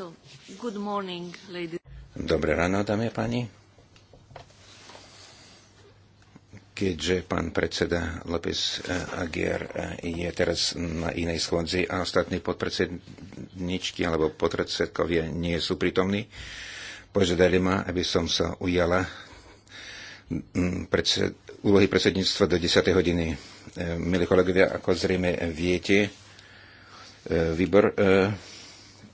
So, good morning, ladies. Dobré ráno, dámy a páni. Keďže pán predseda López eh, Agier eh, je teraz na inej schôdzi a ostatní podpredsedničky alebo podpredsedkovia nie sú prítomní, požiadali ma, aby som sa ujala mm, predsed, úlohy predsedníctva do 10. hodiny. Eh, milí kolegovia, ako zrejme viete, výbor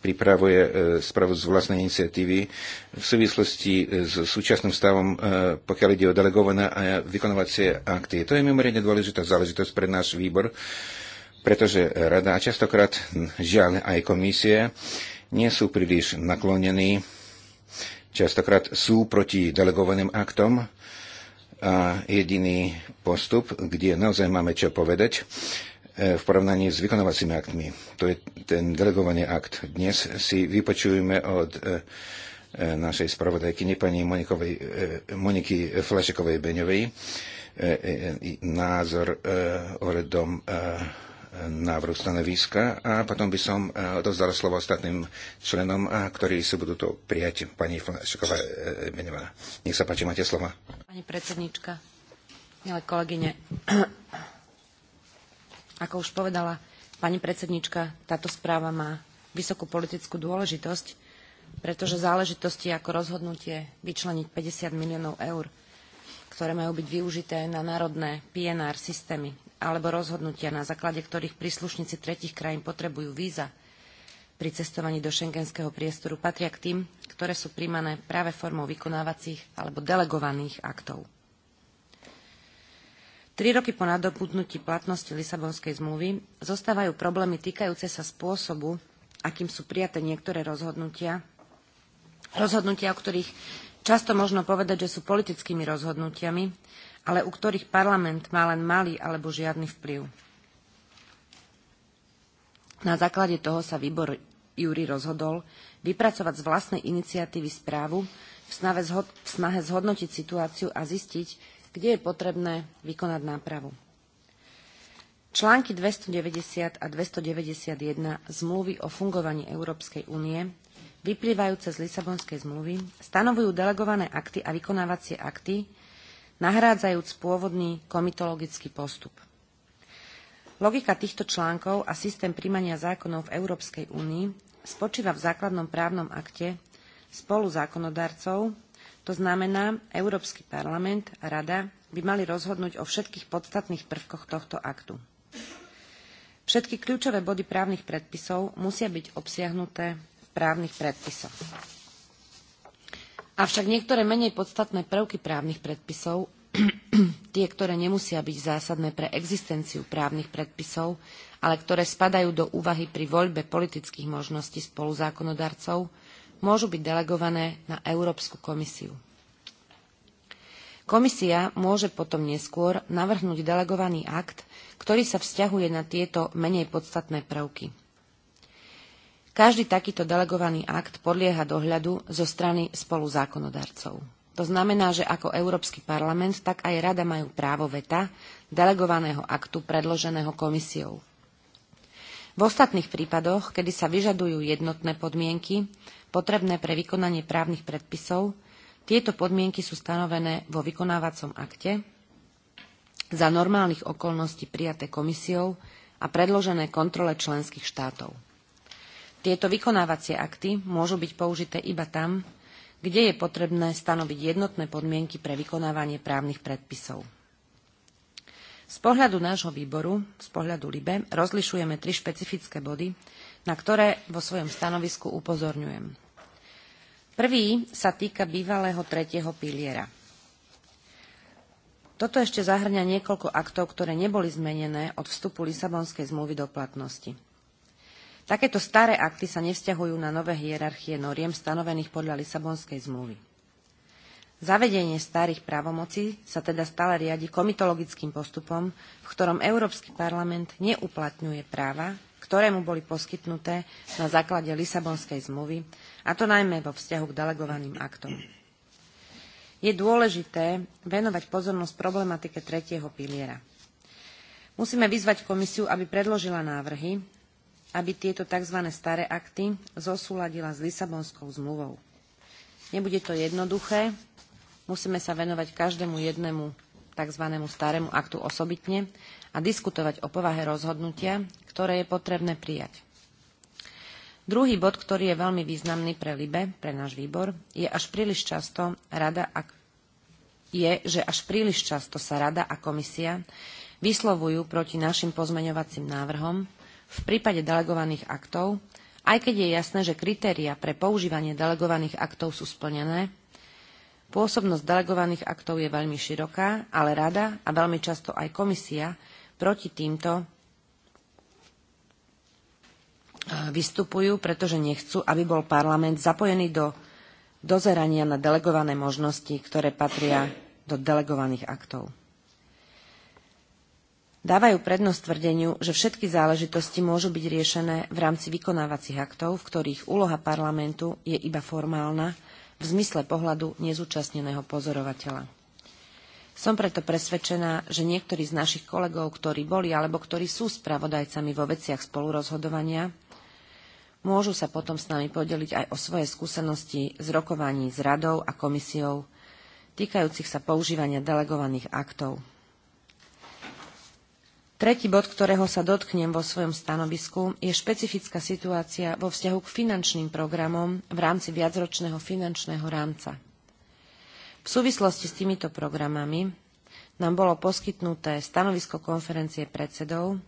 pripravuje e, správu z vlastnej iniciatívy v súvislosti e, s súčasným stavom, e, pokiaľ ide o delegované a vykonovacie akty. To je mimoriadne dôležitá záležitosť pre náš výbor, pretože rada a častokrát, žiaľ, aj komisie nie sú príliš naklonení, častokrát sú proti delegovaným aktom a jediný postup, kde naozaj máme čo povedať, E, v porovnaní s vykonávacími aktmi. To je ten delegovaný akt. Dnes si vypočujeme od e, e, našej spravodajkyne pani Monikovej, Moniky Flašekovej Beňovej názor ohľadom návrhu stanoviska a potom by som odovzdal slovo ostatným členom, ktorí si budú to prijať. Pani Flašeková Beňová, nech sa páči, máte slova. Pani predsednička, milé kolegyne, ako už povedala pani predsednička, táto správa má vysokú politickú dôležitosť, pretože záležitosti ako rozhodnutie vyčleniť 50 miliónov eur, ktoré majú byť využité na národné PNR systémy, alebo rozhodnutia, na základe ktorých príslušníci tretich krajín potrebujú víza pri cestovaní do šengenského priestoru, patria k tým, ktoré sú príjmané práve formou vykonávacích alebo delegovaných aktov. Tri roky po nadobudnutí platnosti Lisabonskej zmluvy zostávajú problémy týkajúce sa spôsobu, akým sú prijaté niektoré rozhodnutia, rozhodnutia, o ktorých často možno povedať, že sú politickými rozhodnutiami, ale u ktorých parlament má len malý alebo žiadny vplyv. Na základe toho sa výbor Júri rozhodol vypracovať z vlastnej iniciatívy správu v snahe zhodnotiť situáciu a zistiť, kde je potrebné vykonať nápravu. Články 290 a 291 zmluvy o fungovaní Európskej únie, vyplývajúce z Lisabonskej zmluvy, stanovujú delegované akty a vykonávacie akty, nahrádzajúc pôvodný komitologický postup. Logika týchto článkov a systém príjmania zákonov v Európskej únii spočíva v základnom právnom akte spolu zákonodarcov, to znamená, Európsky parlament a Rada by mali rozhodnúť o všetkých podstatných prvkoch tohto aktu. Všetky kľúčové body právnych predpisov musia byť obsiahnuté v právnych predpisoch. Avšak niektoré menej podstatné prvky právnych predpisov, tie, ktoré nemusia byť zásadné pre existenciu právnych predpisov, ale ktoré spadajú do úvahy pri voľbe politických možností spoluzákonodarcov, zákonodarcov, môžu byť delegované na Európsku komisiu. Komisia môže potom neskôr navrhnúť delegovaný akt, ktorý sa vzťahuje na tieto menej podstatné prvky. Každý takýto delegovaný akt podlieha dohľadu zo strany spoluzákonodarcov. To znamená, že ako Európsky parlament, tak aj Rada majú právo veta delegovaného aktu predloženého komisiou. V ostatných prípadoch, kedy sa vyžadujú jednotné podmienky, potrebné pre vykonanie právnych predpisov, tieto podmienky sú stanovené vo vykonávacom akte za normálnych okolností prijaté komisiou a predložené kontrole členských štátov. Tieto vykonávacie akty môžu byť použité iba tam, kde je potrebné stanoviť jednotné podmienky pre vykonávanie právnych predpisov. Z pohľadu nášho výboru, z pohľadu LIBE, rozlišujeme tri špecifické body, na ktoré vo svojom stanovisku upozorňujem. Prvý sa týka bývalého tretieho piliera. Toto ešte zahrňa niekoľko aktov, ktoré neboli zmenené od vstupu Lisabonskej zmluvy do platnosti. Takéto staré akty sa nevzťahujú na nové hierarchie noriem stanovených podľa Lisabonskej zmluvy. Zavedenie starých právomocí sa teda stále riadi komitologickým postupom, v ktorom Európsky parlament neuplatňuje práva, ktorému boli poskytnuté na základe Lisabonskej zmluvy, a to najmä vo vzťahu k delegovaným aktom. Je dôležité venovať pozornosť problematike tretieho piliera. Musíme vyzvať komisiu, aby predložila návrhy, aby tieto tzv. staré akty zosúladila s Lisabonskou zmluvou. Nebude to jednoduché, musíme sa venovať každému jednému tzv. starému aktu osobitne a diskutovať o povahe rozhodnutia, ktoré je potrebné prijať. Druhý bod, ktorý je veľmi významný pre LIBE, pre náš výbor, je až príliš často rada a je, že až príliš často sa rada a komisia vyslovujú proti našim pozmeňovacím návrhom v prípade delegovaných aktov, aj keď je jasné, že kritéria pre používanie delegovaných aktov sú splnené, pôsobnosť delegovaných aktov je veľmi široká, ale rada a veľmi často aj komisia proti týmto e, vystupujú, pretože nechcú, aby bol parlament zapojený do dozerania na delegované možnosti, ktoré patria do delegovaných aktov. Dávajú prednosť tvrdeniu, že všetky záležitosti môžu byť riešené v rámci vykonávacích aktov, v ktorých úloha parlamentu je iba formálna v zmysle pohľadu nezúčastneného pozorovateľa. Som preto presvedčená, že niektorí z našich kolegov, ktorí boli alebo ktorí sú spravodajcami vo veciach spolurozhodovania, môžu sa potom s nami podeliť aj o svoje skúsenosti z rokovaní s radou a komisiou týkajúcich sa používania delegovaných aktov. Tretí bod, ktorého sa dotknem vo svojom stanovisku, je špecifická situácia vo vzťahu k finančným programom v rámci viacročného finančného rámca. V súvislosti s týmito programami nám bolo poskytnuté stanovisko konferencie predsedov,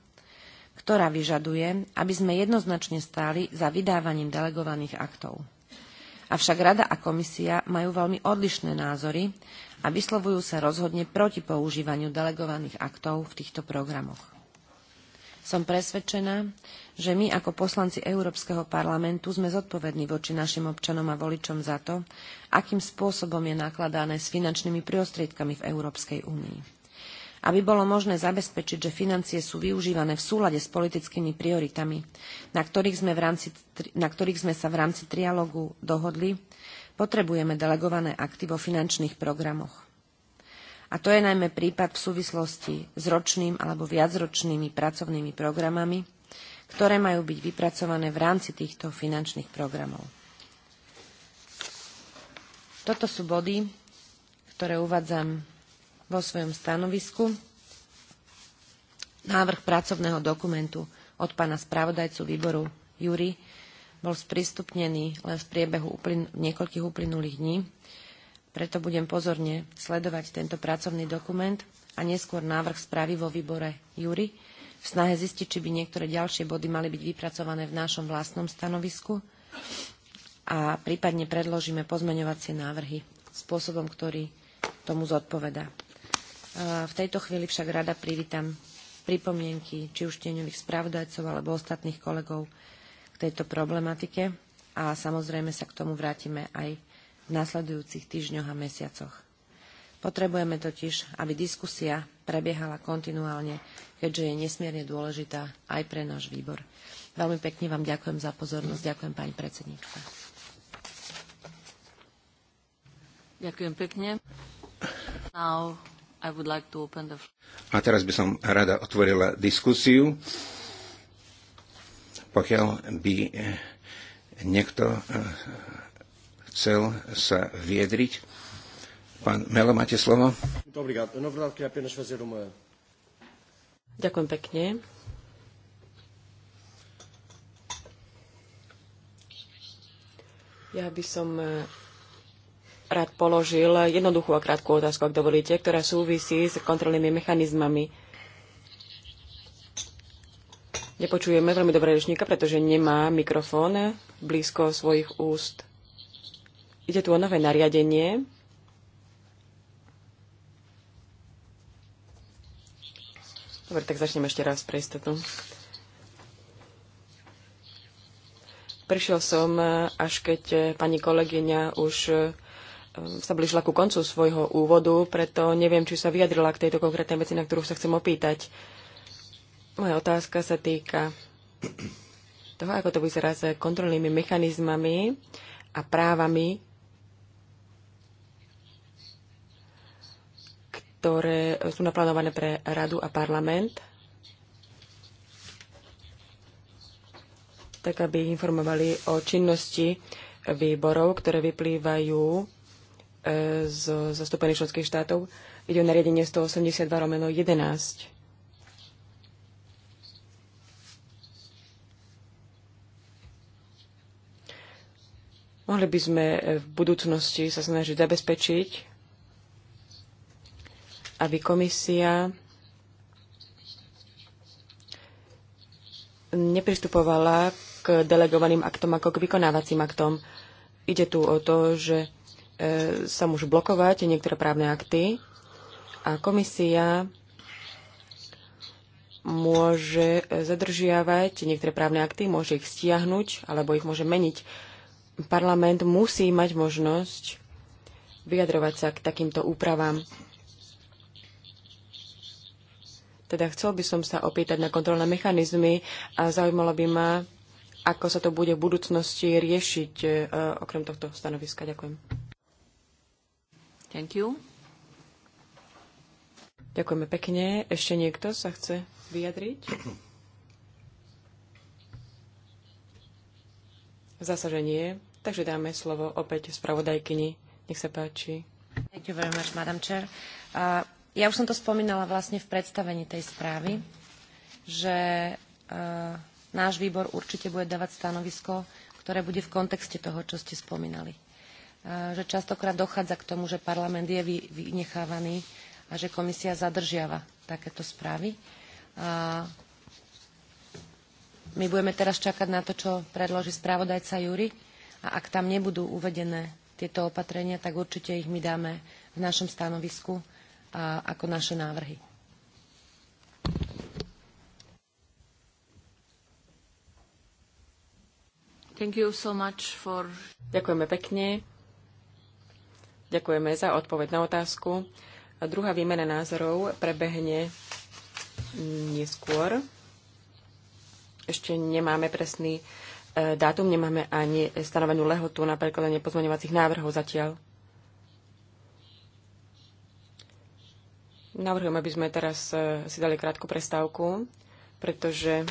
ktorá vyžaduje, aby sme jednoznačne stáli za vydávaním delegovaných aktov. Avšak Rada a Komisia majú veľmi odlišné názory a vyslovujú sa rozhodne proti používaniu delegovaných aktov v týchto programoch. Som presvedčená, že my ako poslanci Európskeho parlamentu sme zodpovední voči našim občanom a voličom za to, akým spôsobom je nakladané s finančnými prostriedkami v Európskej únii. Aby bolo možné zabezpečiť, že financie sú využívané v súlade s politickými prioritami, na ktorých sme, v rámci, na ktorých sme sa v rámci trialógu dohodli, potrebujeme delegované akty vo finančných programoch a to je najmä prípad v súvislosti s ročným alebo viacročnými pracovnými programami, ktoré majú byť vypracované v rámci týchto finančných programov. Toto sú body, ktoré uvádzam vo svojom stanovisku. Návrh pracovného dokumentu od pána spravodajcu výboru Júri bol sprístupnený len v priebehu uplyn- niekoľkých uplynulých dní preto budem pozorne sledovať tento pracovný dokument a neskôr návrh správy vo výbore Júri v snahe zistiť, či by niektoré ďalšie body mali byť vypracované v našom vlastnom stanovisku a prípadne predložíme pozmeňovacie návrhy spôsobom, ktorý tomu zodpovedá. E, v tejto chvíli však rada privítam pripomienky či už tieňových spravodajcov alebo ostatných kolegov k tejto problematike a samozrejme sa k tomu vrátime aj v následujúcich týždňoch a mesiacoch. Potrebujeme totiž, aby diskusia prebiehala kontinuálne, keďže je nesmierne dôležitá aj pre náš výbor. Veľmi pekne vám ďakujem za pozornosť. Ďakujem pani predsednička. Ďakujem pekne. Now I would like to open the... A teraz by som rada otvorila diskusiu. Pokiaľ by eh, niekto eh, chcel sa viedriť. Pán Melo, máte slovo. Ďakujem pekne. Ja by som e, rád položil jednoduchú a krátku otázku, ak dovolíte, ktorá súvisí s kontrolnými mechanizmami. Nepočujeme veľmi dobre rečníka, pretože nemá mikrofón blízko svojich úst. Ide tu o nové nariadenie, Dobre, tak začnem ešte raz pre istotu. Prišiel som, eh, až keď eh, pani kolegyňa už eh, sa blížila ku koncu svojho úvodu, preto neviem, či sa vyjadrila k tejto konkrétnej veci, na ktorú sa chcem opýtať. Moja otázka sa týka toho, ako to vyzerá s kontrolnými mechanizmami a právami ktoré sú naplánované pre radu a parlament, tak aby informovali o činnosti výborov, ktoré vyplývajú e, z zastúpených členských štátov. Ide o nariadenie 182 romeno 11. Mohli by sme v budúcnosti sa snažiť zabezpečiť, aby komisia nepristupovala k delegovaným aktom ako k vykonávacím aktom. Ide tu o to, že e, sa môžu blokovať niektoré právne akty a komisia môže zadržiavať niektoré právne akty, môže ich stiahnuť alebo ich môže meniť. Parlament musí mať možnosť vyjadrovať sa k takýmto úpravám. Teda chcel by som sa opýtať na kontrolné mechanizmy a zaujímalo by ma, ako sa to bude v budúcnosti riešiť e, okrem tohto stanoviska. Ďakujem. Thank you. Ďakujeme pekne. Ešte niekto sa chce vyjadriť? Zasa, že nie. Takže dáme slovo opäť spravodajkyni. Nech sa páči. Thank you very much, Madam Chair. Uh, ja už som to spomínala vlastne v predstavení tej správy, že e, náš výbor určite bude dávať stanovisko, ktoré bude v kontexte toho, čo ste spomínali. E, že častokrát dochádza k tomu, že parlament je vy, vynechávaný a že komisia zadržiava takéto správy. my budeme teraz čakať na to, čo predloží správodajca Júri a ak tam nebudú uvedené tieto opatrenia, tak určite ich my dáme v našom stanovisku ako naše návrhy. Thank you so much for... Ďakujeme pekne. Ďakujeme za odpoveď na otázku. A druhá výmena názorov prebehne neskôr. Ešte nemáme presný e, dátum, nemáme ani stanovenú lehotu na prekladanie pozmeňovacích návrhov zatiaľ. Navrhujem, aby sme teraz e, si dali krátku prestávku, pretože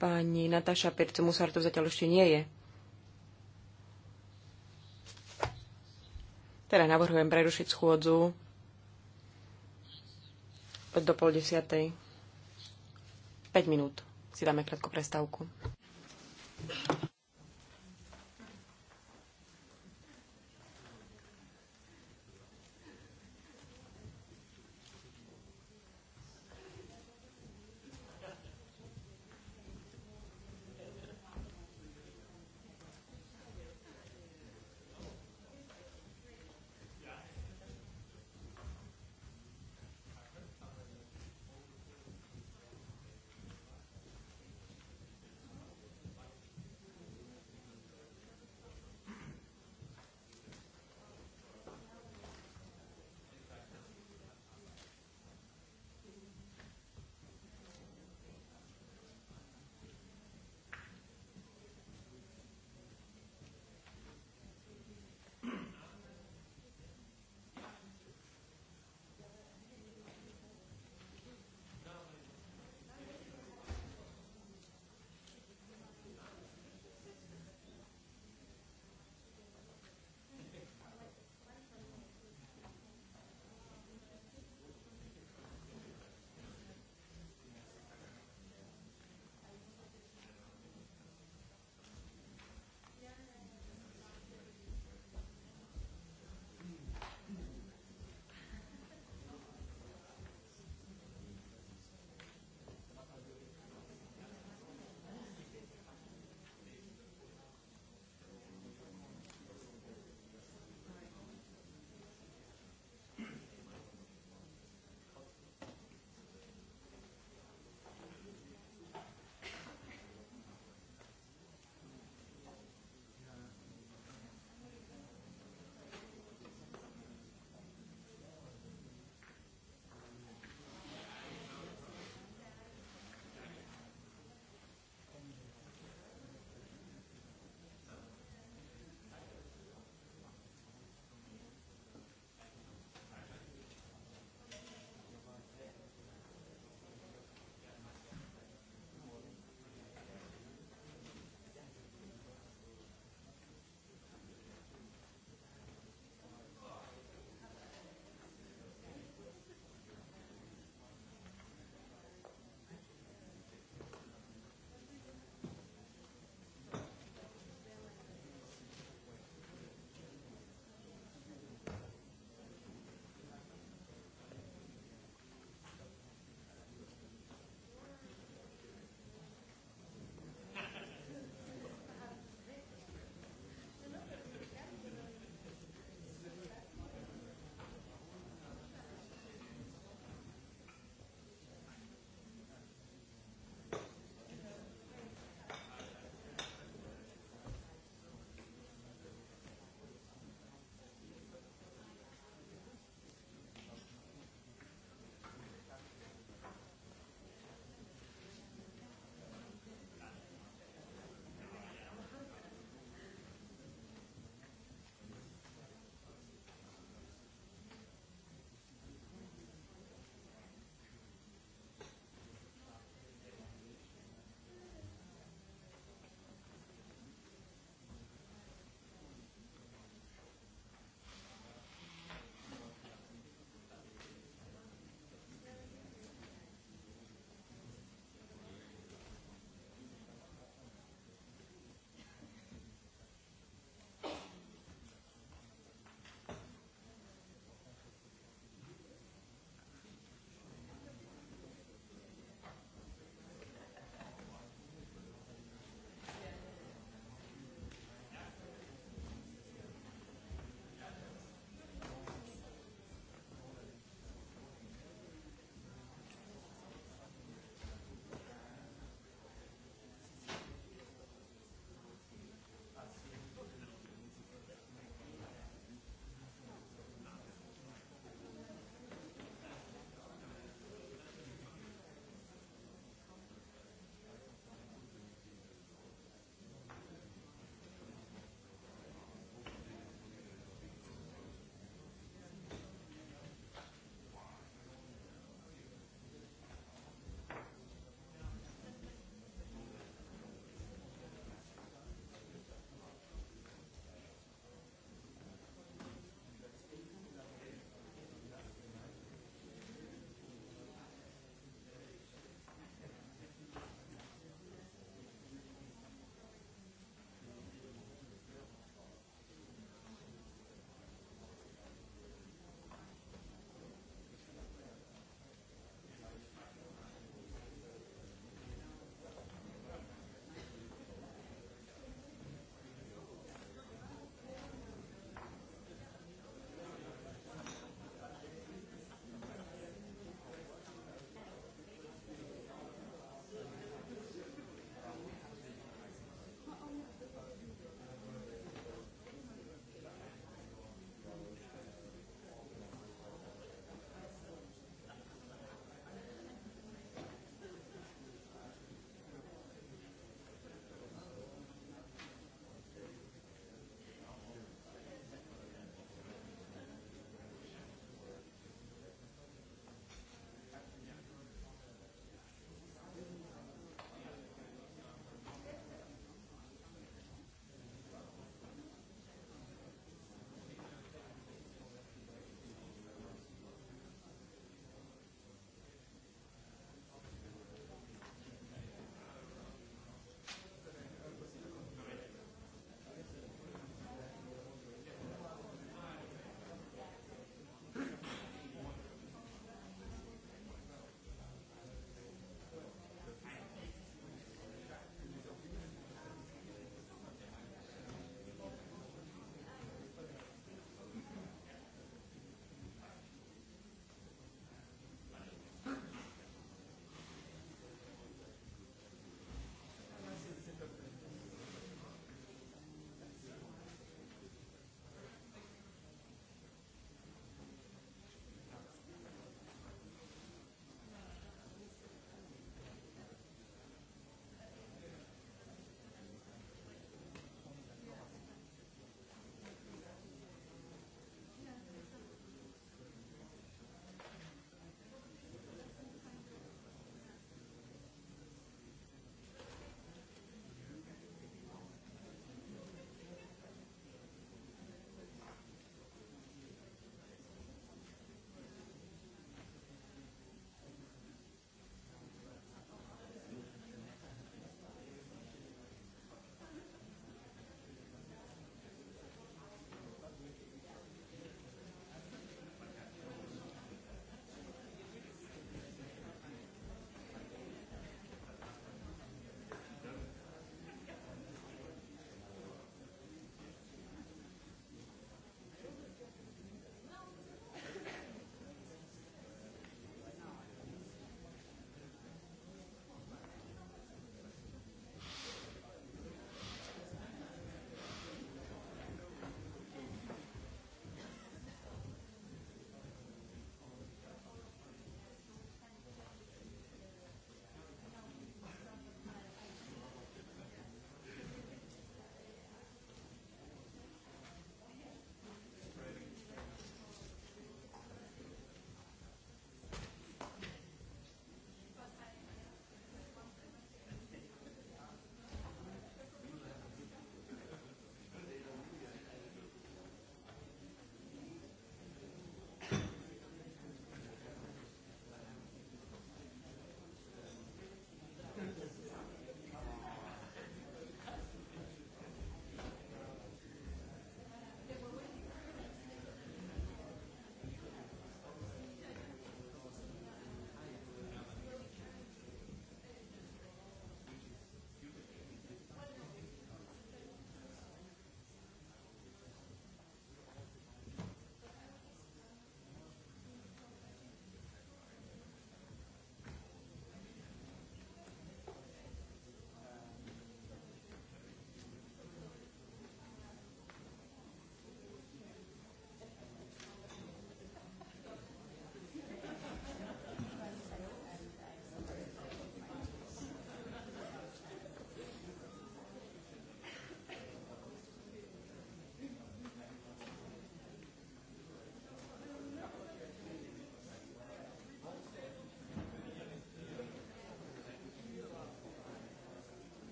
pani Natáša Pircu Musar tu zatiaľ ešte nie je. Teda navrhujem prerušiť schôdzu do pol desiatej. 5 minút si dáme krátku prestávku.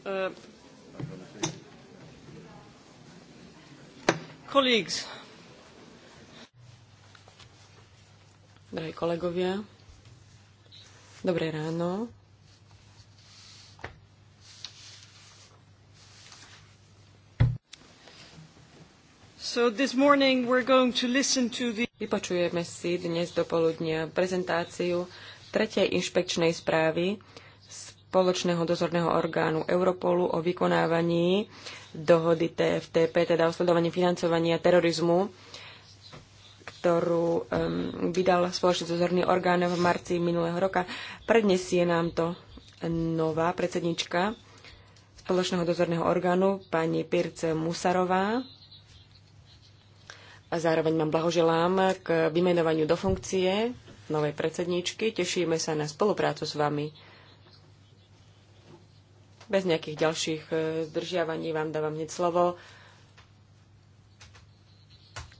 Eh, Drahí kolegovia, dobré ráno. So this morning we're going to listen to the... Vypočujeme si dnes do poludnia prezentáciu tretej inšpekčnej správy spoločného dozorného orgánu Europolu o vykonávaní dohody TFTP, teda o sledovaní financovania terorizmu, ktorú um, vydal spoločný dozorný orgán v marci minulého roka. Prednesie nám to nová predsednička spoločného dozorného orgánu, pani Pirce Musarová. A zároveň vám blahoželám k vymenovaniu do funkcie novej predsedničky. Tešíme sa na spoluprácu s vami bez nejakých ďalších e, zdržiavaní vám dávam hneď slovo.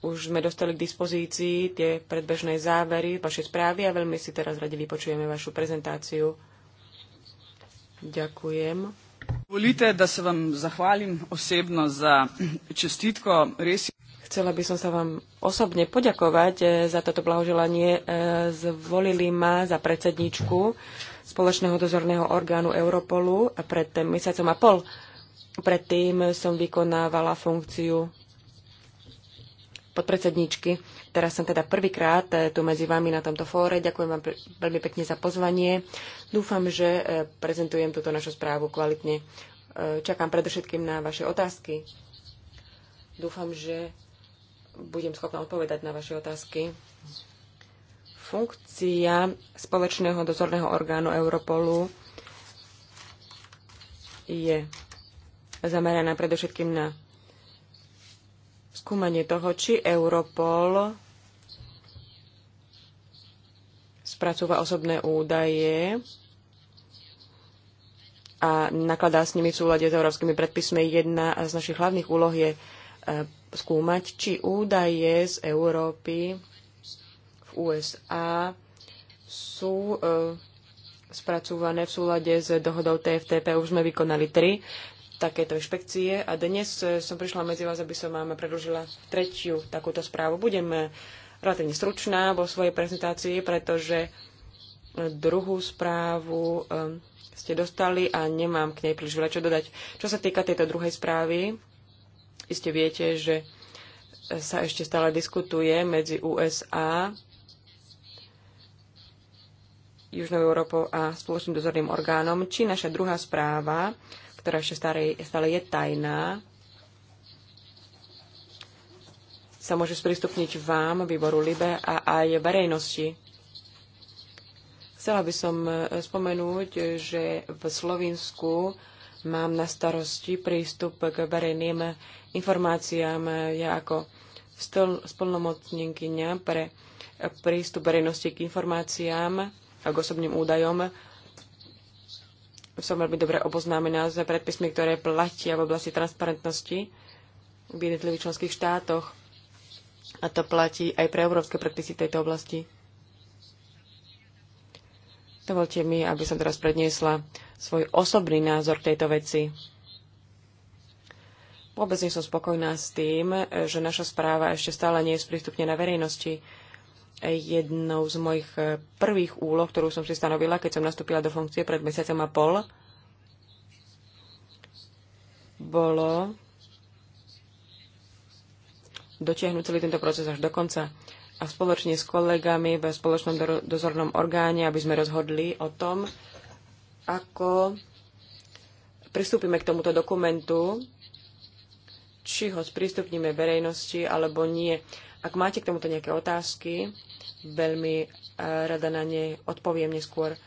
Už sme dostali k dispozícii tie predbežné závery vašej správy a veľmi si teraz radi vypočujeme vašu prezentáciu. Ďakujem. Volite, da sa vám zachválim osobno za čestitko. Res... Chcela by som sa vám osobne poďakovať e, za toto blahoželanie. E, zvolili ma za predsedničku spoločného dozorného orgánu Europolu a pred mesiacom a pol. Predtým som vykonávala funkciu podpredsedničky. Teraz som teda prvýkrát eh, tu medzi vami na tomto fóre. Ďakujem vám veľmi pekne za pozvanie. Dúfam, že eh, prezentujem túto našu správu kvalitne. Eh, čakám predovšetkým na vaše otázky. Dúfam, že budem schopná odpovedať na vaše otázky. Funkcia spoločného dozorného orgánu Europolu je zameraná predovšetkým na skúmanie toho, či Europol spracúva osobné údaje a nakladá s nimi v súlade s európskymi predpismi. Jedna z našich hlavných úloh je e, skúmať, či údaje z Európy USA sú eh, spracúvané v súlade s dohodou TFTP. Už sme vykonali tri takéto inšpekcie a dnes eh, som prišla medzi vás, aby som vám predložila tretiu takúto správu. Budem eh, relatívne stručná vo svojej prezentácii, pretože druhú správu ste dostali a nemám k nej príliš veľa čo dodať. Čo sa týka tejto druhej správy, iste viete, že sa ešte stále diskutuje medzi USA Južnou Európou a spoločným dozorným orgánom, či naša druhá správa, ktorá ešte stále, stále je tajná, sa môže sprístupniť vám, výboru LIBE a aj verejnosti. Chcela by som e, spomenúť, že v Slovinsku mám na starosti prístup k verejným informáciám. Ja ako spolnomocníkyňa pre prístup verejnosti k informáciám k osobným údajom. Som veľmi dobre oboznámená s predpismi, ktoré platia v oblasti transparentnosti v jednotlivých členských štátoch. A to platí aj pre európske predpisy tejto oblasti. Dovolte mi, aby som teraz predniesla svoj osobný názor k tejto veci. Vôbec nie som spokojná s tým, že naša správa ešte stále nie je sprístupnená verejnosti jednou z mojich eh, prvých úloh, ktorú som si stanovila, keď som nastúpila do funkcie pred mesiacom a pol, bolo dotiahnuť celý tento proces až do konca a spoločne s kolegami v spoločnom dozornom orgáne, aby sme rozhodli o tom, ako pristúpime k tomuto dokumentu, či ho sprístupníme verejnosti alebo nie. Ak máte k tomuto nejaké otázky, veľmi e, rada na ne odpoviem neskôr.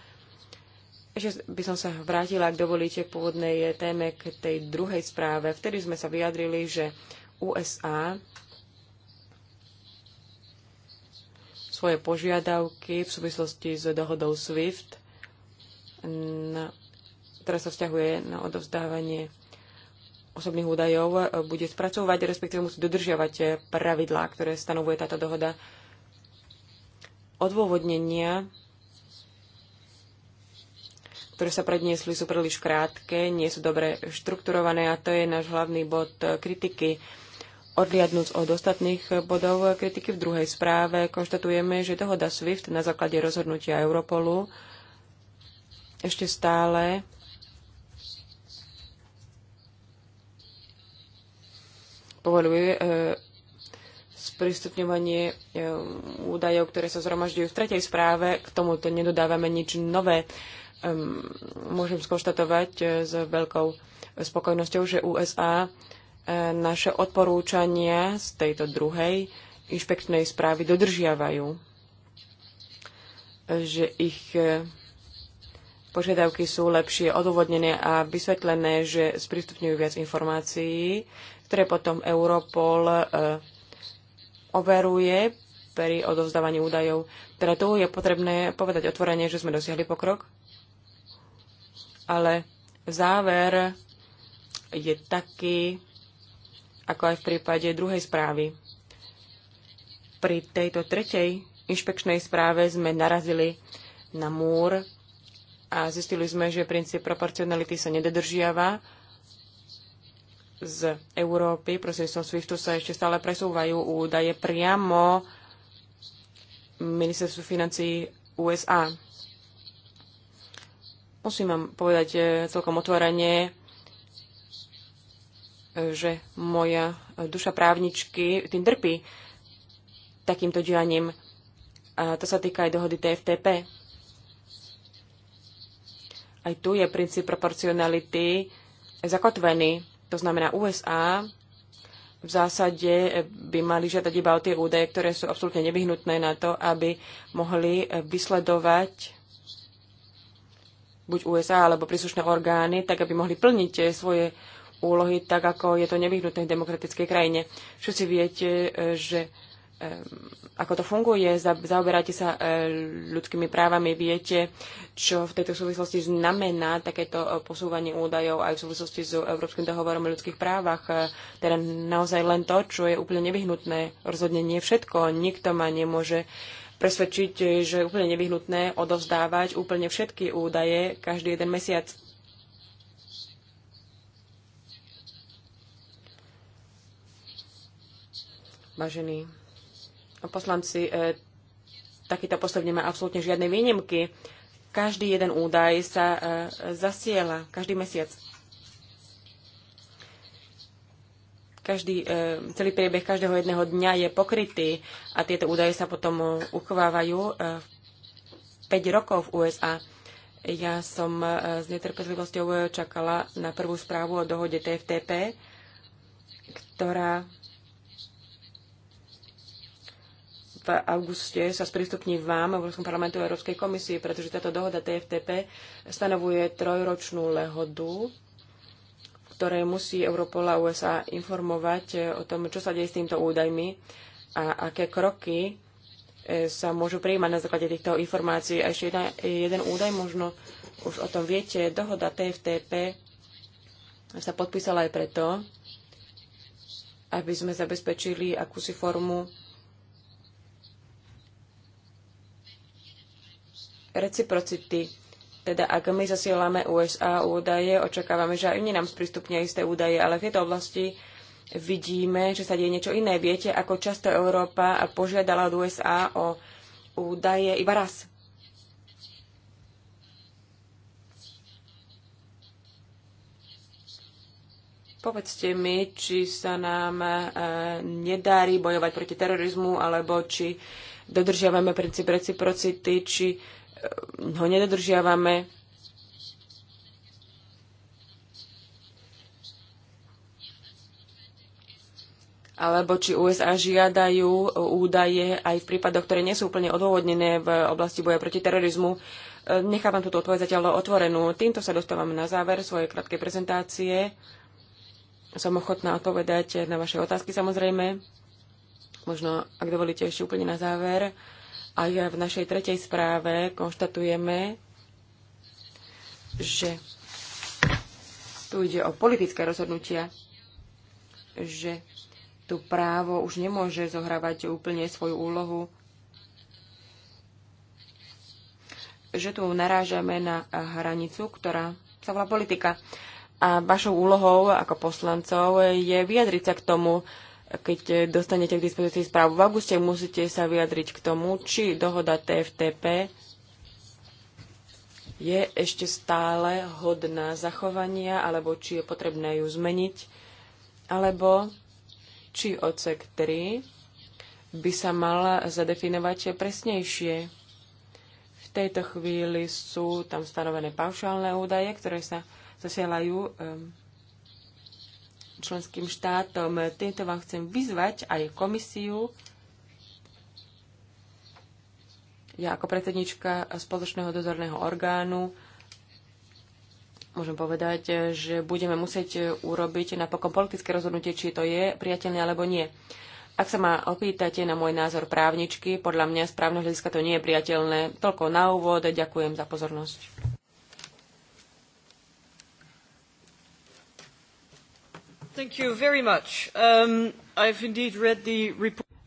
Ešte by som sa vrátila, ak dovolíte, k pôvodnej téme, k tej druhej správe. Vtedy sme sa vyjadrili, že USA svoje požiadavky v súvislosti s dohodou SWIFT, ktorá sa vzťahuje na odovzdávanie osobných údajov, e, bude spracovať, respektíve musí dodržiavať e, pravidlá, ktoré stanovuje táto dohoda odôvodnenia, ktoré sa predniesli, sú príliš krátke, nie sú dobre štrukturované a to je náš hlavný bod kritiky. Odliadnúc od ostatných bodov kritiky v druhej správe, konštatujeme, že dohoda SWIFT na základe rozhodnutia Europolu ešte stále povoluje e, sprístupňovanie e, údajov, ktoré sa zhromažďujú v tretej správe. K tomuto nedodávame nič nové. Môžem skonštatovať e, s veľkou spokojnosťou, že USA e, naše odporúčania z tejto druhej inšpekčnej správy dodržiavajú, že ich požiadavky sú lepšie odôvodnené a vysvetlené, že sprístupňujú viac informácií, ktoré potom Europol overuje pri odovzdávaní údajov. Teda tu je potrebné povedať otvorene, že sme dosiahli pokrok, ale záver je taký, ako aj v prípade druhej správy. Pri tejto tretej inšpekčnej správe sme narazili na múr a zistili sme, že princíp proporcionality sa nedodržiava z Európy prostredníctvom SWIFTu sa ešte stále presúvajú údaje priamo ministerstvu financí USA. Musím vám povedať eh, celkom otvorene, eh, že moja duša právničky tým trpí takýmto dianím. A to sa týka aj dohody TFTP. Aj tu je princíp proporcionality zakotvený to znamená USA, v zásade by mali žiadať iba o tie údaje, ktoré sú absolútne nevyhnutné na to, aby mohli vysledovať buď USA alebo príslušné orgány, tak aby mohli plniť svoje úlohy tak, ako je to nevyhnutné v demokratickej krajine. Všetci viete, že ako to funguje, zaoberáte sa e, ľudskými právami, viete, čo v tejto súvislosti znamená takéto e, posúvanie údajov aj v súvislosti s Európskym dohovorom o ľudských právach. E, teda naozaj len to, čo je úplne nevyhnutné. Rozhodne nie všetko. Nikto ma nemôže presvedčiť, že je úplne nevyhnutné odovzdávať úplne všetky údaje každý jeden mesiac. Vážený poslanci, e, takýto postup nemá absolútne žiadne výnimky. Každý jeden údaj sa e, zasiela každý mesiac. Každý, e, celý priebeh každého jedného dňa je pokrytý a tieto údaje sa potom uchovávajú 5 rokov v USA. Ja som s netrpezlivosťou čakala na prvú správu o dohode TFTP, ktorá v auguste sa sprístupní vám, v Európskom parlamentu a Európskej komisii, pretože táto dohoda TFTP stanovuje trojročnú lehodu, ktoré ktorej musí Europol a USA informovať eh, o tom, čo sa deje s týmto údajmi a aké kroky eh, sa môžu prijímať na základe týchto informácií. A ešte jeden údaj, možno už o tom viete, dohoda TFTP sa podpísala aj preto, aby sme zabezpečili akúsi formu reciprocity. Teda ak my zasielame USA údaje, očakávame, že aj oni nám sprístupnia isté údaje, ale v tejto oblasti vidíme, že sa deje niečo iné. Viete, ako často Európa požiadala od USA o údaje iba raz. Povedzte mi, či sa nám e, nedarí bojovať proti terorizmu, alebo či dodržiavame princíp reciprocity, či ho nedodržiavame. alebo či USA žiadajú údaje aj v prípadoch, ktoré nie sú úplne odôvodnené v oblasti boja proti terorizmu. Nechávam túto odpoveď zatiaľ otvorenú. Týmto sa dostávam na záver svojej krátkej prezentácie. Som ochotná odpovedať na vaše otázky samozrejme. Možno, ak dovolíte, ešte úplne na záver. Aj v našej tretej správe konštatujeme, že tu ide o politické rozhodnutia, že tu právo už nemôže zohrávať úplne svoju úlohu, že tu narážame na hranicu, ktorá sa volá politika. A vašou úlohou ako poslancov je vyjadriť sa k tomu, keď e, dostanete k dispozícii správu v auguste, musíte sa vyjadriť k tomu, či dohoda TFTP je ešte stále hodná zachovania, alebo či je potrebné ju zmeniť, alebo či odsek 3 by sa mal zadefinovať presnejšie. V tejto chvíli sú tam stanovené paušálne údaje, ktoré sa zasielajú um, členským štátom. Týmto vám chcem vyzvať aj komisiu. Ja ako predsednička spoločného dozorného orgánu môžem povedať, že budeme musieť urobiť napokon politické rozhodnutie, či to je priateľné alebo nie. Ak sa ma opýtate na môj názor právničky, podľa mňa správneho hľadiska to nie je priateľné. Toľko na úvod, ďakujem za pozornosť. Um,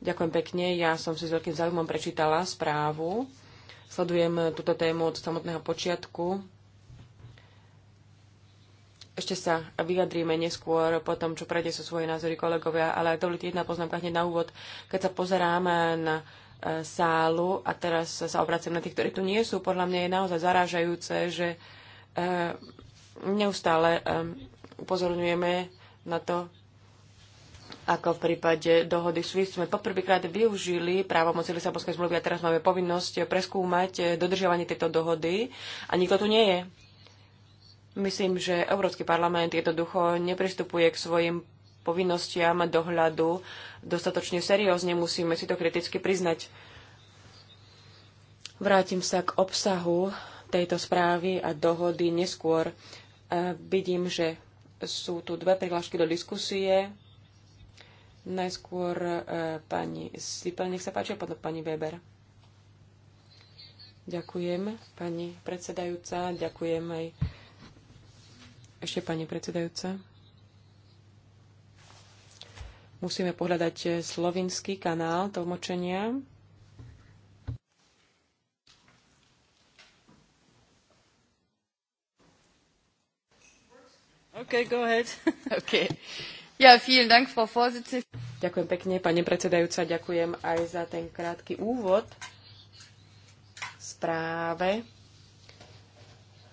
Ďakujem pekne. Ja som si s veľkým záujmom prečítala správu. Sledujem eh, túto tému od samotného počiatku. Ešte sa vyjadríme neskôr po tom, čo prednesú svoje názory kolegovia, ale bude jedna poznámka hneď na úvod. Keď sa pozeráme eh, na eh, sálu a teraz sa obraciam na tých, ktorí tu nie sú, podľa mňa je naozaj zarážajúce, že neustále upozorňujeme na to, ako v prípade dohody SWIFT sme poprvýkrát využili právomoci Lisabonskej zmluvy a teraz máme povinnosť preskúmať dodržiavanie tejto dohody a nikto tu nie je. Myslím, že Európsky parlament jednoducho nepristupuje k svojim povinnostiam dohľadu dostatočne seriózne, musíme si to kriticky priznať. Vrátim sa k obsahu tejto správy a dohody neskôr. Vidím, že sú tu dve prihlášky do diskusie. Najskôr e, pani Sipel, nech sa páči, a potom pani Weber. Ďakujem, pani predsedajúca. Ďakujem aj ešte pani predsedajúca. Musíme pohľadať e, slovinský kanál tlmočenia. Okay, go ahead. okay. Ja, vielen Dank, Frau Vorsitzende. Ďakujem pekne, pani predsedajúca. Ďakujem aj za ten krátky úvod správe.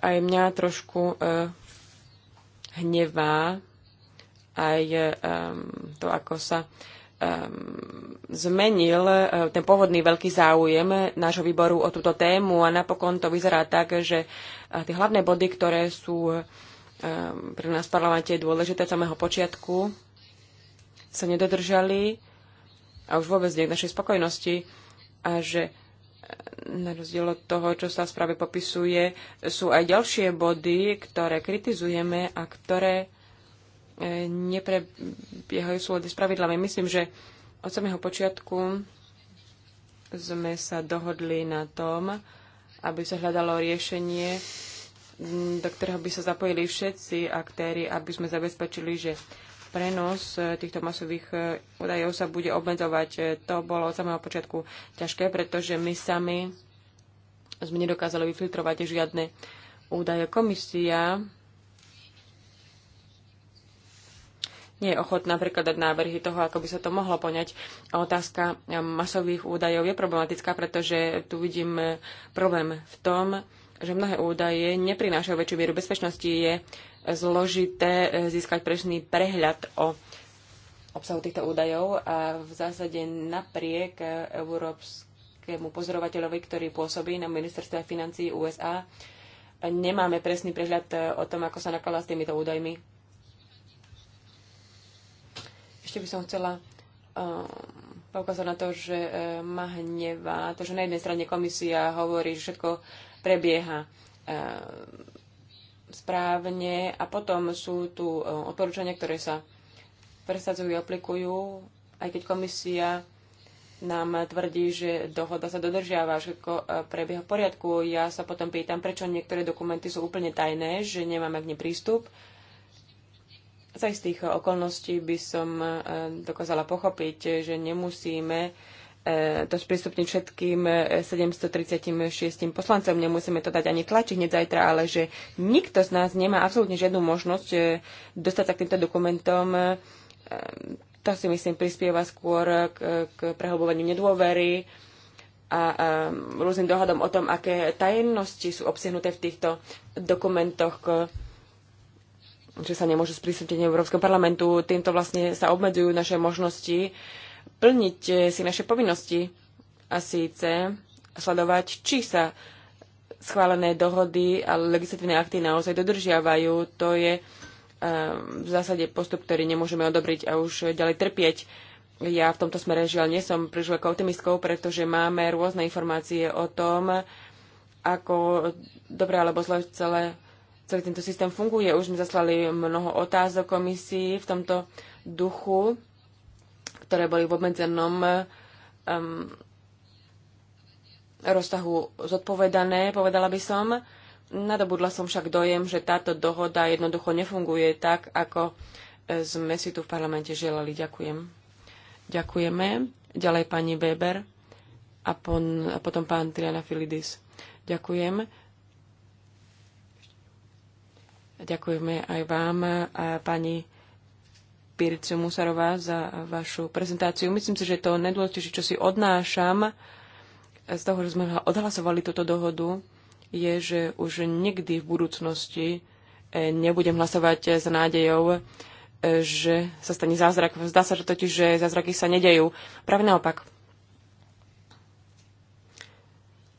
Aj mňa trošku uh, hnevá aj um, to, ako sa um, zmenil uh, ten pôvodný veľký záujem nášho výboru o túto tému a napokon to vyzerá tak, že uh, tie hlavné body, ktoré sú uh, Ehm, pre nás v parlamente je dôležité od samého počiatku, sa nedodržali a už vôbec nie k našej spokojnosti a že e, na rozdiel od toho, čo sa v správe popisuje, sú aj ďalšie body, ktoré kritizujeme a ktoré e, neprebiehajú súlady s pravidlami. Myslím, že od samého počiatku sme sa dohodli na tom, aby sa hľadalo riešenie do ktorého by sa zapojili všetci aktéry, aby sme zabezpečili, že prenos e, týchto masových e, údajov sa bude obmedzovať. E, to bolo od samého počiatku ťažké, pretože my sami sme nedokázali vyfiltrovať žiadne údaje. Komisia nie je ochotná prekladať návrhy toho, ako by sa to mohlo poňať. A otázka masových údajov je problematická, pretože tu vidím problém v tom, že mnohé údaje neprinášajú väčšiu mieru bezpečnosti. Je zložité eh, získať presný prehľad o obsahu týchto údajov a v zásade napriek eh, európskemu pozorovateľovi, ktorý pôsobí na ministerstve financí USA, nemáme presný prehľad eh, o tom, ako sa nakladá s týmito údajmi. Ešte by som chcela poukázať na to, že ma hnevá to, že na jednej strane komisia hovorí, že všetko prebieha e, správne a potom sú tu e, odporúčania, ktoré sa presadzujú, a aplikujú, aj keď komisia nám tvrdí, že dohoda sa dodržiava, že e, prebieha v poriadku. Ja sa potom pýtam, prečo niektoré dokumenty sú úplne tajné, že nemáme k nim prístup. Za istých okolností by som dokázala pochopiť, že nemusíme E, to sprístupniť všetkým 736 e, poslancom. Nemusíme to dať ani tlačiť hneď zajtra, ale že nikto z nás nemá absolútne žiadnu možnosť e, dostať sa k týmto dokumentom. To si myslím prispieva skôr k, k prehlbovaniu nedôvery a, a rôznym dohadom o tom, aké tajemnosti sú obsiahnuté v týchto dokumentoch, že sa nemôžu sprístupniť Európskom parlamentu. Týmto vlastne sa obmedzujú naše možnosti plniť eh, si naše povinnosti a síce sledovať, či sa schválené dohody a legislatívne akty naozaj dodržiavajú. To je eh, v zásade postup, ktorý nemôžeme odobriť a už ďalej trpieť. Ja v tomto smere žiaľ nie som príliš veľkou optimistkou, pretože máme rôzne informácie o tom, ako dobre alebo zle celé, celý tento systém funguje. Už sme zaslali mnoho otázok komisii v tomto duchu ktoré boli v obmedzenom um, rozsahu zodpovedané, povedala by som. Nadobudla som však dojem, že táto dohoda jednoducho nefunguje tak, ako e, sme si tu v parlamente želali. Ďakujem. Ďakujeme. Ďalej pani Weber a, pon, a potom pán Triana Filidis. Ďakujem. Ďakujeme aj vám, a pani Pirce Musarová za vašu prezentáciu. Myslím si, že to najdôležitejšie, čo si odnášam z toho, že sme odhlasovali túto dohodu, je, že už nikdy v budúcnosti e, nebudem hlasovať s nádejou, e, že sa stane zázrak. Zdá sa že totiž, že zázraky sa nedejú. Práve naopak.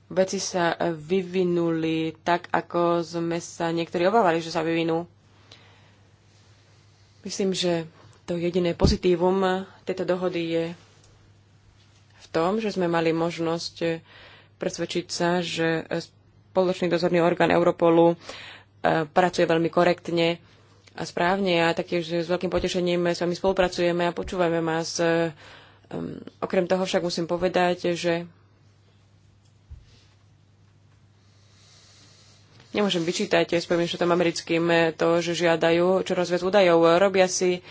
Veci sa vyvinuli tak, ako sme sa niektorí obávali, že sa vyvinú. Myslím, že to jediné pozitívum tejto dohody je v tom, že sme mali možnosť presvedčiť sa, že spoločný dozorný orgán Europolu e, pracuje veľmi korektne a správne a taktiež s veľkým potešením s vami spolupracujeme a počúvame vás. E, okrem toho však musím povedať, že nemôžem vyčítať Spojeným štátom americkým to, že žiadajú čoraz viac údajov. Robia si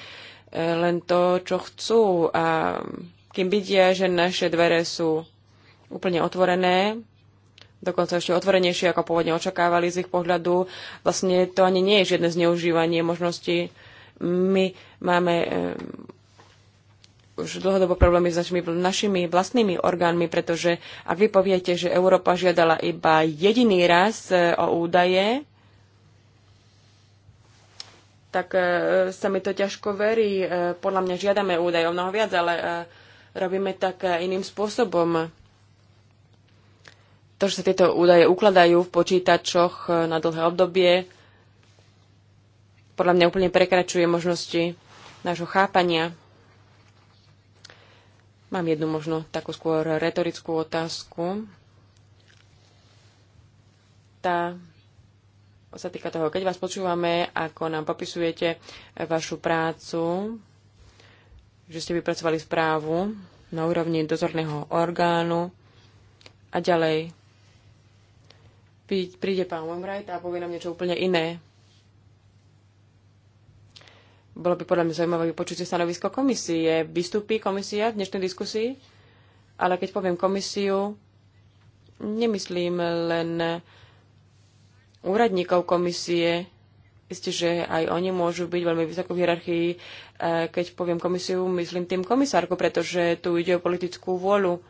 len to, čo chcú. A kým vidia, že naše dvere sú úplne otvorené, dokonca ešte otvorenejšie, ako pôvodne očakávali z ich pohľadu, vlastne to ani nie je žiadne zneužívanie možnosti. My máme eh, už dlhodobo problémy s našimi, našimi vlastnými orgánmi, pretože ak vy poviete, že Európa žiadala iba jediný raz eh, o údaje, tak e, sa mi to ťažko verí. E, podľa mňa žiadame údaje o mnoho viac, ale e, robíme tak iným spôsobom. To, že sa tieto údaje ukladajú v počítačoch na dlhé obdobie, podľa mňa úplne prekračuje možnosti nášho chápania. Mám jednu možno takú skôr retorickú otázku. Tá sa týka toho, keď vás počúvame, ako nám popisujete vašu prácu, že ste vypracovali správu na úrovni dozorného orgánu a ďalej príde pán Wainwright a povie nám niečo úplne iné. Bolo by podľa mňa zaujímavé počuť si stanovisko komisie. Vystúpi komisia v dnešnej diskusii, ale keď poviem komisiu, nemyslím len úradníkov komisie. Isté, že aj oni môžu byť veľmi vysoko v hierarchii. E, keď poviem komisiu, myslím tým komisárku, pretože tu ide o politickú vôľu.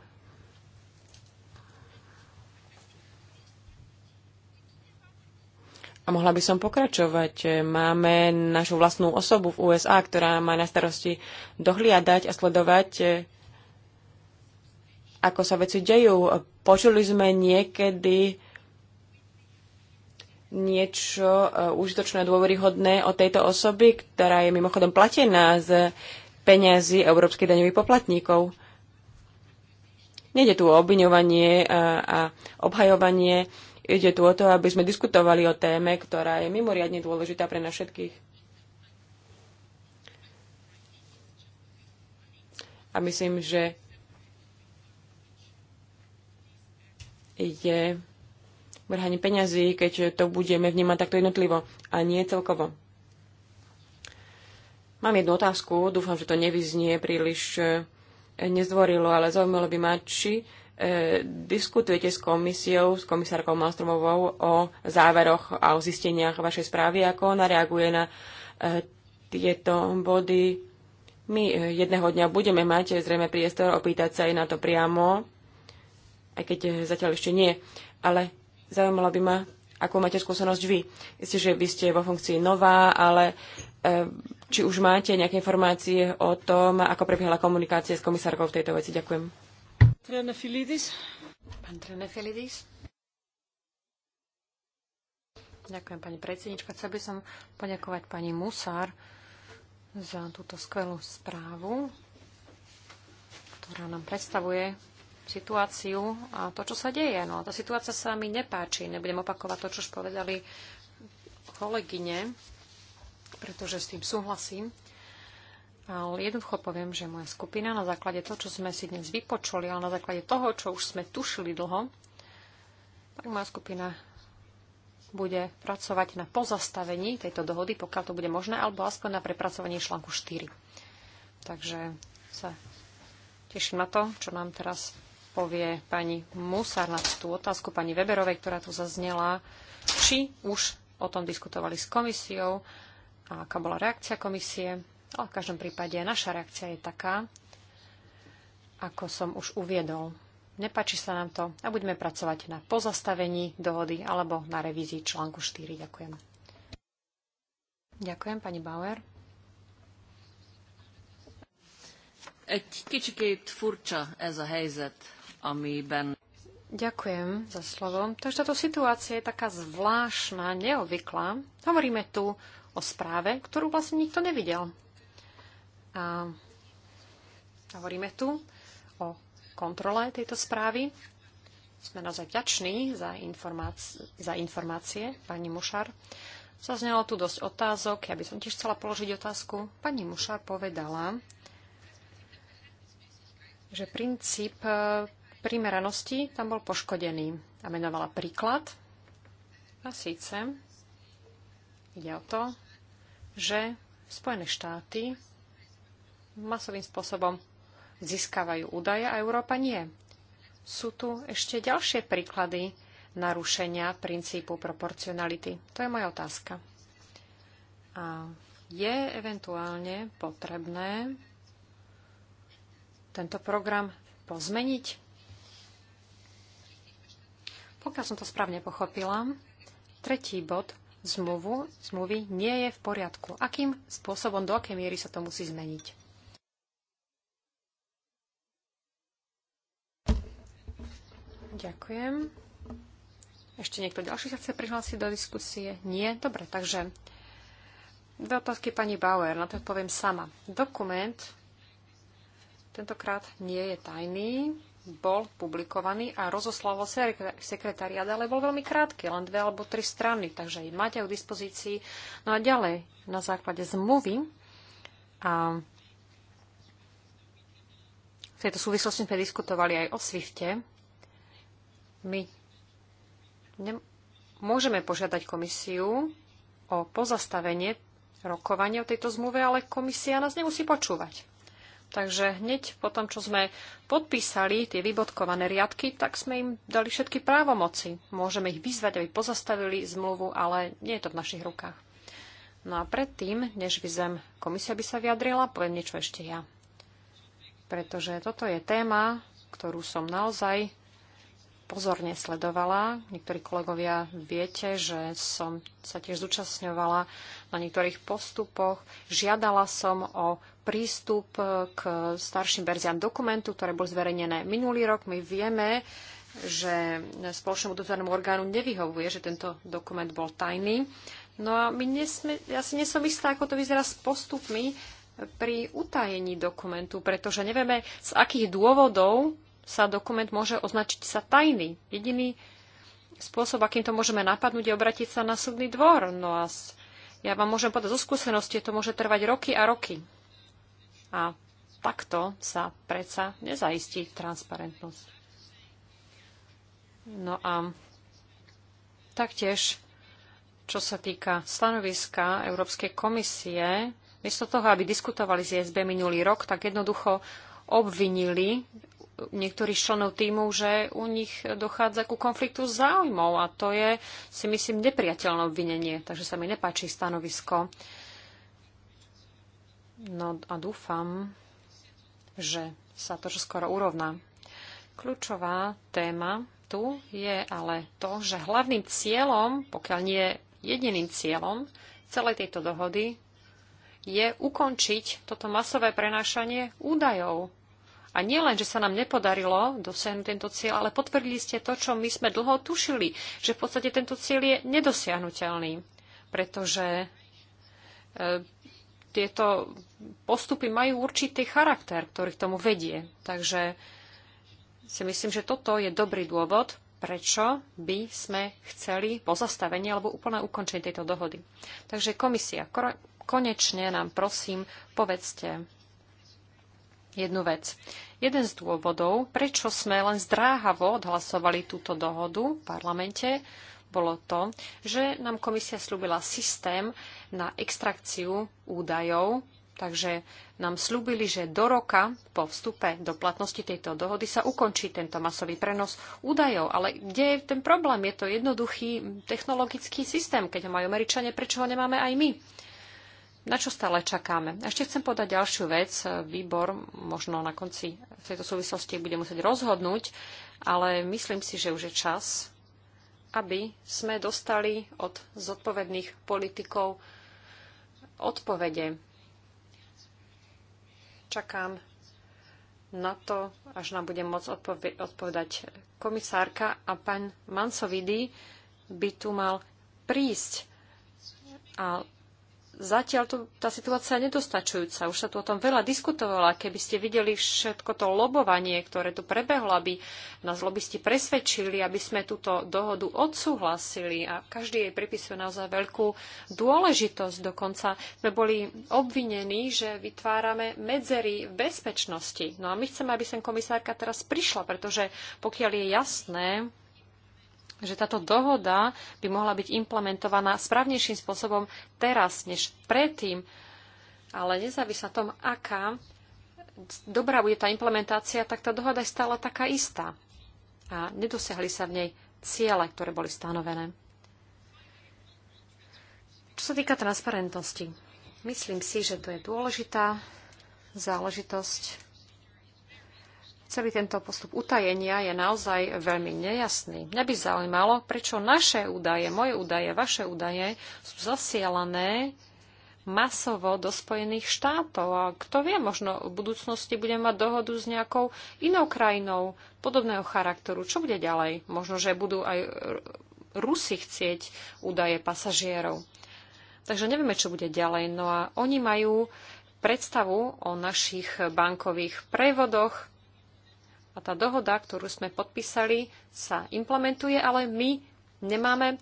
A mohla by som pokračovať. Máme našu vlastnú osobu v USA, ktorá má na starosti dohliadať a sledovať, e, ako sa veci dejú. Počuli sme niekedy niečo e, užitočné a dôveryhodné o tejto osoby, ktorá je mimochodom platená z peňazí európskych daňových poplatníkov. Nede tu o obviňovanie e, a obhajovanie, ide tu o to, aby sme diskutovali o téme, ktorá je mimoriadne dôležitá pre nás všetkých. A myslím, že je vrhanie peňazí, keď to budeme vnímať takto jednotlivo a nie celkovo. Mám jednu otázku, dúfam, že to nevyznie príliš e, nezdvorilo, ale zaujímalo by ma, či e, diskutujete s komisiou, s komisárkou Malstromovou o záveroch a o zisteniach vašej správy, ako ona reaguje na e, tieto body. My e, jedného dňa budeme mať zrejme priestor opýtať sa aj na to priamo, aj keď e, zatiaľ ešte nie. Ale Zaujímalo by ma, akú máte skúsenosť vy. Jestli, že vy ste vo funkcii nová, ale e, či už máte nejaké informácie o tom, ako prebiehala komunikácia s komisárkou v tejto veci. Ďakujem. Pán Trenefilidis. Ďakujem, pani predsednička. Chcel by som poďakovať pani Musár za túto skvelú správu, ktorá nám predstavuje situáciu a to, čo sa deje. No a tá situácia sa mi nepáči. Nebudem opakovať to, čo už povedali kolegyne, pretože s tým súhlasím. Ale jednoducho poviem, že moja skupina na základe toho, čo sme si dnes vypočuli, ale na základe toho, čo už sme tušili dlho, tak moja skupina bude pracovať na pozastavení tejto dohody, pokiaľ to bude možné, alebo aspoň na prepracovanie článku 4. Takže sa teším na to, čo nám teraz odpovie pani Musar na tú otázku pani Weberovej, ktorá tu zaznela, či už o tom diskutovali s komisiou a aká bola reakcia komisie. Ale no, v každom prípade naša reakcia je taká, ako som už uviedol. Nepáči sa nám to a budeme pracovať na pozastavení dohody alebo na revízii článku 4. Ďakujem. Ďakujem, pani Bauer. Egy kicsikét furcsa ez a helyzet amiben. Ďakujem za slovo. Takže táto situácia je taká zvláštna, neobvyklá. Hovoríme tu o správe, ktorú vlastne nikto nevidel. A hovoríme tu o kontrole tejto správy. Sme naozaj vďační za, informácie, za informácie, pani Mušar. Zaznelo tu dosť otázok, ja by som tiež chcela položiť otázku. Pani Mušar povedala, že princíp primeranosti tam bol poškodený. A menovala príklad. A síce ide o to, že Spojené štáty masovým spôsobom získavajú údaje a Európa nie. Sú tu ešte ďalšie príklady narušenia princípu proporcionality. To je moja otázka. A je eventuálne potrebné tento program pozmeniť? Pokiaľ som to správne pochopila, tretí bod zmluvu, zmluvy nie je v poriadku. Akým spôsobom, do akej miery sa to musí zmeniť? Ďakujem. Ešte niekto ďalší sa chce prihlásiť do diskusie? Nie? Dobre, takže dve otázky pani Bauer, na to odpoviem sama. Dokument tentokrát nie je tajný, bol publikovaný a rozoslal ho sekretariat, ale bol veľmi krátky, len dve alebo tri strany, takže aj máte k dispozícii. No a ďalej, na základe zmluvy a v tejto súvislosti sme diskutovali aj o Swifte. My môžeme požiadať komisiu o pozastavenie rokovania o tejto zmluve, ale komisia nás nemusí počúvať. Takže hneď po tom, čo sme podpísali tie vybodkované riadky, tak sme im dali všetky právomoci. Môžeme ich vyzvať, aby pozastavili zmluvu, ale nie je to v našich rukách. No a predtým, než vyzem, komisia by sa vyjadrila, poviem niečo ešte ja. Pretože toto je téma, ktorú som naozaj pozorne sledovala. Niektorí kolegovia viete, že som sa tiež zúčastňovala na niektorých postupoch. Žiadala som o prístup e, k starším verziám dokumentu, ktoré boli zverejnené minulý rok. My vieme, že spoločnému dozornému orgánu nevyhovuje, že tento dokument bol tajný. No a my nesme, ja si nesom istá, ako to vyzerá s postupmi pri utajení dokumentu, pretože nevieme, z akých dôvodov sa dokument môže označiť sa tajný. Jediný spôsob, akým to môžeme napadnúť, je obratiť sa na súdny dvor. No a ja vám môžem povedať zo skúsenosti, to môže trvať roky a roky. A takto sa predsa nezaistí transparentnosť. No a taktiež, čo sa týka stanoviska Európskej komisie, miesto toho, aby diskutovali z ISB minulý rok, tak jednoducho obvinili niektorých členov týmu, že u nich dochádza ku konfliktu záujmov a to je, si myslím, nepriateľné obvinenie. Takže sa mi nepáči stanovisko No a dúfam, že sa to skoro urovná. Kľúčová téma tu je ale to, že hlavným cieľom, pokiaľ nie jediným cieľom celej tejto dohody, je ukončiť toto masové prenášanie údajov. A nielen, že sa nám nepodarilo dosiahnuť tento cieľ, ale potvrdili ste to, čo my sme dlho tušili, že v podstate tento cieľ je nedosiahnuteľný, pretože e, tieto postupy majú určitý charakter, ktorý k tomu vedie. Takže si myslím, že toto je dobrý dôvod, prečo by sme chceli pozastavenie alebo úplné ukončenie tejto dohody. Takže komisia, konečne nám prosím povedzte jednu vec. Jeden z dôvodov, prečo sme len zdráhavo odhlasovali túto dohodu v parlamente, bolo to, že nám komisia slúbila systém na extrakciu údajov, takže nám slúbili, že do roka po vstupe do platnosti tejto dohody sa ukončí tento masový prenos údajov. Ale kde je ten problém? Je to jednoduchý technologický systém. Keď ho majú Američania, prečo ho nemáme aj my? Na čo stále čakáme? Ešte chcem podať ďalšiu vec. Výbor možno na konci v tejto súvislosti bude musieť rozhodnúť, ale myslím si, že už je čas aby sme dostali od zodpovedných politikov odpovede. Čakám na to, až nám bude môcť odpovedať komisárka a pán Mansovidy by tu mal prísť a zatiaľ to, tá situácia je nedostačujúca. Už sa tu o tom veľa diskutovala. Keby ste videli všetko to lobovanie, ktoré tu prebehlo, aby nás lobisti presvedčili, aby sme túto dohodu odsúhlasili a každý jej pripisuje naozaj veľkú dôležitosť. Dokonca sme boli obvinení, že vytvárame medzery v bezpečnosti. No a my chceme, aby sem komisárka teraz prišla, pretože pokiaľ je jasné, že táto dohoda by mohla byť implementovaná správnejším spôsobom teraz než predtým, ale nezávisla na tom, aká dobrá bude tá implementácia, tak tá dohoda je stále taká istá. A nedosiahli sa v nej ciele, ktoré boli stanovené. Čo sa týka transparentnosti, myslím si, že to je dôležitá záležitosť Celý tento postup utajenia je naozaj veľmi nejasný. Mňa by zaujímalo, prečo naše údaje, moje údaje, vaše údaje sú zasielané masovo do Spojených štátov. A kto vie, možno v budúcnosti budeme mať dohodu s nejakou inou krajinou podobného charakteru. Čo bude ďalej? Možno, že budú aj Rusi chcieť údaje pasažierov. Takže nevieme, čo bude ďalej. No a oni majú predstavu o našich bankových prevodoch, a tá dohoda, ktorú sme podpísali, sa implementuje, ale my nemáme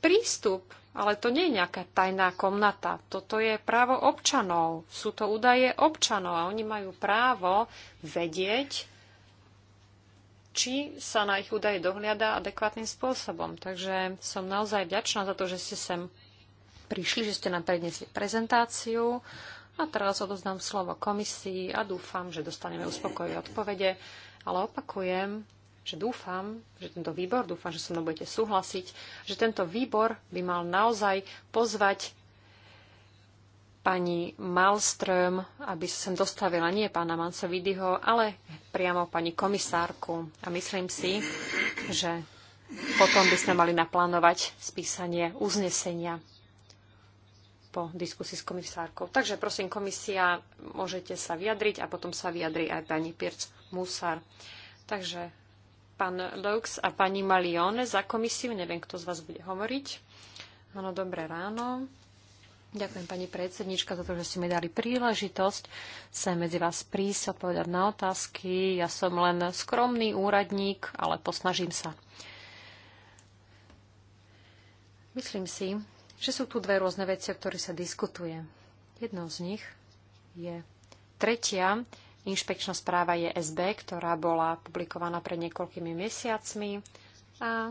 prístup. Ale to nie je nejaká tajná komnata. Toto je právo občanov. Sú to údaje občanov a oni majú právo vedieť, či sa na ich údaje dohliada adekvátnym spôsobom. Takže som naozaj vďačná za to, že ste sem prišli, že ste nám prednesli prezentáciu. A teraz odoznám slovo komisii a dúfam, že dostaneme uspokojivé odpovede ale opakujem, že dúfam, že tento výbor, dúfam, že so mnou budete súhlasiť, že tento výbor by mal naozaj pozvať pani Malström, aby sa sem dostavila nie pána Mansovidyho, ale priamo pani komisárku. A myslím si, že potom by sme mali naplánovať spísanie uznesenia po diskusii s komisárkou. Takže prosím, komisia, môžete sa vyjadriť a potom sa vyjadri aj pani Pirc Musar. Takže pán Lux a pani Malione za komisiu, neviem, kto z vás bude hovoriť. Áno, dobré ráno. Ďakujem pani predsednička za to, že ste mi dali príležitosť sa medzi vás prísť odpovedať na otázky. Ja som len skromný úradník, ale posnažím sa. Myslím si, že sú tu dve rôzne veci, o ktorých sa diskutuje. Jednou z nich je tretia inšpekčná správa je SB, ktorá bola publikovaná pred niekoľkými mesiacmi. A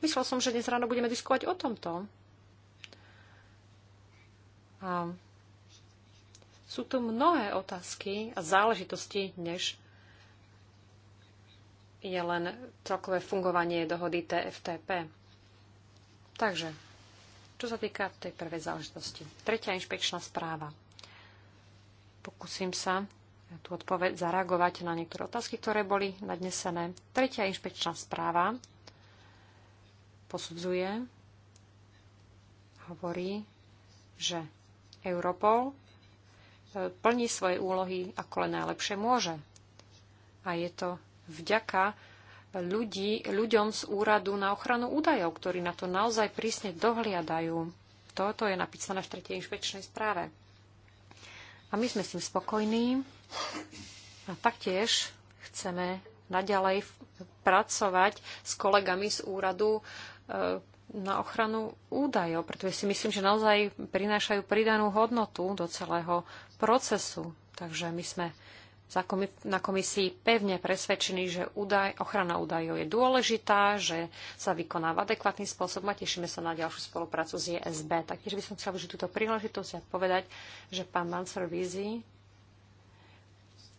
myslel som, že dnes ráno budeme diskutovať o tomto. A sú tu mnohé otázky a záležitosti, než je len celkové fungovanie dohody TFTP. Takže čo sa týka tej prvej záležitosti. Tretia inšpekčná správa. Pokúsim sa tu odpoveď zareagovať na niektoré otázky, ktoré boli nadnesené. Tretia inšpekčná správa posudzuje, hovorí, že Europol e, plní svoje úlohy ako len najlepšie môže. A je to vďaka ľudí, ľuďom z úradu na ochranu údajov, ktorí na to naozaj prísne dohliadajú. Toto je napísané v tretej inšpekčnej správe. A my sme s tým spokojní a taktiež chceme naďalej pracovať s kolegami z úradu e, na ochranu údajov, pretože si myslím, že naozaj prinášajú pridanú hodnotu do celého procesu. Takže my sme na komisii pevne presvedčení, že údaj, ochrana údajov je dôležitá, že sa vykonáva adekvátny spôsob a tešíme sa na ďalšiu spoluprácu s ISB. Taktiež by som chcela využiť túto príležitosť a povedať, že pán Mansur Vizi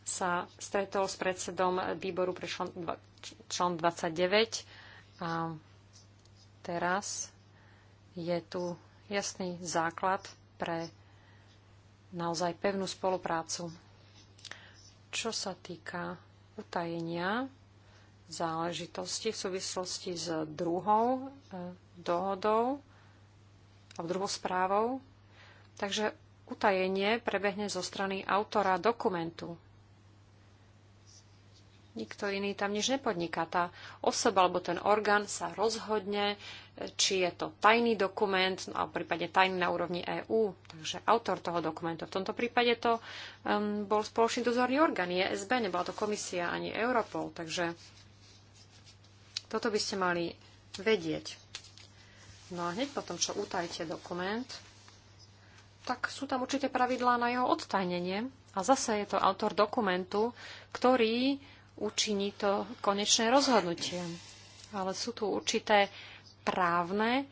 sa stretol s predsedom výboru pre člen, člán 29 a teraz je tu jasný základ pre naozaj pevnú spoluprácu čo sa týka utajenia záležitosti v súvislosti s druhou e, dohodou alebo druhou správou, takže utajenie prebehne zo strany autora dokumentu Nikto iný tam nič nepodniká. Tá osoba alebo ten orgán sa rozhodne, e, či je to tajný dokument, no a prípadne tajný na úrovni EÚ, takže autor toho dokumentu. V tomto prípade to um, bol spoločný dozorný orgán, SB, nebola to komisia ani Europol, takže toto by ste mali vedieť. No a hneď potom, čo utajte dokument, tak sú tam určité pravidlá na jeho odtajnenie. A zase je to autor dokumentu, ktorý učiní to konečné rozhodnutie. Ale sú tu určité právne e,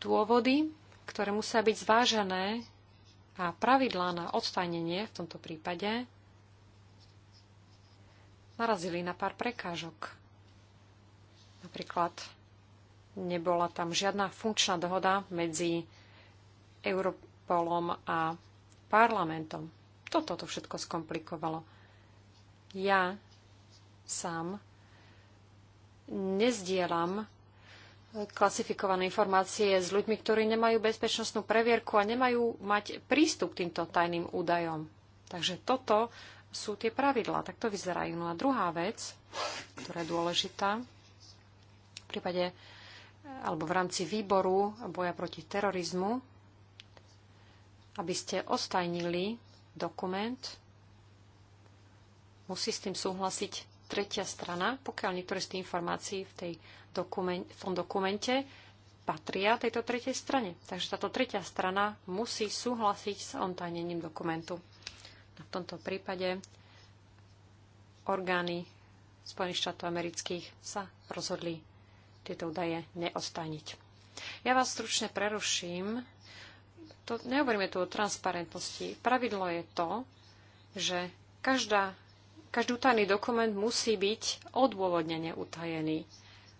dôvody, ktoré musia byť zvážené a pravidlá na odstajnenie v tomto prípade narazili na pár prekážok. Napríklad nebola tam žiadna funkčná dohoda medzi Europolom a parlamentom. Toto to všetko skomplikovalo. Ja sám nezdielam eh, klasifikované informácie s ľuďmi, ktorí nemajú bezpečnostnú previerku a nemajú mať prístup k týmto tajným údajom. Takže toto sú tie pravidlá. Takto vyzerajú. No a druhá vec, ktorá je dôležitá, v prípade eh, alebo v rámci výboru boja proti terorizmu, aby ste ostajnili dokument, musí s tým súhlasiť tretia strana, pokiaľ niektoré z tých informácií v, tej dokumen- v tom dokumente patria tejto tretej strane. Takže táto tretia strana musí súhlasiť s ontajnením dokumentu. A v tomto prípade orgány Spojených štátov amerických sa rozhodli tieto údaje neostaniť. Ja vás stručne preruším. To, nehovoríme tu o transparentnosti. Pravidlo je to, že každá každý utajný dokument musí byť odôvodnene utajený.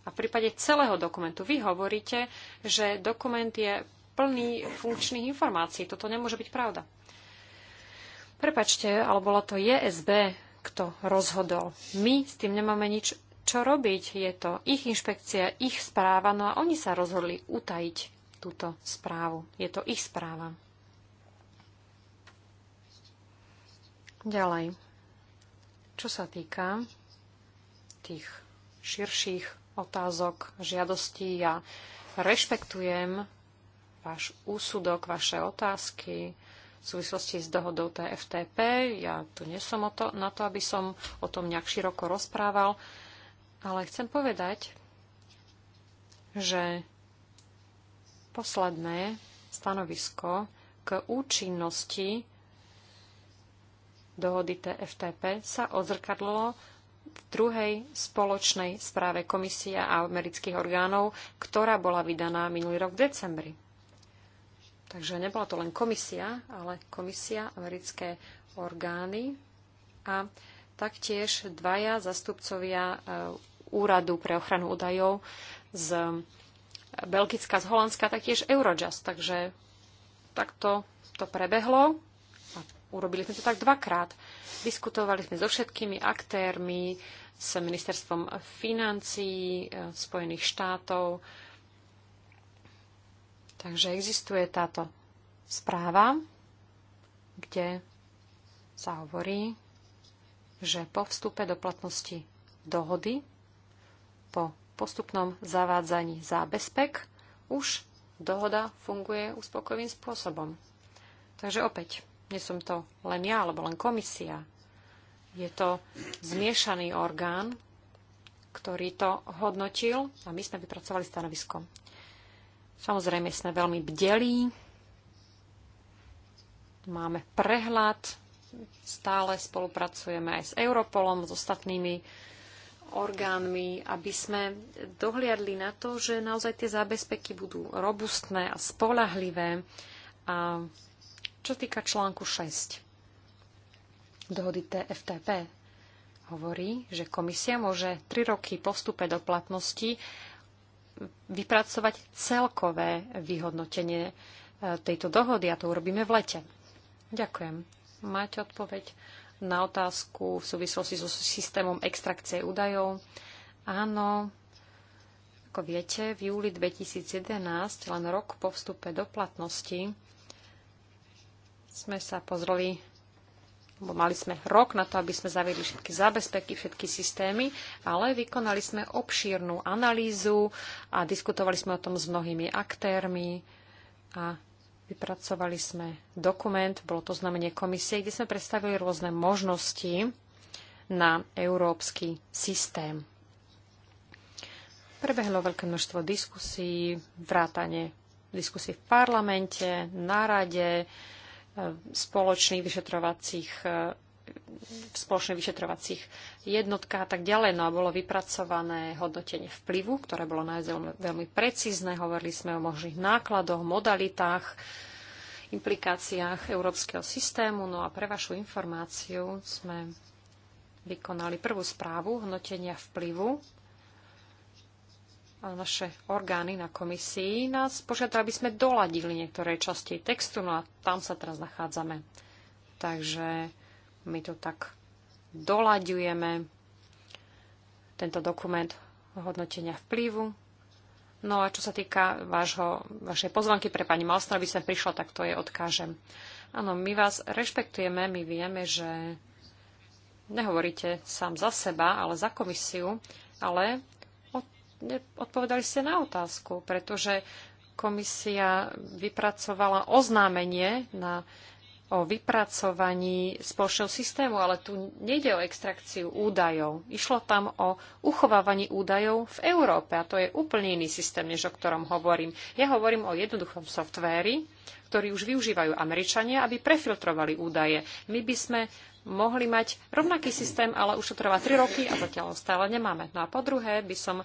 A v prípade celého dokumentu vy hovoríte, že dokument je plný funkčných informácií. Toto nemôže byť pravda. Prepačte, ale bola to JSB, kto rozhodol. My s tým nemáme nič čo robiť. Je to ich inšpekcia, ich správa, no a oni sa rozhodli utajiť túto správu. Je to ich správa. Ďalej. Čo sa týka tých širších otázok, žiadostí, ja rešpektujem váš úsudok, vaše otázky v súvislosti s dohodou TFTP. Ja tu nesom o to, na to, aby som o tom nejak široko rozprával, ale chcem povedať, že posledné stanovisko k účinnosti dohody TFTP sa odzrkadlo v druhej spoločnej správe komisia a amerických orgánov, ktorá bola vydaná minulý rok v decembri. Takže nebola to len komisia, ale komisia, americké orgány a taktiež dvaja zastupcovia e, Úradu pre ochranu údajov z Belgická, z Holandska, taktiež Eurojust. Takže takto to prebehlo urobili sme to tak dvakrát. Diskutovali sme so všetkými aktérmi, s ministerstvom financií eh, Spojených štátov. Takže existuje táto správa, kde sa hovorí, že po vstupe do platnosti dohody, po postupnom zavádzaní zábezpek, už dohoda funguje uspokojivým spôsobom. Takže opäť, nie som to len ja, alebo len komisia. Je to zmiešaný orgán, ktorý to hodnotil a my sme vypracovali stanovisko. Samozrejme sme veľmi bdelí, máme prehľad, stále spolupracujeme aj s Europolom, s ostatnými orgánmi, aby sme dohliadli na to, že naozaj tie zábezpeky budú robustné a spolahlivé a čo týka článku 6 dohody TFTP, hovorí, že komisia môže 3 roky po vstupe do platnosti vypracovať celkové vyhodnotenie e, tejto dohody a to urobíme v lete. Ďakujem. Máte odpoveď na otázku v súvislosti so systémom extrakcie údajov? Áno, ako viete, v júli 2011, len rok po vstupe do platnosti, sme sa pozreli, bo mali sme rok na to, aby sme zaviedli všetky zábezpeky, všetky systémy, ale vykonali sme obšírnu analýzu a diskutovali sme o tom s mnohými aktérmi a vypracovali sme dokument, bolo to znamenie komisie, kde sme predstavili rôzne možnosti na európsky systém. Prebehlo veľké množstvo diskusí, vrátane diskusí v parlamente, na rade, spoločných vyšetrovacích e, spoločných vyšetrovacích jednotkách a tak ďalej. No a bolo vypracované hodnotenie vplyvu, ktoré bolo naozaj veľmi precízne. Hovorili sme o možných nákladoch, modalitách, implikáciách európskeho systému. No a pre vašu informáciu sme vykonali prvú správu hodnotenia vplyvu naše orgány na komisii nás požiadali, aby sme doladili niektoré časti textu, no a tam sa teraz nachádzame. Takže my to tak doladiujeme. tento dokument hodnotenia vplyvu. No a čo sa týka vášho, vašej pozvanky pre pani Malstra, aby sa prišla, tak to je odkážem. Áno, my vás rešpektujeme, my vieme, že nehovoríte sám za seba, ale za komisiu, ale Odpovedali ste na otázku, pretože komisia vypracovala oznámenie na, o vypracovaní spoločného systému, ale tu nejde o extrakciu údajov. Išlo tam o uchovávanie údajov v Európe a to je úplne iný systém, než o ktorom hovorím. Ja hovorím o jednoduchom softvéri, ktorý už využívajú Američania, aby prefiltrovali údaje. My by sme mohli mať rovnaký systém, ale už to trvá tri roky a zatiaľ ho stále nemáme. No a po druhé by som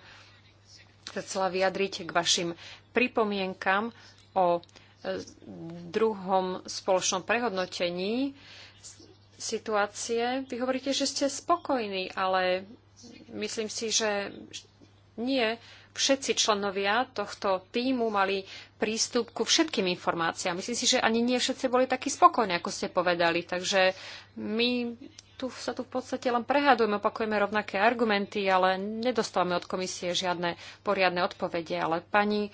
chcela vyjadriť k vašim pripomienkam o e, druhom spoločnom prehodnotení situácie. Vy hovoríte, že ste spokojní, ale myslím si, že nie všetci členovia tohto týmu mali prístup ku všetkým informáciám. Myslím si, že ani nie všetci boli takí spokojní, ako ste povedali. Takže my tu sa tu v podstate len prehádujeme, opakujeme rovnaké argumenty, ale nedostávame od komisie žiadne poriadne odpovede. Ale pani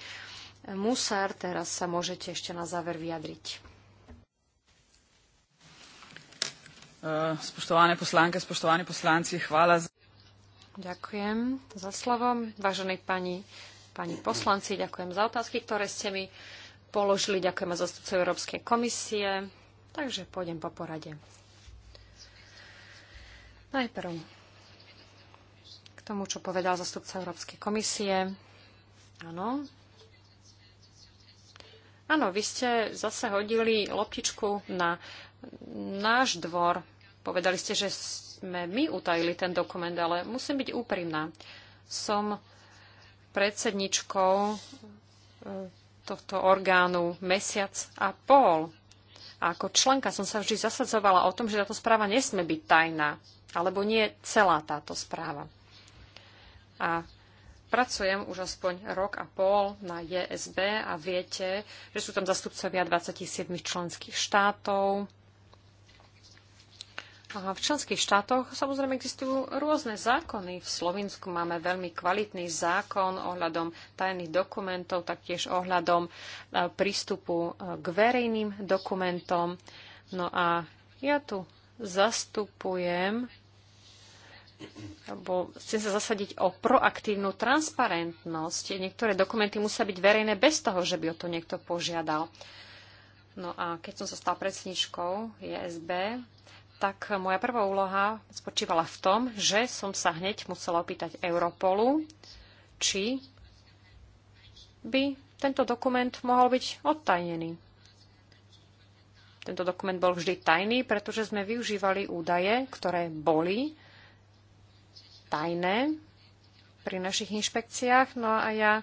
Musár, teraz sa môžete ešte na záver vyjadriť. Eh, spoštovane poslanke, spoštovani poslanci, hvala za... Ďakujem za slovom. Vážené pani, pani poslanci, ďakujem za otázky, ktoré ste mi položili. Ďakujem za zastupcu Európskej komisie. Takže pôjdem po porade. Najprv k tomu, čo povedal zastupca Európskej komisie. Áno. Áno, vy ste zase hodili loptičku na náš dvor. Povedali ste, že sme my utajili ten dokument, ale musím byť úprimná. Som predsedničkou e, tohto orgánu mesiac a pol. A ako členka som sa vždy zasadzovala o tom, že táto správa nesme byť tajná, alebo nie celá táto správa. A pracujem už aspoň rok a pol na JSB a viete, že sú tam zastupcovia 27 členských štátov, a v členských štátoch samozrejme existujú rôzne zákony. V Slovensku máme veľmi kvalitný zákon ohľadom tajných dokumentov, taktiež ohľadom e, prístupu e, k verejným dokumentom. No a ja tu zastupujem alebo chcem sa zasadiť o proaktívnu transparentnosť. Niektoré dokumenty musia byť verejné bez toho, že by o to niekto požiadal. No a keď som sa stal predsničkou ISB, tak moja prvá úloha spočívala v tom, že som sa hneď musela opýtať Europolu, či by tento dokument mohol byť odtajnený. Tento dokument bol vždy tajný, pretože sme využívali údaje, ktoré boli tajné pri našich inšpekciách. No a ja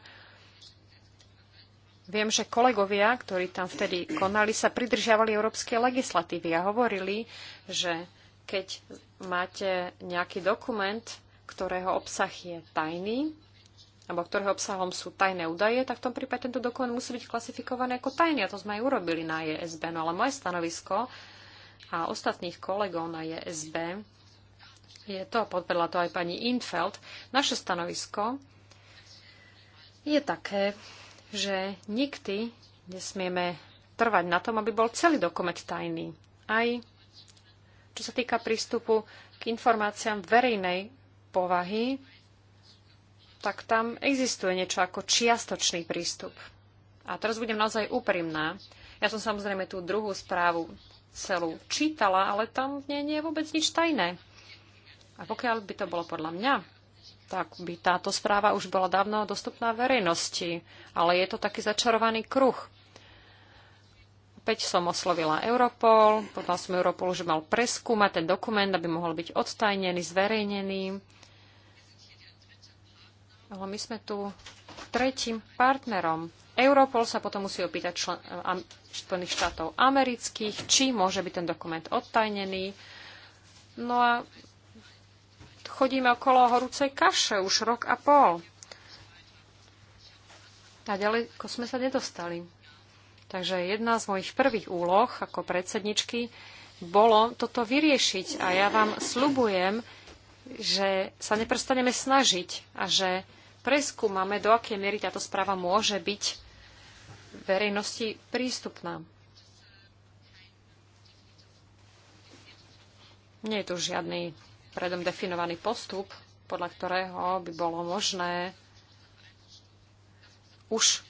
Viem, že kolegovia, ktorí tam vtedy konali, sa pridržiavali európskej legislatívy a hovorili, že keď máte nejaký dokument, ktorého obsah je tajný, alebo ktorého obsahom sú tajné údaje, tak v tom prípade tento dokument musí byť klasifikovaný ako tajný. A to sme aj urobili na ESB. No ale moje stanovisko a ostatných kolegov na ESB je to, podvedla to aj pani Infeld, naše stanovisko je také, že nikdy nesmieme trvať na tom, aby bol celý dokument tajný. Aj čo sa týka prístupu k informáciám verejnej povahy, tak tam existuje niečo ako čiastočný prístup. A teraz budem naozaj úprimná. Ja som samozrejme tú druhú správu celú čítala, ale tam nie, nie je vôbec nič tajné. A pokiaľ by to bolo podľa mňa, tak by táto správa už bola dávno dostupná verejnosti. Ale je to taký začarovaný kruh. Opäť som oslovila Europol, potom som Europol už mal preskúmať ten dokument, aby mohol byť odtajnený, zverejnený. Ale my sme tu tretím partnerom. Europol sa potom musí opýtať člen, Spojených štátov amerických, či môže byť ten dokument odtajnený. No a chodíme okolo horúcej kaše už rok a pol. A ďaleko sme sa nedostali. Takže jedna z mojich prvých úloh ako predsedničky bolo toto vyriešiť. A ja vám slubujem, že sa neprestaneme snažiť a že preskúmame, do akej miery táto správa môže byť verejnosti prístupná. Nie je tu žiadny predom definovaný postup, podľa ktorého by bolo možné už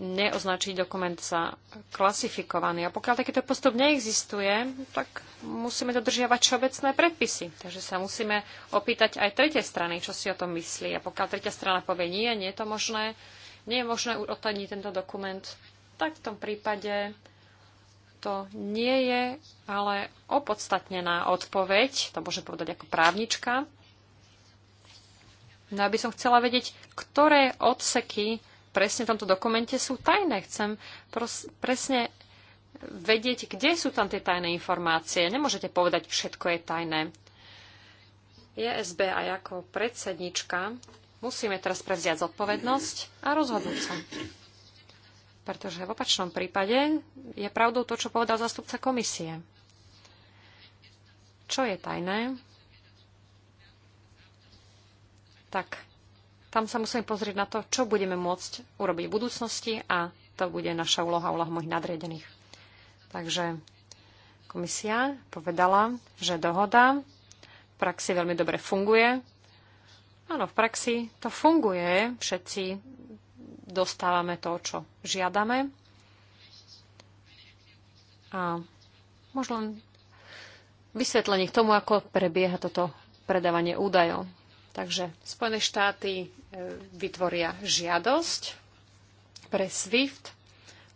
neoznačiť dokument za klasifikovaný. A pokiaľ takýto postup neexistuje, tak musíme dodržiavať všeobecné predpisy. Takže sa musíme opýtať aj tretej strany, čo si o tom myslí. A pokiaľ tretia strana povie nie, nie je to možné, nie je možné odtadniť tento dokument, tak v tom prípade to nie je ale opodstatnená odpoveď, to môžem povedať ako právnička. No aby som chcela vedieť, ktoré odseky presne v tomto dokumente sú tajné. Chcem presne vedieť, kde sú tam tie tajné informácie. Nemôžete povedať, všetko je tajné. ESB a ako predsednička musíme teraz prevziať zodpovednosť a rozhodnúť sa pretože v opačnom prípade je pravdou to, čo povedal zastupca komisie. Čo je tajné? Tak, tam sa musíme pozrieť na to, čo budeme môcť urobiť v budúcnosti a to bude naša úloha, úloha mojich nadriedených. Takže komisia povedala, že dohoda v praxi veľmi dobre funguje, Áno, v praxi to funguje. Všetci dostávame to, čo žiadame. A možno len vysvetlenie k tomu, ako prebieha toto predávanie údajov. Takže Spojené štáty e, vytvoria žiadosť pre SWIFT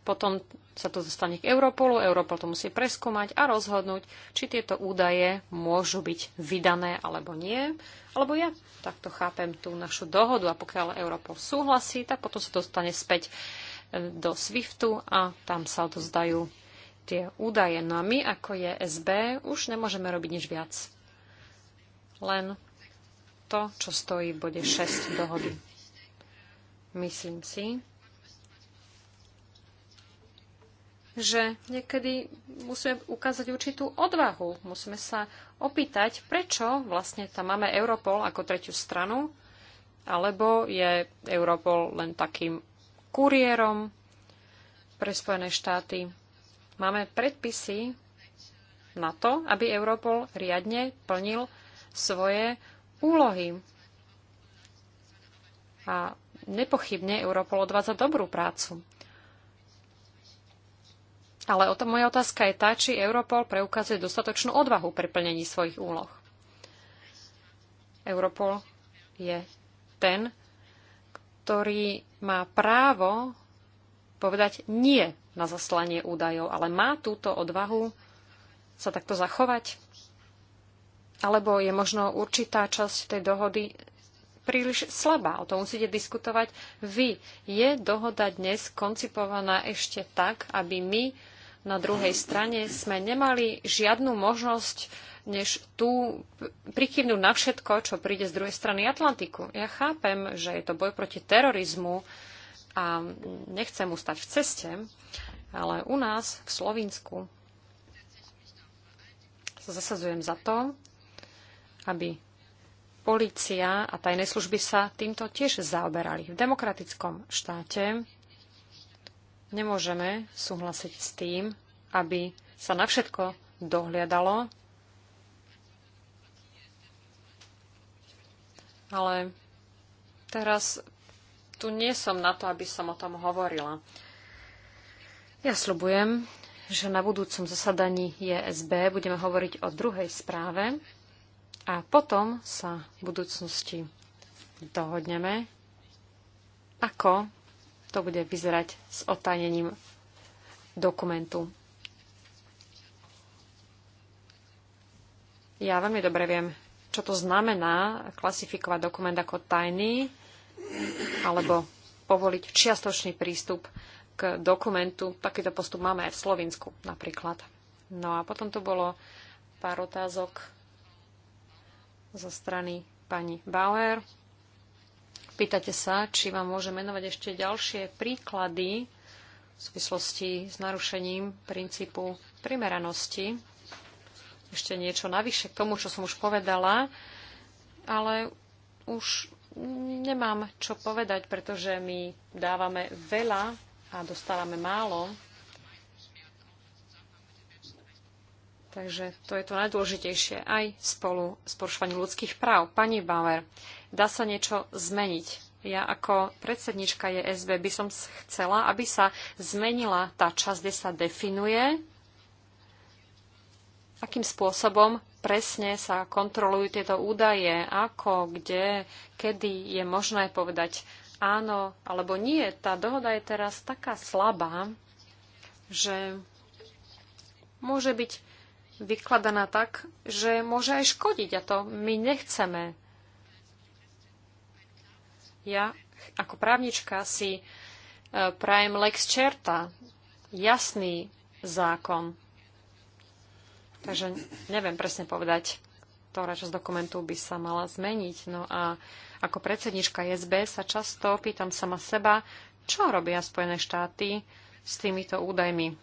potom sa to dostane k Europolu, Europol to musí preskúmať a rozhodnúť, či tieto údaje môžu byť vydané alebo nie. Alebo ja takto chápem tú našu dohodu a pokiaľ Europol súhlasí, tak potom sa dostane späť e, do SWIFTu a tam sa odozdajú tie údaje. No a my ako je SB už nemôžeme robiť nič viac. Len to, čo stojí v bode 6 dohody. Myslím si, že niekedy musíme ukázať určitú odvahu. Musíme sa opýtať, prečo vlastne tam máme Europol ako tretiu stranu, alebo je Europol len takým kuriérom pre Spojené štáty. Máme predpisy na to, aby Europol riadne plnil svoje úlohy. A nepochybne Europol odvádza dobrú prácu. Ale o to moja otázka je tá, či Europol preukazuje dostatočnú odvahu pri plnení svojich úloh. Europol je ten, ktorý má právo povedať nie na zaslanie údajov, ale má túto odvahu sa takto zachovať? Alebo je možno určitá časť tej dohody príliš slabá. O tom musíte diskutovať vy. Je dohoda dnes koncipovaná ešte tak, aby my na druhej strane sme nemali žiadnu možnosť, než tu prikyvnúť na všetko, čo príde z druhej strany Atlantiku. Ja chápem, že je to boj proti terorizmu a nechcem mu stať v ceste, ale u nás v Slovinsku sa zasazujem za to, aby policia a tajné služby sa týmto tiež zaoberali. V demokratickom štáte Nemôžeme súhlasiť s tým, aby sa na všetko dohliadalo, ale teraz tu nie som na to, aby som o tom hovorila. Ja slubujem, že na budúcom zasadaní JSB budeme hovoriť o druhej správe a potom sa v budúcnosti dohodneme, ako to bude vyzerať s otajnením dokumentu. Ja veľmi dobre viem, čo to znamená klasifikovať dokument ako tajný alebo povoliť čiastočný prístup k dokumentu. Takýto postup máme aj v Slovensku napríklad. No a potom tu bolo pár otázok zo strany pani Bauer. Pýtate sa, či vám môžem menovať ešte ďalšie príklady v súvislosti s narušením princípu primeranosti. Ešte niečo navyše k tomu, čo som už povedala, ale už nemám čo povedať, pretože my dávame veľa a dostávame málo. Takže to je to najdôležitejšie aj spolu s porušovaním ľudských práv. Pani Bauer, dá sa niečo zmeniť. Ja ako predsednička JSB by som chcela, aby sa zmenila tá časť, kde sa definuje, akým spôsobom presne sa kontrolujú tieto údaje, ako, kde, kedy je možné povedať áno alebo nie. Tá dohoda je teraz taká slabá, že môže byť vykladaná tak, že môže aj škodiť a to my nechceme. Ja ako právnička si e, prajem lex čerta, jasný zákon. Takže neviem presne povedať, ktorá časť dokumentu by sa mala zmeniť. No a ako predsednička SB sa často pýtam sama seba, čo robia Spojené štáty s týmito údajmi.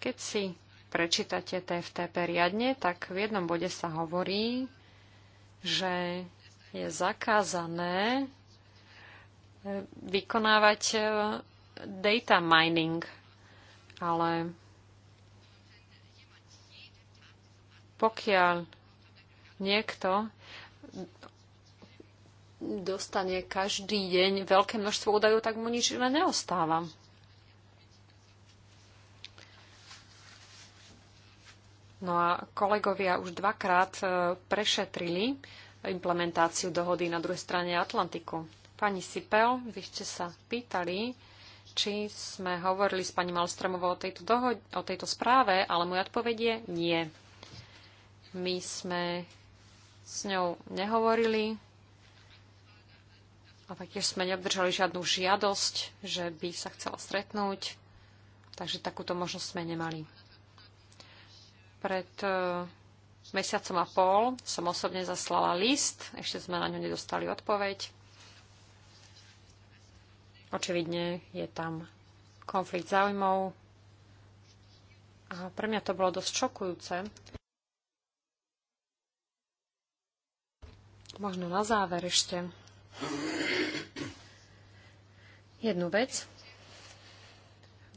Keď si prečítate TFTP riadne, tak v jednom bode sa hovorí, že je zakázané e, vykonávať e, data mining, ale pokiaľ niekto dostane každý deň veľké množstvo údajov, tak mu nič iné neostáva. No a kolegovia už dvakrát e, prešetrili implementáciu dohody na druhej strane Atlantiku. Pani Sipel, vy ste sa pýtali, či sme hovorili s pani Malstromovou o tejto, dohod- o tejto správe, ale moja odpoveď je nie. My sme s ňou nehovorili a taktiež sme neobdržali žiadnu žiadosť, že by sa chcela stretnúť, takže takúto možnosť sme nemali. Pred e, mesiacom a pol som osobne zaslala list, ešte sme na ňu nedostali odpoveď. Očividne je tam konflikt záujmov a pre mňa to bolo dosť šokujúce. Možno na záver ešte jednu vec.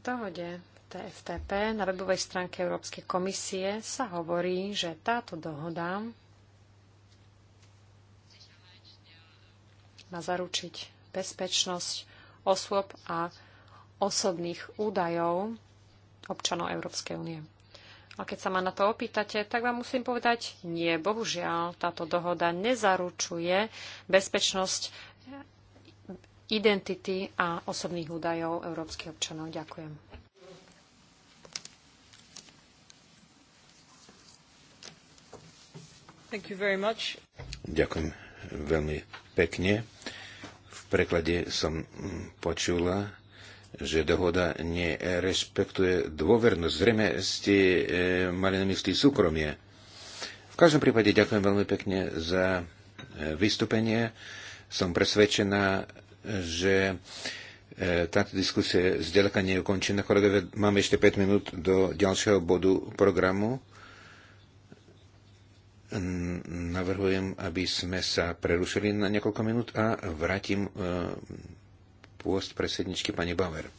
V dohode TFTP na webovej stránke Európskej komisie sa hovorí, že táto dohoda má zaručiť bezpečnosť osôb a osobných údajov občanov Európskej únie. A keď sa ma na to opýtate, tak vám musím povedať, nie, bohužiaľ, táto dohoda nezaručuje bezpečnosť identity a osobných údajov európskych občanov. Ďakujem. Ďakujem veľmi pekne. V preklade som mm, počula, že dohoda nerespektuje dôvernosť. Zrejme ste e, mali na mysli súkromie. V každom prípade ďakujem veľmi pekne za e, vystúpenie. Som presvedčená, že e, táto diskusia zďaleka nie je ukončená. Kolegovia, máme ešte 5 minút do ďalšieho bodu programu. Navrhujem, aby sme sa prerušili na niekoľko minút a vrátim e, pôst predsedničky pani Bauer.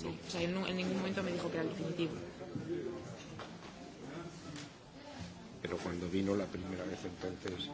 Sí, o sea, él no, en ningún momento me dijo que era el definitivo. Pero cuando vino la primera vez entonces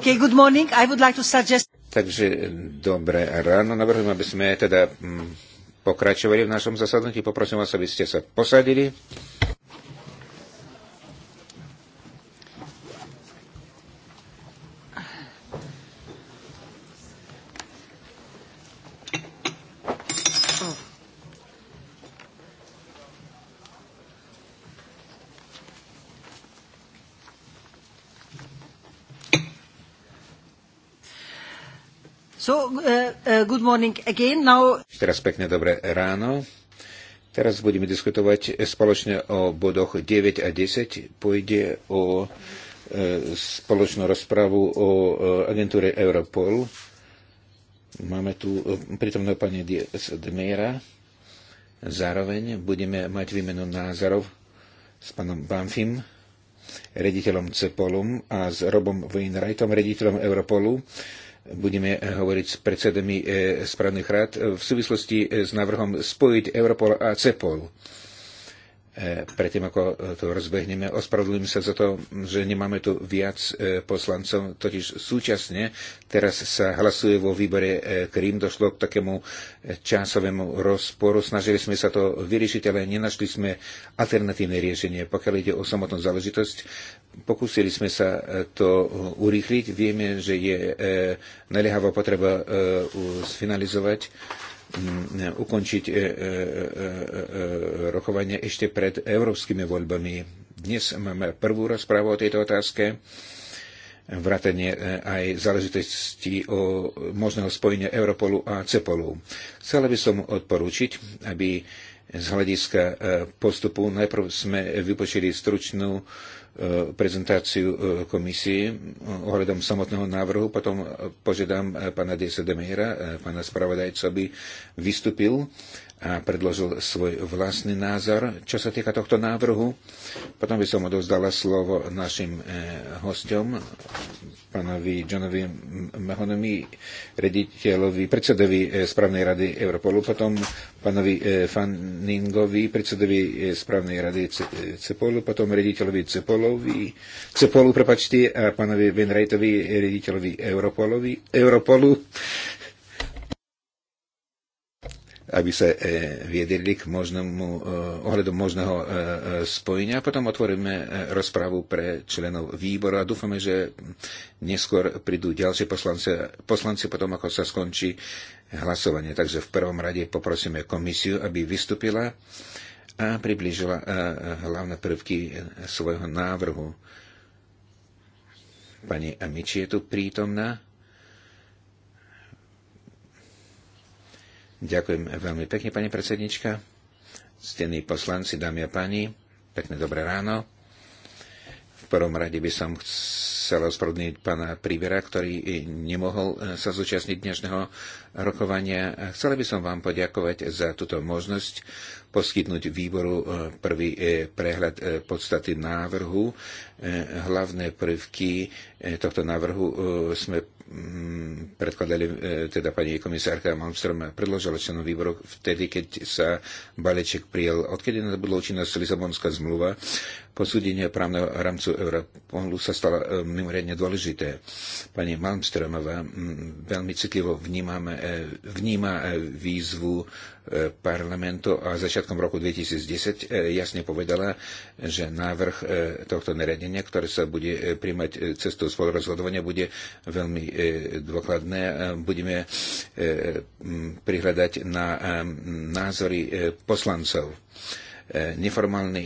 Okay, good morning. I would like to suggest... Takže dobré ráno. Navrhujem, aby sme teda mm, pokračovali v našom zasadnutí. Poprosím vás, aby ste sa posadili. So, uh, uh, good morning again. Now... Teraz pekne dobré ráno. Teraz budeme diskutovať spoločne o bodoch 9 a 10. Pôjde o e, spoločnú rozpravu o e, agentúre Europol. Máme tu e, prítomného pani Dmiera. Zároveň budeme mať výmenu názorov s pánom Banfim, rediteľom Cepolum a s Robom Wainwrightom, rediteľom Europolu budeme hovoriť s predsedami eh, správnych rád eh, v súvislosti eh, s návrhom spojiť Europol a CEPOL E, predtým, ako to rozbehneme. Ospravedlňujem sa za to, že nemáme tu viac e, poslancov, totiž súčasne teraz sa hlasuje vo výbore e, Krím, došlo k takému časovému rozporu. Snažili sme sa to vyriešiť, ale nenašli sme alternatívne riešenie. Pokiaľ ide o samotnú záležitosť, pokúsili sme sa to urýchliť. Vieme, že je naliehavá potreba sfinalizovať ukončiť e, e, e, rokovanie ešte pred európskymi voľbami. Dnes máme prvú rozprávu o tejto otázke vrátanie aj záležitosti o možného spojenia Europolu a Cepolu. Chcela by som odporúčiť, aby z hľadiska postupu najprv sme vypočili stručnú E, prezentáciu e, komisie ohľadom samotného návrhu. Potom požiadam e, pána Desa Meira, pána spravodajca, aby vystúpil a predložil svoj vlastný názor. Čo sa týka tohto návrhu, potom by som odovzdala slovo našim e, hostom, pánovi Johnovi Mahonomi, rediteľovi, predsedovi e, správnej rady Europolu, potom pánovi e, Fanningovi, predsedovi správnej rady Cepolu, potom rediteľovi Cepolovi, Cepolu, prepačte, a pánovi Venrejtovi, rediteľovi Europolovi, Europolu aby sa e, viedeli k možnému, e, ohľadom možného e, spojenia. Potom otvoríme rozpravu pre členov výboru a dúfame, že neskôr prídu ďalšie poslanci, poslanci potom, ako sa skončí hlasovanie. Takže v prvom rade poprosíme komisiu, aby vystúpila a priblížila hlavné prvky svojho návrhu. Pani Amici je tu prítomná. Ďakujem veľmi pekne, pani predsednička. Stení poslanci, dámy a páni, pekné dobré ráno. V prvom rade by som chcel ospravedlniť pána príbera, ktorý nemohol e, sa zúčastniť dnešného rokovania. Chcel by som vám poďakovať za túto možnosť poskytnúť výboru e, prvý e, prehľad podstaty návrhu. Hlavné prvky tohto návrhu sme Mm, predkladali e, teda pani komisárka Malmström predložila členom výboru vtedy, keď sa baleček prijel, Odkedy nadobudla účinnosť Lisabonská zmluva, posúdenie právneho rámcu Europolu sa stalo e, mimoriadne dôležité. Pani Malmströmová e, veľmi citlivo vnímame, vníma výzvu parlamentu a začiatkom roku 2010 jasne povedala, že návrh tohto nariadenia, ktoré sa bude príjmať cestou spolurozhodovania, bude veľmi E, dôkladné. E, budeme e, prihľadať na názory poslancov. Neformálny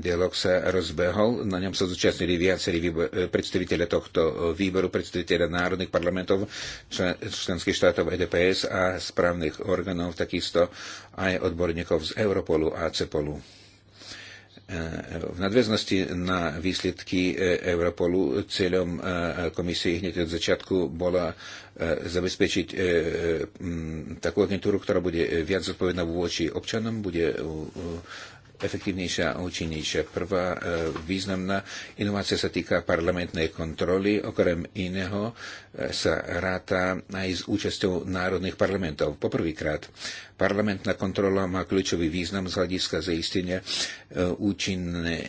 dialog sa rozbehol, na ňom sa zúčastnili viacerí predstaviteľe tohto výboru, predstaviteľe národných parlamentov, členských štátov EDPS a správnych orgánov, takisto aj odborníkov z Europolu a CEPOLu. Eh, v nadväznosti na výsledky eh, Europolu cieľom eh, komisie hneď od začiatku bola zabezpečiť takú agentúru, ktorá bude viac zodpovedná voči občanom, bude efektívnejšia a účinnejšia. Prvá e, významná inovácia sa týka parlamentnej kontroly. Okrem iného e, sa ráta aj s účasťou národných parlamentov. Poprvýkrát parlamentná kontrola má kľúčový význam z hľadiska zaistenia e, účinnej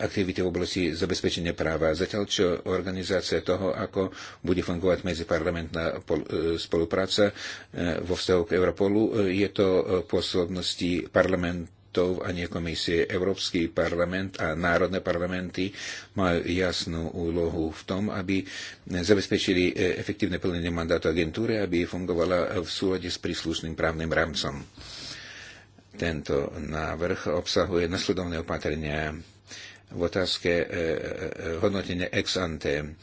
aktivity v oblasti zabezpečenia práva. Zatiaľ, čo organizácia toho, ako bude fungovať medziparlamentná spolupráca vo vzťahu k Europolu, je to pôsobnosti parlamentu štátov a nie komisie. Európsky parlament a národné parlamenty majú jasnú úlohu v tom, aby zabezpečili e, efektívne plnenie mandátu agentúry, aby fungovala v súlade s príslušným právnym rámcom. Tento návrh obsahuje nasledovné opatrenia v otázke e, e, hodnotenia ex ante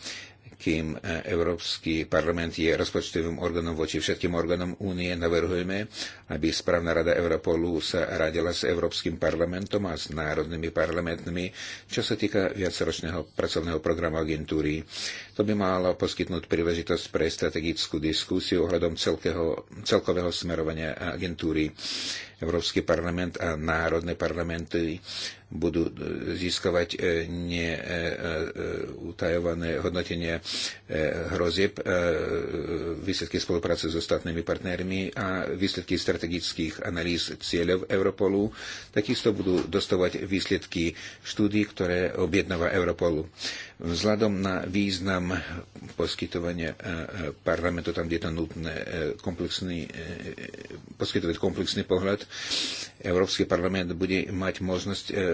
kým e, Európsky parlament je rozpočtovým orgánom voči všetkým orgánom únie, navrhujeme, aby správna rada Europolu sa radila s Európskym parlamentom a s národnými parlamentmi, čo sa týka viacročného pracovného programu agentúry. To by malo poskytnúť príležitosť pre strategickú diskusiu ohľadom celkého, celkového smerovania agentúry. Európsky parlament a národné parlamenty budú e, získavať e, neutajované e, hodnotenie hrozieb, výsledky spolupráce s ostatnými partnermi a výsledky strategických analýz cieľov Europolu. Takisto budú dostávať výsledky štúdí, ktoré objednáva Europolu. Vzhľadom na význam poskytovania parlamentu tam, kde je to nutné, komplexný, poskytovať komplexný pohľad, Európsky parlament bude mať možnosť e, e, e,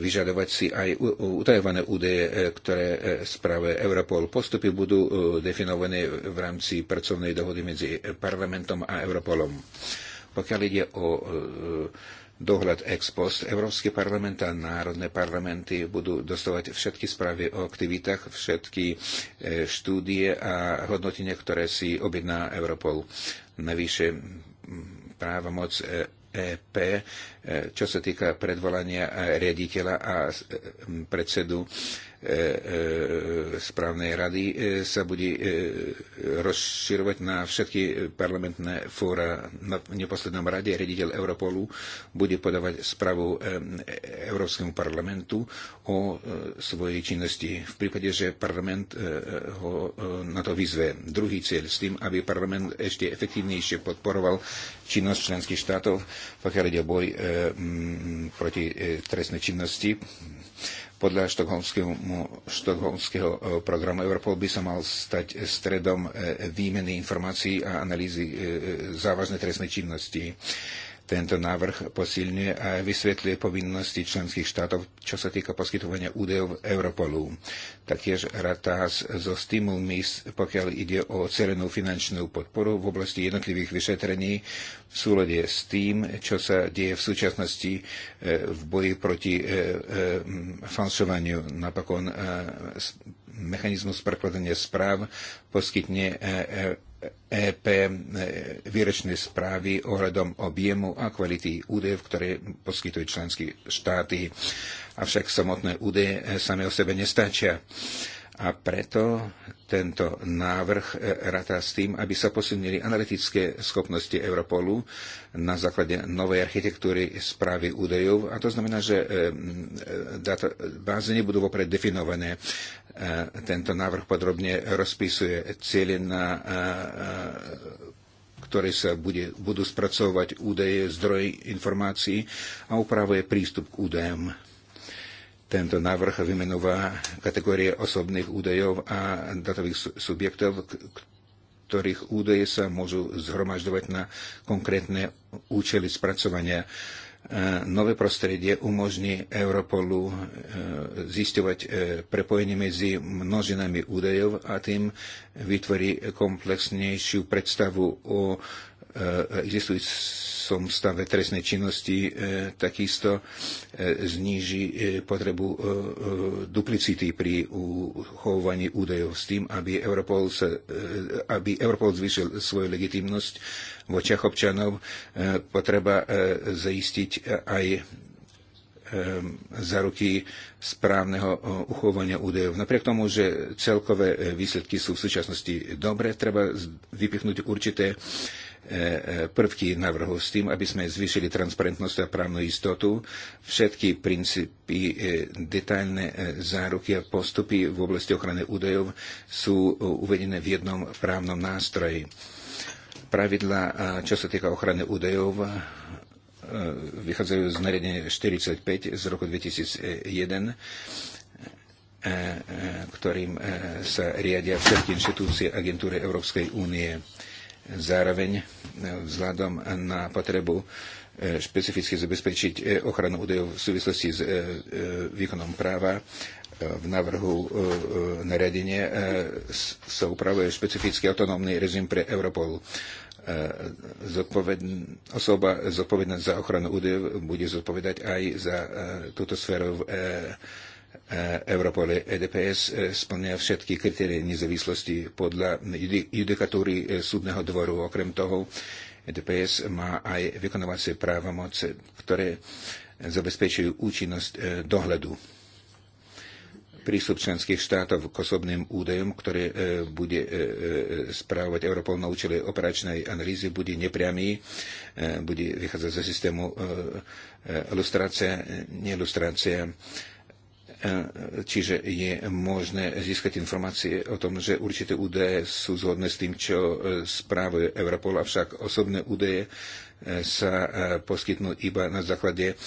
vyžadovať si aj utajované údaje, ktoré správe Europol. Postupy budú definované v rámci pracovnej dohody medzi parlamentom a Europolom. Pokiaľ ide o dohľad ex post, Európsky parlament a národné parlamenty budú dostávať všetky správy o aktivitách, všetky štúdie a hodnotenia, ktoré si objedná Europol. Navyše právomoc EP čo sa týka predvolania e, riaditeľa a e, predsedu e, správnej rady, sa bude rozširovať na všetky parlamentné fóra. Na neposlednom rade riaditeľ Europolu bude podávať správu Európskemu parlamentu o svojej činnosti v prípade, že parlament ho na to vyzve. Druhý cieľ s tým, aby parlament ešte efektívnejšie podporoval činnosť členských štátov, pokiaľ ide o boj Eh, proti eh, trestnej činnosti. Podľa štokholmského, eh, programu Europol by sa mal stať stredom výmeny informácií a analýzy závažnej trestnej činnosti tento návrh posilňuje a vysvetľuje povinnosti členských štátov, čo sa týka poskytovania údajov Europolu. Taktiež ratá so stimulmi, pokiaľ ide o celenú finančnú podporu v oblasti jednotlivých vyšetrení v súlade s tým, čo sa deje v súčasnosti e, v boji proti e, e, falšovaniu. Napokon mechanizmus prekladania správ poskytne EP e, výrečné správy ohľadom objemu a kvality údajov, ktoré poskytujú členské štáty. Avšak samotné údaje e, same o sebe nestačia. A preto tento návrh e, rata s tým, aby sa posilnili analytické schopnosti Europolu na základe novej architektúry správy údajov. A to znamená, že e, e, databázy nebudú vopred definované. Tento návrh podrobne rozpisuje cieľe, na ktoré sa bude, budú spracovať údaje, zdroj informácií a upravuje prístup k údajom. Tento návrh vymenúva kategórie osobných údajov a datových subjektov, ktorých údaje sa môžu zhromažďovať na konkrétne účely spracovania e, nové prostredie umožní Europolu e, zistovať e, prepojenie medzi množinami údajov a tým vytvorí komplexnejšiu predstavu o existujúcich som v stave trestnej činnosti e, takisto e, zníži e, potrebu duplicity pri uchovovaní údajov s tým, aby Europol, sa, aby Europol zvýšil svoju legitimnosť v očiach občanov. Potreba zaistiť aj za ruky správneho uchovania údajov. Napriek tomu, že celkové výsledky sú v súčasnosti dobré, treba vypichnúť určité E, e, prvky návrhu s tým, aby sme zvýšili transparentnosť a právnu istotu. Všetky princípy, e, detailné záruky a postupy v oblasti ochrany údajov sú uvedené v jednom právnom nástroji. Pravidla, čo sa týka ochrany údajov, vychádzajú z nariadenia 45 z roku 2001 ktorým sa riadia všetky inštitúcie agentúry Európskej únie. Zároveň e, vzhľadom na potrebu e, špecificky zabezpečiť e, ochranu údajov v súvislosti s výkonom práva v návrhu nariadenie sa upravuje špecifický autonómny režim pre Europol. Zodpovedn- osoba zodpovedná za ochranu údajov bude zodpovedať aj za túto sféru v E, Europole EDPS e, splňa všetky kritérie nezávislosti podľa judikatúry e, súdneho dvoru. Okrem toho, EDPS má aj vykonovacie právomoce, ktoré zabezpečujú účinnosť dohľadu prístup členských štátov k osobným údajom, ktoré bude správovať Europol na účele operačnej analýzy, bude nepriamy, bude vychádzať ze systému ilustrácia, neilustrácia. E, čiže je možné získať informácie o tom, že určité údaje sú zhodné s tým, čo e, správuje Europol, avšak osobné údaje e, sa poskytnú iba na základe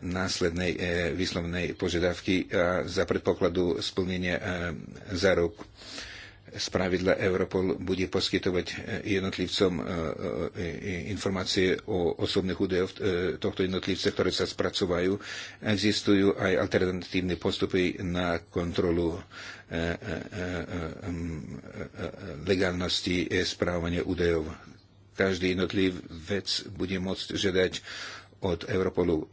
následnej výslovnej požiadavky a za predpokladu splnenia záruk spravidla Europol bude poskytovať e, jednotlivcom e, e, informácie o osobných údajoch tohto jednotlivca, ktoré sa spracovajú. Existujú aj alternatívne postupy na kontrolu legálnosti správania údajov. Každý jednotlivec bude môcť žiadať od Europolu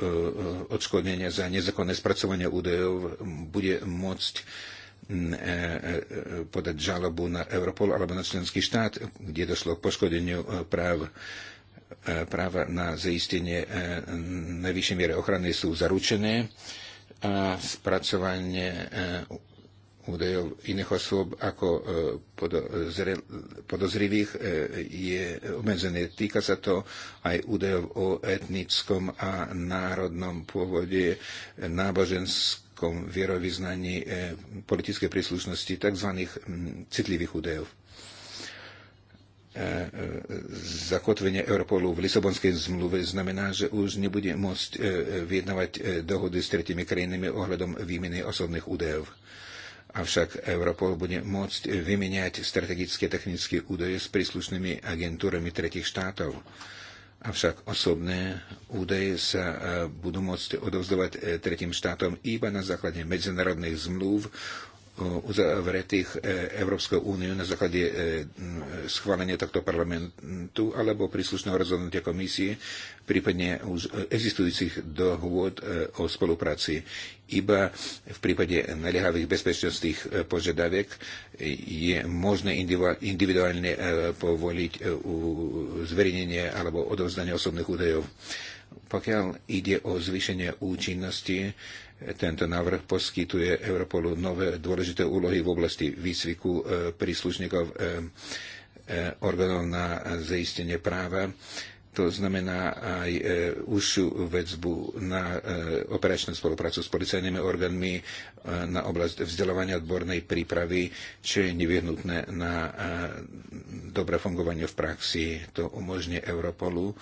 odškodnenia za nezákonné spracovanie údajov, bude môcť E, e, podať žalobu na Europol alebo na členský štát, kde došlo k poškodeniu e, práv práva na zaistenie najvyššej miere ochrany sú zaručené a spracovanie údajov iných osôb ako podozrivých je obmedzené. Týka sa to aj údajov o etnickom a národnom pôvode, nábožensk jazykom, vierovýznaní, eh, politickej príslušnosti, tzv. Mm, citlivých údajov. Eh, eh, zakotvenie Europolu v Lisabonskej zmluve znamená, že už nebude môcť vyjednávať dohody s tretimi krajinami ohľadom výmeny osobných údajov. Avšak Europol bude môcť vymeniať strategické technické údaje s príslušnými agentúrami tretich štátov Avšak osobné údaje sa e, budú môcť odovzdovať e, tretím štátom iba na základe medzinárodných zmluv E, uzavretých e, Európskej únie na základe e, schválenia tohto parlamentu alebo príslušného rozhodnutia komisie, prípadne existujúcich dohôd o spolupráci. Iba v prípade naliehavých bezpečnostných požiadaviek je možné individuálne povoliť zverejnenie alebo odovzdanie osobných údajov. Pokiaľ ide o zvýšenie účinnosti, tento návrh poskytuje Europolu nové dôležité úlohy v oblasti výcviku e, príslušníkov e, e, orgánov na zaistenie práva to znamená aj e, užšiu väzbu na e, operačnú spoluprácu s policajnými orgánmi e, na oblasť vzdelávania odbornej prípravy, čo je nevyhnutné na dobré fungovanie v praxi. To umožní Europolu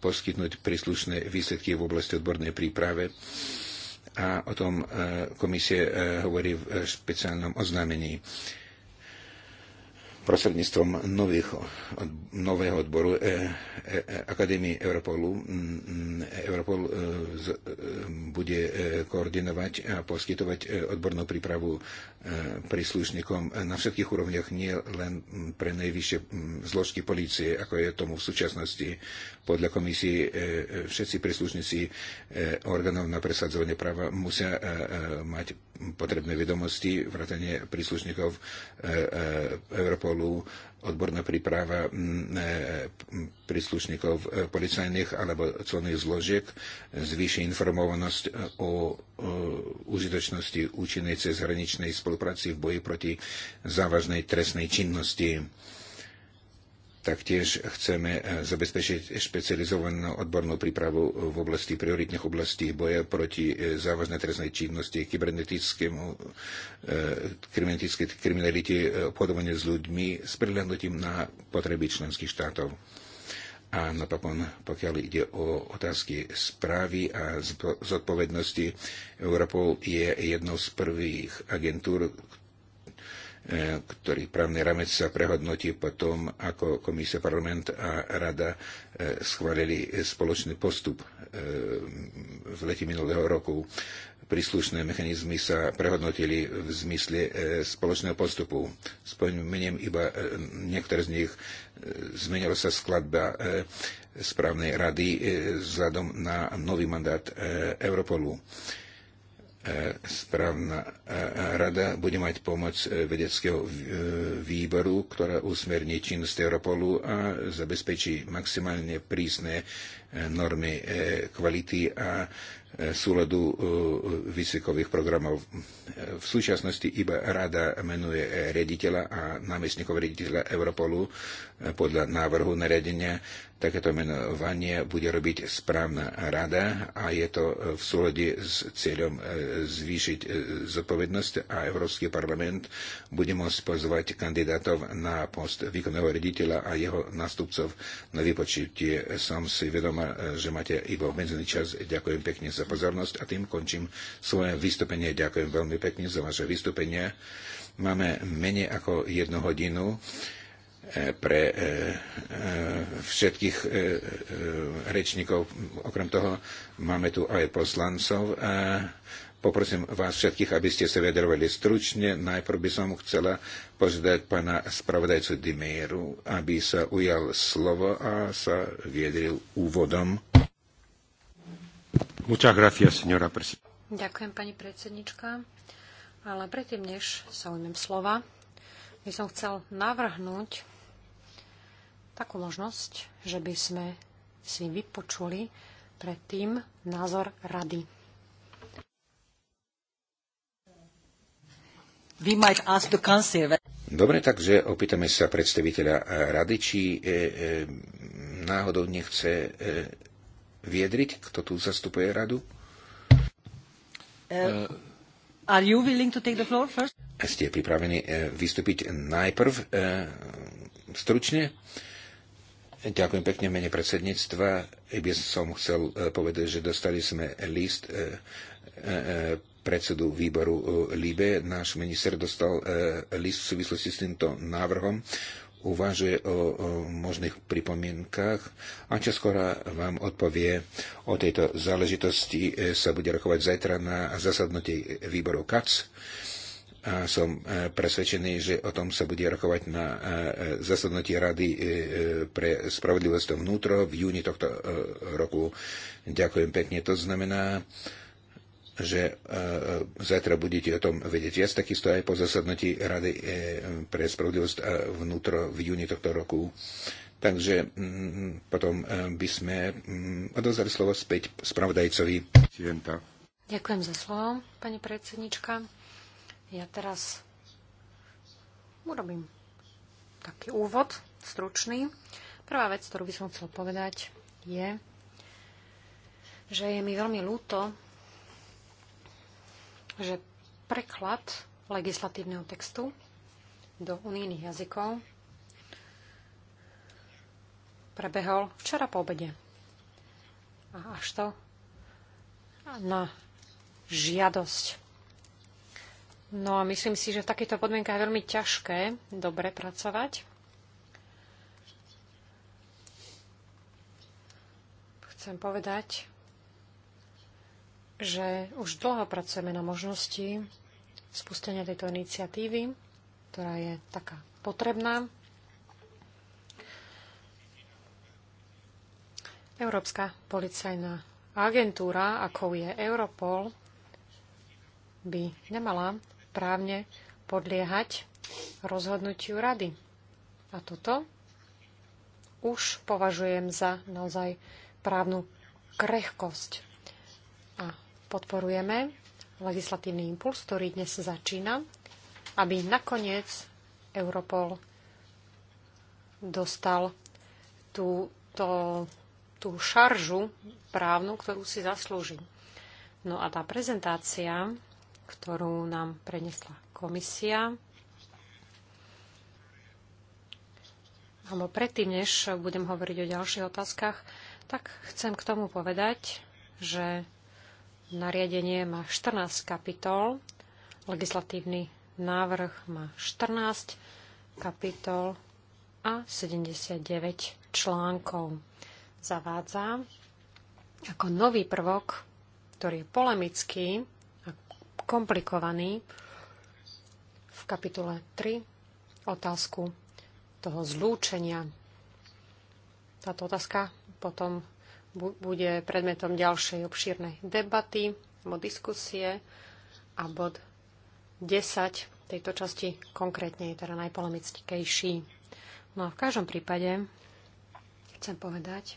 poskytnúť príslušné výsledky v oblasti odbornej príprave a o tom komisie hovorí v špeciálnom oznámení prostredníctvom nových, nového odboru e, e, e Akadémie Europolu. Mm, Europol e, z, e, bude e, koordinovať a poskytovať e, odbornú prípravu e, príslušníkom na všetkých úrovniach, nie len pre najvyššie zložky policie, ako je tomu v súčasnosti. Podľa komisie e, všetci príslušníci e, orgánov na presadzovanie práva musia e, e, mať potrebné vedomosti, vrátanie príslušníkov e, e, Europolu, odborná príprava e, príslušníkov policajných alebo colných zložiek, zvýši informovanosť o užitočnosti účinnej cezhraničnej spolupráci v boji proti závažnej trestnej činnosti Taktiež chceme eh, zabezpečiť špecializovanú odbornú prípravu v oblasti prioritných oblastí boja proti eh, závažnej trestnej činnosti, kybernetickému eh, kriminalite, obchodovaniu s ľuďmi s prihľadnutím na potreby členských štátov. A napokon, pokiaľ ide o otázky správy a zodpovednosti, Europol je jednou z prvých agentúr, E, ktorý právny ramec sa prehodnotí po tom, ako Komisia, Parlament a Rada e, schválili spoločný postup e, v lete minulého roku. Príslušné mechanizmy sa prehodnotili v zmysle spoločného postupu. Spomeniem iba niektoré z nich. Zmenila sa skladba správnej rady vzhľadom na nový mandát Europolu. E, správna e, e, rada bude mať pomoc vedeckého výboru, ktorá usmerní činnosť Europolu a zabezpečí maximálne prísne normy kvality a súladu vysokových programov. V súčasnosti iba rada menuje rediteľa a námestníkov rediteľa Europolu podľa návrhu nariadenia Takéto menovanie bude robiť správna rada a je to v súlade s cieľom e, zvýšiť e, zodpovednosť a Európsky parlament bude môcť pozvať kandidátov na post výkonného rediteľa a jeho nástupcov na vypočutie. Som si vedoma, e, že máte iba obmedzený čas. Ďakujem pekne za pozornosť a tým končím svoje vystúpenie. Ďakujem veľmi pekne za vaše vystúpenie. Máme menej ako jednu hodinu pre e, e, všetkých e, rečníkov. Okrem toho máme tu aj poslancov. Poprosím vás všetkých, aby ste sa vedrovali stručne. Najprv by som chcela požiadať pána spravodajcu Dimeiru, aby sa ujal slovo a sa viedril úvodom. Ďakujem, pani predsednička. Ale predtým, než sa ujmem slova, by som chcel navrhnúť takú možnosť, že by sme si vypočuli predtým názor rady. Dobre, takže opýtame sa predstaviteľa eh, rady, či e, e, náhodou nechce e, viedriť, kto tu zastupuje radu. Uh, are you willing to take the floor first? Ste pripravení e, vystúpiť najprv e, stručne? E, Ďakujem pekne v mene predsedníctva. By som chcel e, povedať, že dostali sme list e, e, predsedu výboru LIBE. Náš minister dostal list v súvislosti s týmto návrhom. Uvažuje o, možných pripomienkách a skoro vám odpovie o tejto záležitosti. Sa bude rokovať zajtra na zasadnutí výboru CAC a som e, presvedčený, že o tom sa bude rokovať na e, e, zasadnutí Rady pre spravodlivosť vnútro v júni tohto roku. Ďakujem pekne. To znamená, že zajtra budete o tom vedieť viac, takisto aj po zasadnutí Rady pre spravodlivosť vnútro v júni tohto roku. Takže mm, potom by sme mm, odozvali slovo späť spravodajcovi. Ďakujem za slovo, pani predsednička. Ja teraz urobím taký úvod, stručný. Prvá vec, ktorú by som chcel povedať, je, že je mi veľmi ľúto, že preklad legislatívneho textu do unijných jazykov prebehol včera po obede. A až to na žiadosť No a myslím si, že v takýchto podmienkach je veľmi ťažké dobre pracovať. Chcem povedať, že už dlho pracujeme na možnosti spustenia tejto iniciatívy, ktorá je taká potrebná. Európska policajná agentúra, ako je Europol, by nemala právne podliehať rozhodnutiu rady. A toto už považujem za naozaj právnu krehkosť. A podporujeme legislatívny impuls, ktorý dnes začína, aby nakoniec Europol dostal tú, to, tú šaržu právnu, ktorú si zaslúži. No a tá prezentácia ktorú nám prenesla komisia. Alebo predtým, než budem hovoriť o ďalších otázkach, tak chcem k tomu povedať, že nariadenie má 14 kapitol, legislatívny návrh má 14 kapitol a 79 článkov. Zavádza ako nový prvok, ktorý je polemický, komplikovaný. V kapitole 3 otázku toho zlúčenia. Táto otázka potom bude predmetom ďalšej obšírnej debaty alebo diskusie a bod 10 tejto časti konkrétne je teda najpolemickejší. No a v každom prípade chcem povedať,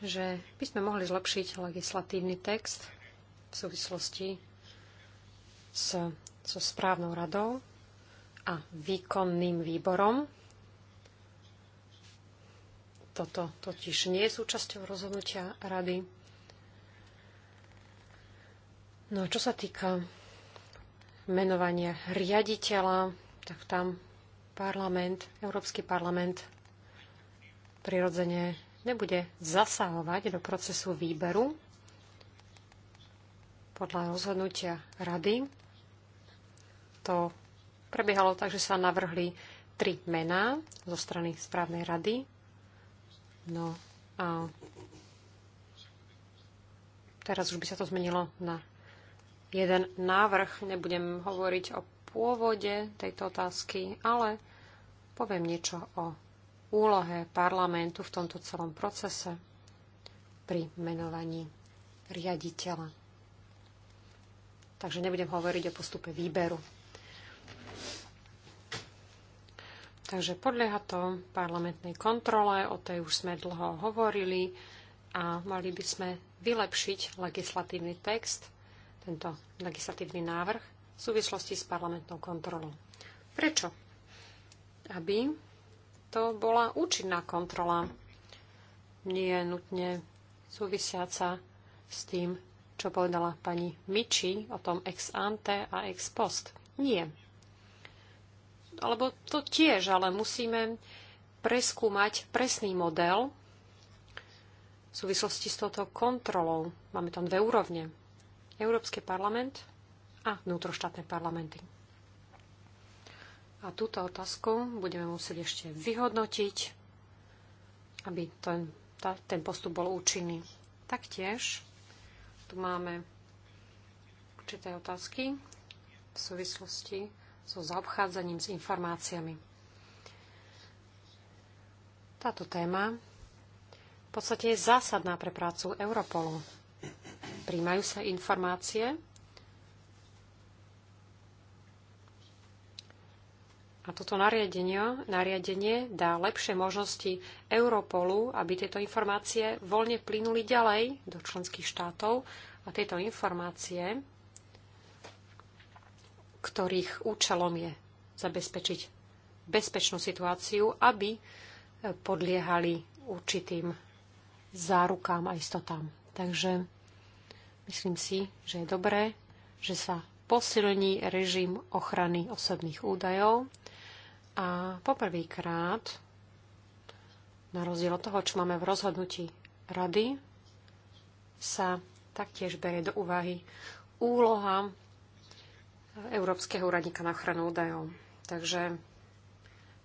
že by sme mohli zlepšiť legislatívny text v súvislosti s, so správnou radou a výkonným výborom. Toto totiž nie je súčasťou rozhodnutia rady. No a čo sa týka menovania riaditeľa, tak tam parlament, Európsky parlament prirodzene nebude zasahovať do procesu výberu podľa rozhodnutia rady to prebiehalo tak, že sa navrhli tri mená zo strany správnej rady. No a teraz už by sa to zmenilo na jeden návrh. Nebudem hovoriť o pôvode tejto otázky, ale poviem niečo o úlohe parlamentu v tomto celom procese pri menovaní riaditeľa. Takže nebudem hovoriť o postupe výberu. Takže podlieha to parlamentnej kontrole, o tej už sme dlho hovorili a mali by sme vylepšiť legislatívny text, tento legislatívny návrh v súvislosti s parlamentnou kontrolou. Prečo? Aby to bola účinná kontrola, nie je nutne súvisiaca s tým, čo povedala pani Miči o tom ex ante a ex post. Nie alebo to tiež, ale musíme preskúmať presný model v súvislosti s touto kontrolou. Máme tam dve úrovne. Európsky parlament a vnútroštátne parlamenty. A túto otázku budeme musieť ešte vyhodnotiť, aby ten, ta, ten postup bol účinný. Taktiež tu máme určité otázky v súvislosti so zaobchádzaním s informáciami. Táto téma v podstate je zásadná pre prácu Europolu. Príjmajú sa informácie a toto nariadenie, nariadenie dá lepšie možnosti Europolu, aby tieto informácie voľne plynuli ďalej do členských štátov a tieto informácie ktorých účelom je zabezpečiť bezpečnú situáciu, aby e, podliehali určitým zárukám a istotám. Takže myslím si, že je dobré, že sa posilní režim ochrany osobných údajov a poprvýkrát, na rozdiel od toho, čo máme v rozhodnutí rady, sa taktiež berie do úvahy úloha Európskeho úradníka na ochranu údajov. Takže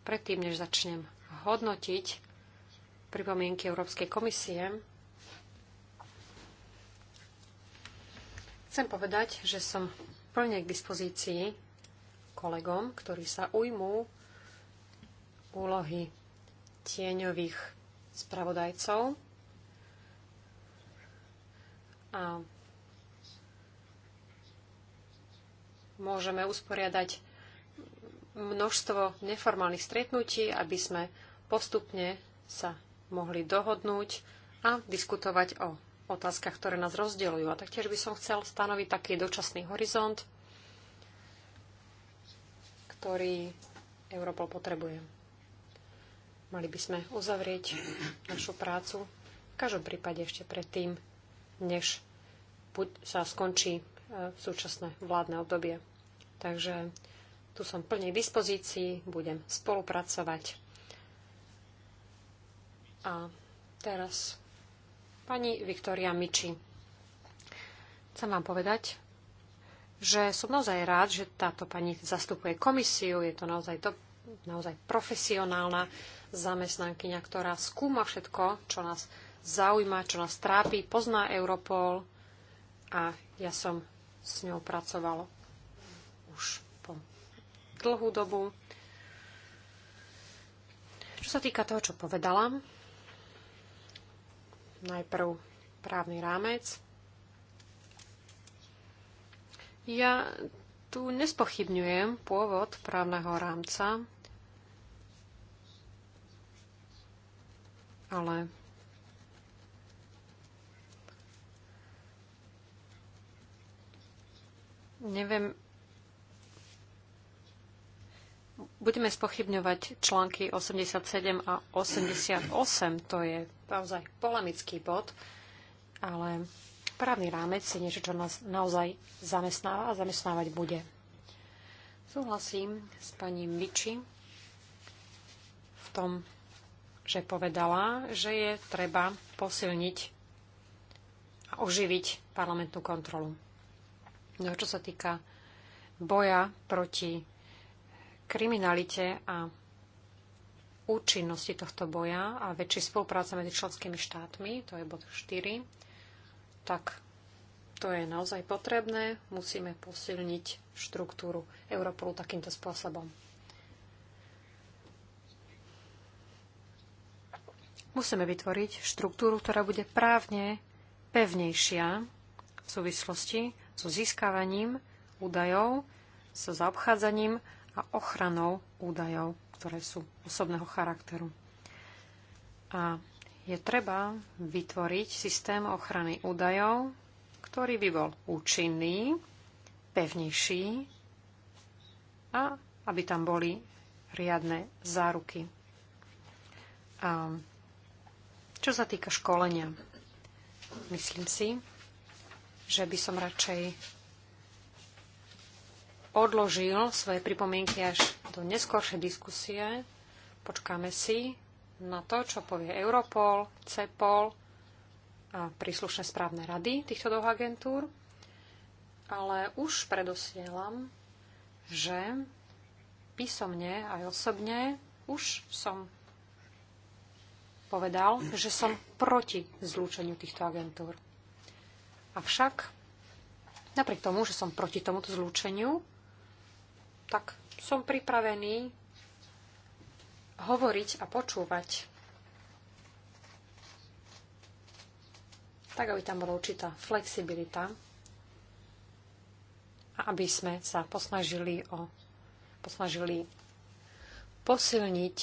predtým, než začnem hodnotiť pripomienky Európskej komisie, chcem povedať, že som plne k dispozícii kolegom, ktorí sa ujmú úlohy tieňových spravodajcov. A môžeme usporiadať množstvo neformálnych stretnutí, aby sme postupne sa mohli dohodnúť a diskutovať o otázkach, ktoré nás rozdeľujú. A taktiež by som chcel stanoviť taký dočasný horizont, ktorý Europol potrebuje. Mali by sme uzavrieť našu prácu v každom prípade ešte predtým, než sa skončí v súčasné vládne obdobie. Takže tu som plnej dispozícii, budem spolupracovať. A teraz pani Viktória Miči. Chcem vám povedať, že som naozaj rád, že táto pani zastupuje komisiu. Je to naozaj, to, naozaj profesionálna zamestnankyňa, ktorá skúma všetko, čo nás zaujíma, čo nás trápi, pozná Europol a ja som s ňou pracovalo už po dlhú dobu. Čo sa týka toho, čo povedala, najprv právny rámec. Ja tu nespochybňujem pôvod právneho rámca, ale Neviem, budeme spochybňovať články 87 a 88, to je naozaj polemický bod, ale právny rámec je niečo, čo nás naozaj zamestnáva a zamestnávať bude. Súhlasím s pani Miči v tom, že povedala, že je treba posilniť a oživiť parlamentnú kontrolu. No čo sa týka boja proti kriminalite a účinnosti tohto boja a väčšej spolupráce medzi členskými štátmi, to je bod 4, tak to je naozaj potrebné. Musíme posilniť štruktúru Europolu takýmto spôsobom. Musíme vytvoriť štruktúru, ktorá bude právne pevnejšia v súvislosti so získavaním údajov, so zaobchádzaním a ochranou údajov, ktoré sú osobného charakteru. A je treba vytvoriť systém ochrany údajov, ktorý by bol účinný, pevnejší a aby tam boli riadne záruky. A čo sa týka školenia, myslím si, že by som radšej odložil svoje pripomienky až do neskoršej diskusie. Počkáme si na to, čo povie Europol, CEPOL a príslušné správne rady týchto dvoch agentúr. Ale už predosielam, že písomne aj osobne už som povedal, že som proti zlúčeniu týchto agentúr. Avšak, napriek tomu, že som proti tomuto zlúčeniu, tak som pripravený hovoriť a počúvať. Tak, aby tam bola určitá flexibilita a aby sme sa posnažili, o, posnažili posilniť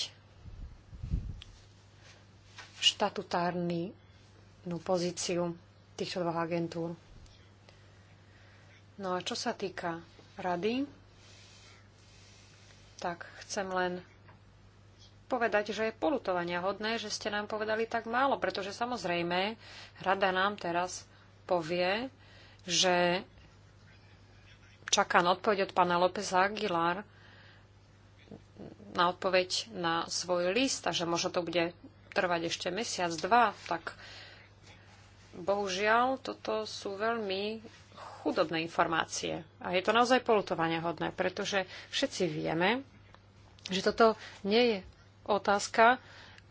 štatutárnu pozíciu týchto dvoch agentúr. No a čo sa týka rady, tak chcem len povedať, že je polutovania hodné, že ste nám povedali tak málo, pretože samozrejme rada nám teraz povie, že čaká na odpoveď od pána Lópeza Aguilar na odpoveď na svoj list a že možno to bude trvať ešte mesiac, dva, tak Bohužiaľ, toto sú veľmi chudobné informácie. A je to naozaj polutovania hodné, pretože všetci vieme, že toto nie je otázka,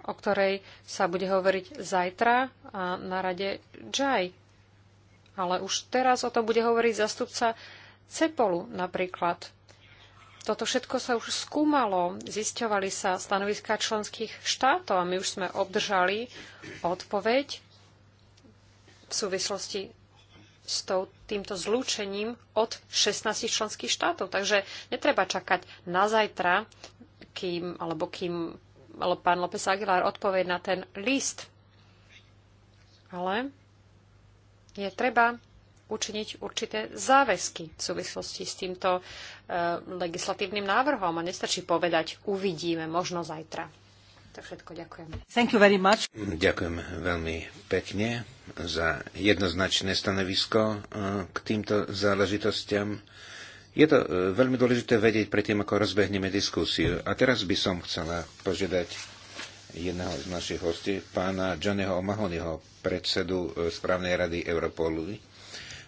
o ktorej sa bude hovoriť zajtra a na rade JAI. Ale už teraz o tom bude hovoriť zastupca CEPOLu napríklad. Toto všetko sa už skúmalo, zisťovali sa stanoviská členských štátov a my už sme obdržali odpoveď v súvislosti s týmto zlúčením od 16 členských štátov. Takže netreba čakať na zajtra, kým, alebo kým ale pán López Aguilar odpovie na ten list. Ale je treba učiniť určité záväzky v súvislosti s týmto e, legislatívnym návrhom a nestačí povedať uvidíme, možno zajtra. To všetko ďakujem. Thank you very much. Ďakujem veľmi pekne za jednoznačné stanovisko e, k týmto záležitostiam. Je to e, veľmi dôležité vedieť predtým, ako rozbehneme diskusiu. A teraz by som chcela požiadať jedného z našich hostí, pána Johnnyho Mahonyho, predsedu e, správnej rady Europolu.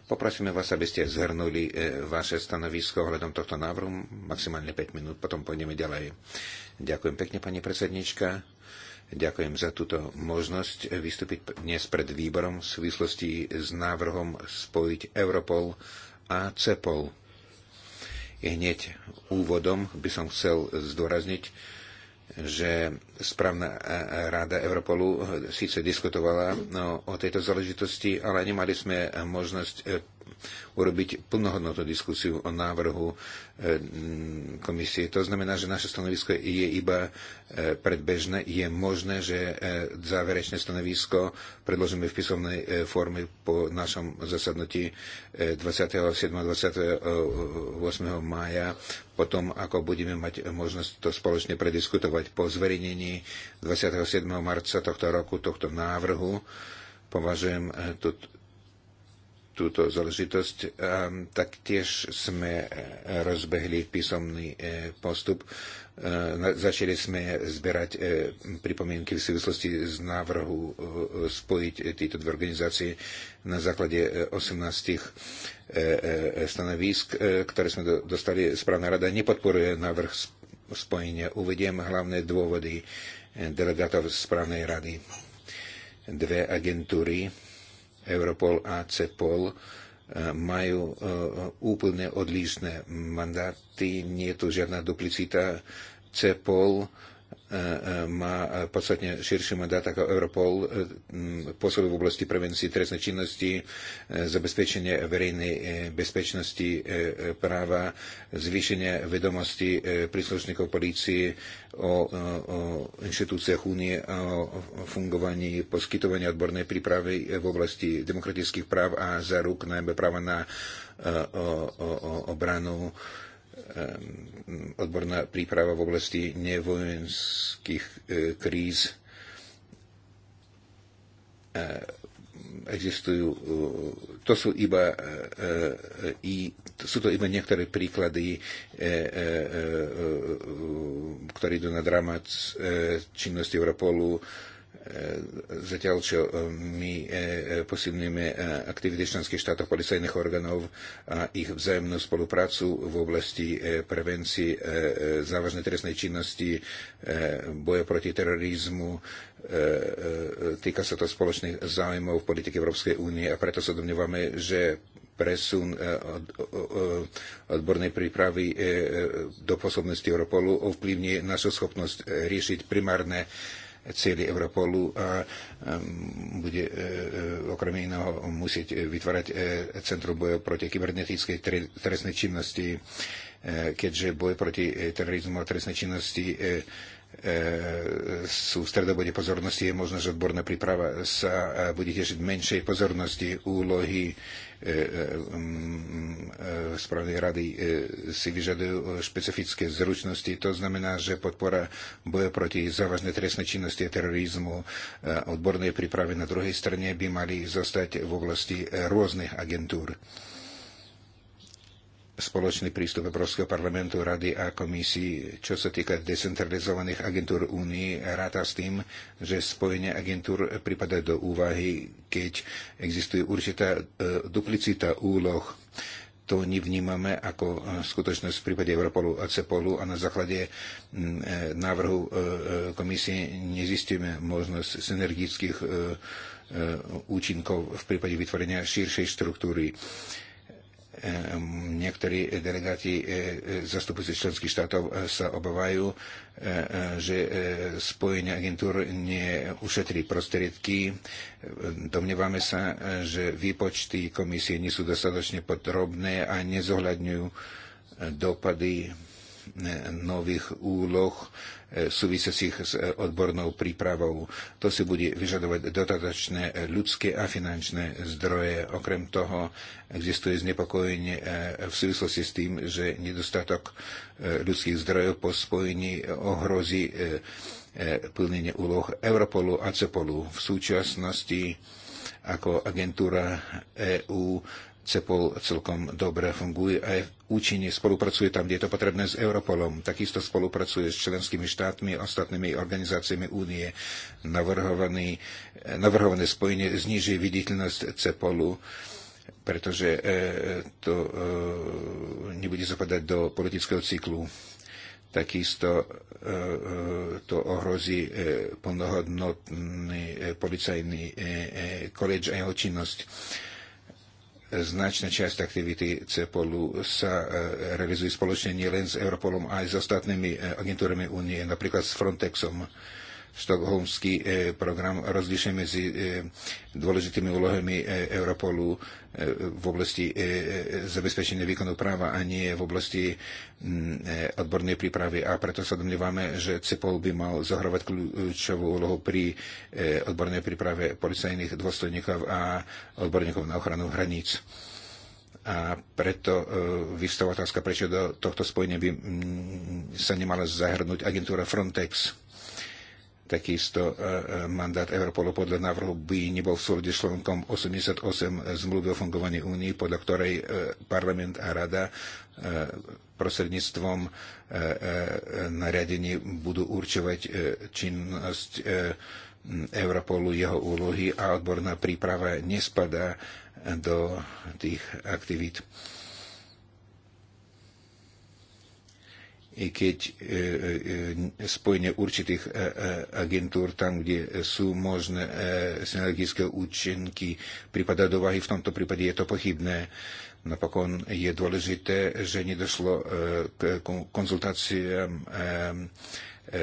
Poprosíme vás, aby ste zhrnuli vaše stanovisko ohľadom tohto návrhu, maximálne 5 minút, potom pôjdeme ďalej. Ďakujem pekne, pani predsednička. Ďakujem za túto možnosť vystúpiť dnes pred výborom v súvislosti s návrhom spojiť Europol a CEPOL. I hneď úvodom by som chcel zdôrazniť, že správna rada Europolu síce diskutovala no, o tejto záležitosti, ale nemali sme možnosť urobiť plnohodnotnú diskusiu o návrhu e, komisie. To znamená, že naše stanovisko je iba e, predbežné. Je možné, že e, záverečné stanovisko predložíme v písomnej forme po našom zasadnutí 27. a 28. mája, potom ako budeme mať možnosť to spoločne prediskutovať po zverejnení 27. marca tohto roku, tohto návrhu považujem túto záležitosť. Eh, Taktiež sme eh, rozbehli písomný eh, postup. Začali sme zberať pripomienky v súvislosti z návrhu spojiť tieto dve organizácie na základe 18 stanovísk, ktoré sme dostali. Správna rada nepodporuje návrh spojenia. Uvediem hlavné dôvody delegátov správnej rady. Dve agentúry Europol a CEPOL e, majú e, úplne odlišné mandáty, nie je tu žiadna duplicita. CEPOL E, e, má podstatne širší mandát ako Europol, e, pôsobí v oblasti prevencie trestnej činnosti, zabezpečenie verejnej bezpečnosti práva, zvýšenie vedomosti príslušníkov polícii o, o, inštitúciách únie, o fungovaní poskytovania odbornej prípravy v oblasti demokratických práv a za rúk najmä práva na o, o, o obranu Ehm, odborná príprava v oblasti nevojenských e, kríz. E, existujú, e, to sú iba, i, sú to iba niektoré príklady, ktoré idú na dramat činnosti Europolu, zatiaľ čo e, my e, posilňujeme e, aktivity členských štátov, policajných orgánov a ich vzájomnú spoluprácu v oblasti prevencie závažnej trestnej činnosti, boja proti terorizmu, týka sa to spoločných záujmov v politike Európskej únie a preto sa domnievame, že presun od, odbornej prípravy do pôsobnosti Europolu ovplyvní našu schopnosť riešiť primárne celý Europolu a bude e, e, okrem iného musieť vytvárať e, Centrum boja proti kybernetickej trestnej činnosti, keďže boj proti terorizmu a trestnej činnosti sú v stredobode pozornosti, je možno, že odborná príprava sa bude tešiť menšej pozornosti úlohy E, e, e, správnej rady si vyžadujú špecifické zručnosti. To znamená, že podpora boja proti závažnej trestnej činnosti a terorizmu odbornej prípravy na druhej strane by mali zostať v oblasti rôznych agentúr spoločný prístup Európskeho parlamentu, Rady a komisii, čo sa týka decentralizovaných agentúr Únii, ráta s tým, že spojenie agentúr pripadá do úvahy, keď existuje určitá e, duplicita úloh. To nevnímame ako e, skutočnosť v prípade Europolu a Cepolu a na základe e, návrhu komisie nezistíme možnosť synergických účinkov v prípade vytvorenia širšej štruktúry. Ehm, niektorí delegáti e, e, zastupujúci členských štátov e, sa obávajú, že spojenie agentúr neušetrí prostriedky. Domnievame sa, že výpočty komisie nie sú dostatočne podrobné a nezohľadňujú dopady nových úloh E, súvisiacich s e, odbornou prípravou. To si bude vyžadovať dodatočné e, ľudské a finančné zdroje. Okrem toho existuje znepokojenie v súvislosti s tým, že nedostatok ľudských zdrojov po spojení ohrozí plnenie úloh Europolu a Cepolu. V súčasnosti ako agentúra EÚ CEPOL celkom dobre funguje a účinne spolupracuje tam, kde je to potrebné s Europolom. Takisto spolupracuje s členskými štátmi a ostatnými organizáciami únie. Eh, navrhované spojenie zniží viditeľnosť CEPOLu pretože eh, to eh, nebude zapadať do politického cyklu. Takisto to ohrozí plnohodnotný policajný koleč a jeho činnosť značná časť aktivity CEPOLu sa e, realizuje spoločne nielen s Europolom, aj s ostatnými e, agentúrami únie, napríklad s Frontexom štokholmský e, program rozlišuje medzi e, dôležitými úlohami e, Europolu v oblasti zabezpečenia výkonu práva a nie v oblasti odbornej prípravy. A preto sa domnievame, že CEPOL by mal zohrovať kľúčovú úlohu pri odbornej príprave policajných dôstojníkov a odborníkov na ochranu hraníc. A preto e, vystáva otázka, prečo do tohto spojenia by sa nemala zahrnúť agentúra Frontex Takisto e, e, mandát Europolu podľa návrhu by nebol v súlade s článkom 88 zmluvy o fungovaní únie, podľa ktorej e, parlament a rada prostredníctvom nariadení budú určovať činnosť Europolu, jeho úlohy a odborná príprava nespadá do tých aktivít i keď e, e, e, spojenie určitých agentúr tam, kde sú možné synergické účinky, prípada do váhy. V tomto prípade je to pochybné. Napokon je dôležité, že nedošlo k konzultáciám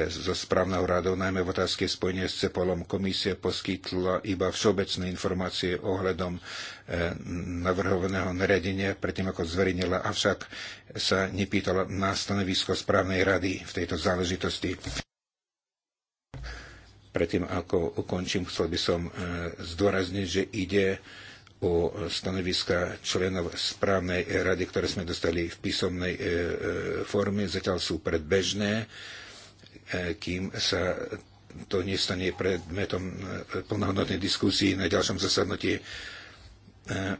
zo správnou radou, najmä v otázke spojenia s CEPOLom. Komisia poskytla iba všeobecné informácie ohľadom Eh, navrhovaného nariadenia, predtým ako zverejnila, avšak sa nepýtala na stanovisko správnej rady v tejto záležitosti. Predtým, ako ukončím, chcel by som eh, zdôrazniť, že ide o stanoviska členov správnej rady, ktoré sme dostali v písomnej eh, forme. Zatiaľ sú predbežné, kým sa to nestane predmetom plnohodnotnej diskusii na ďalšom zasadnutí Eh, eh,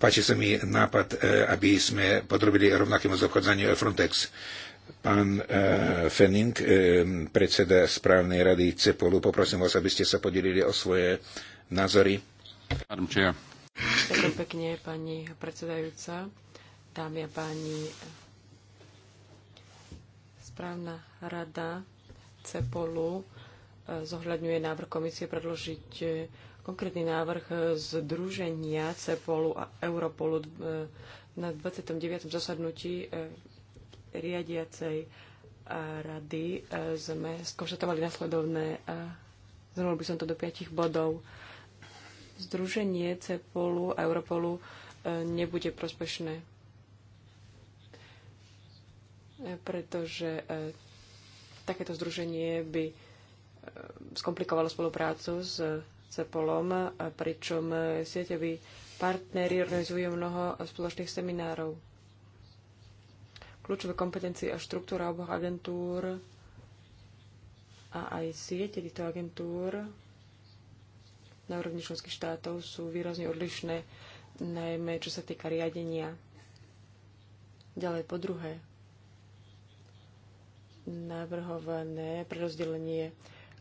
páči sa mi nápad, eh, aby sme podrobili rovnakému zobchádzaniu Frontex. Pán Fenning, predseda správnej rady CEPOLu, poprosím vás, aby ste sa podelili o svoje názory. Ďakujem pekne, pani predsedajúca, dámy a páni. Správna rada CEPOLu zohľadňuje návrh komisie predložiť konkrétny návrh Združenia CEPOLu a Europolu eh, na 29. zasadnutí eh, riadiacej eh, rady sme skonštatovali nasledovné. Zhrnul by som to do piatich bodov. Združenie CEPOLu a Europolu nebude prospešné, pretože takéto združenie by skomplikovalo spoluprácu s CEPOLom, pričom sieťoví partnery organizujú mnoho spoločných seminárov. Kľúčové kompetencie a štruktúra oboch agentúr a aj siete týchto agentúr na úrovni členských štátov sú výrazne odlišné, najmä čo sa týka riadenia. Ďalej po druhé, navrhované prerozdelenie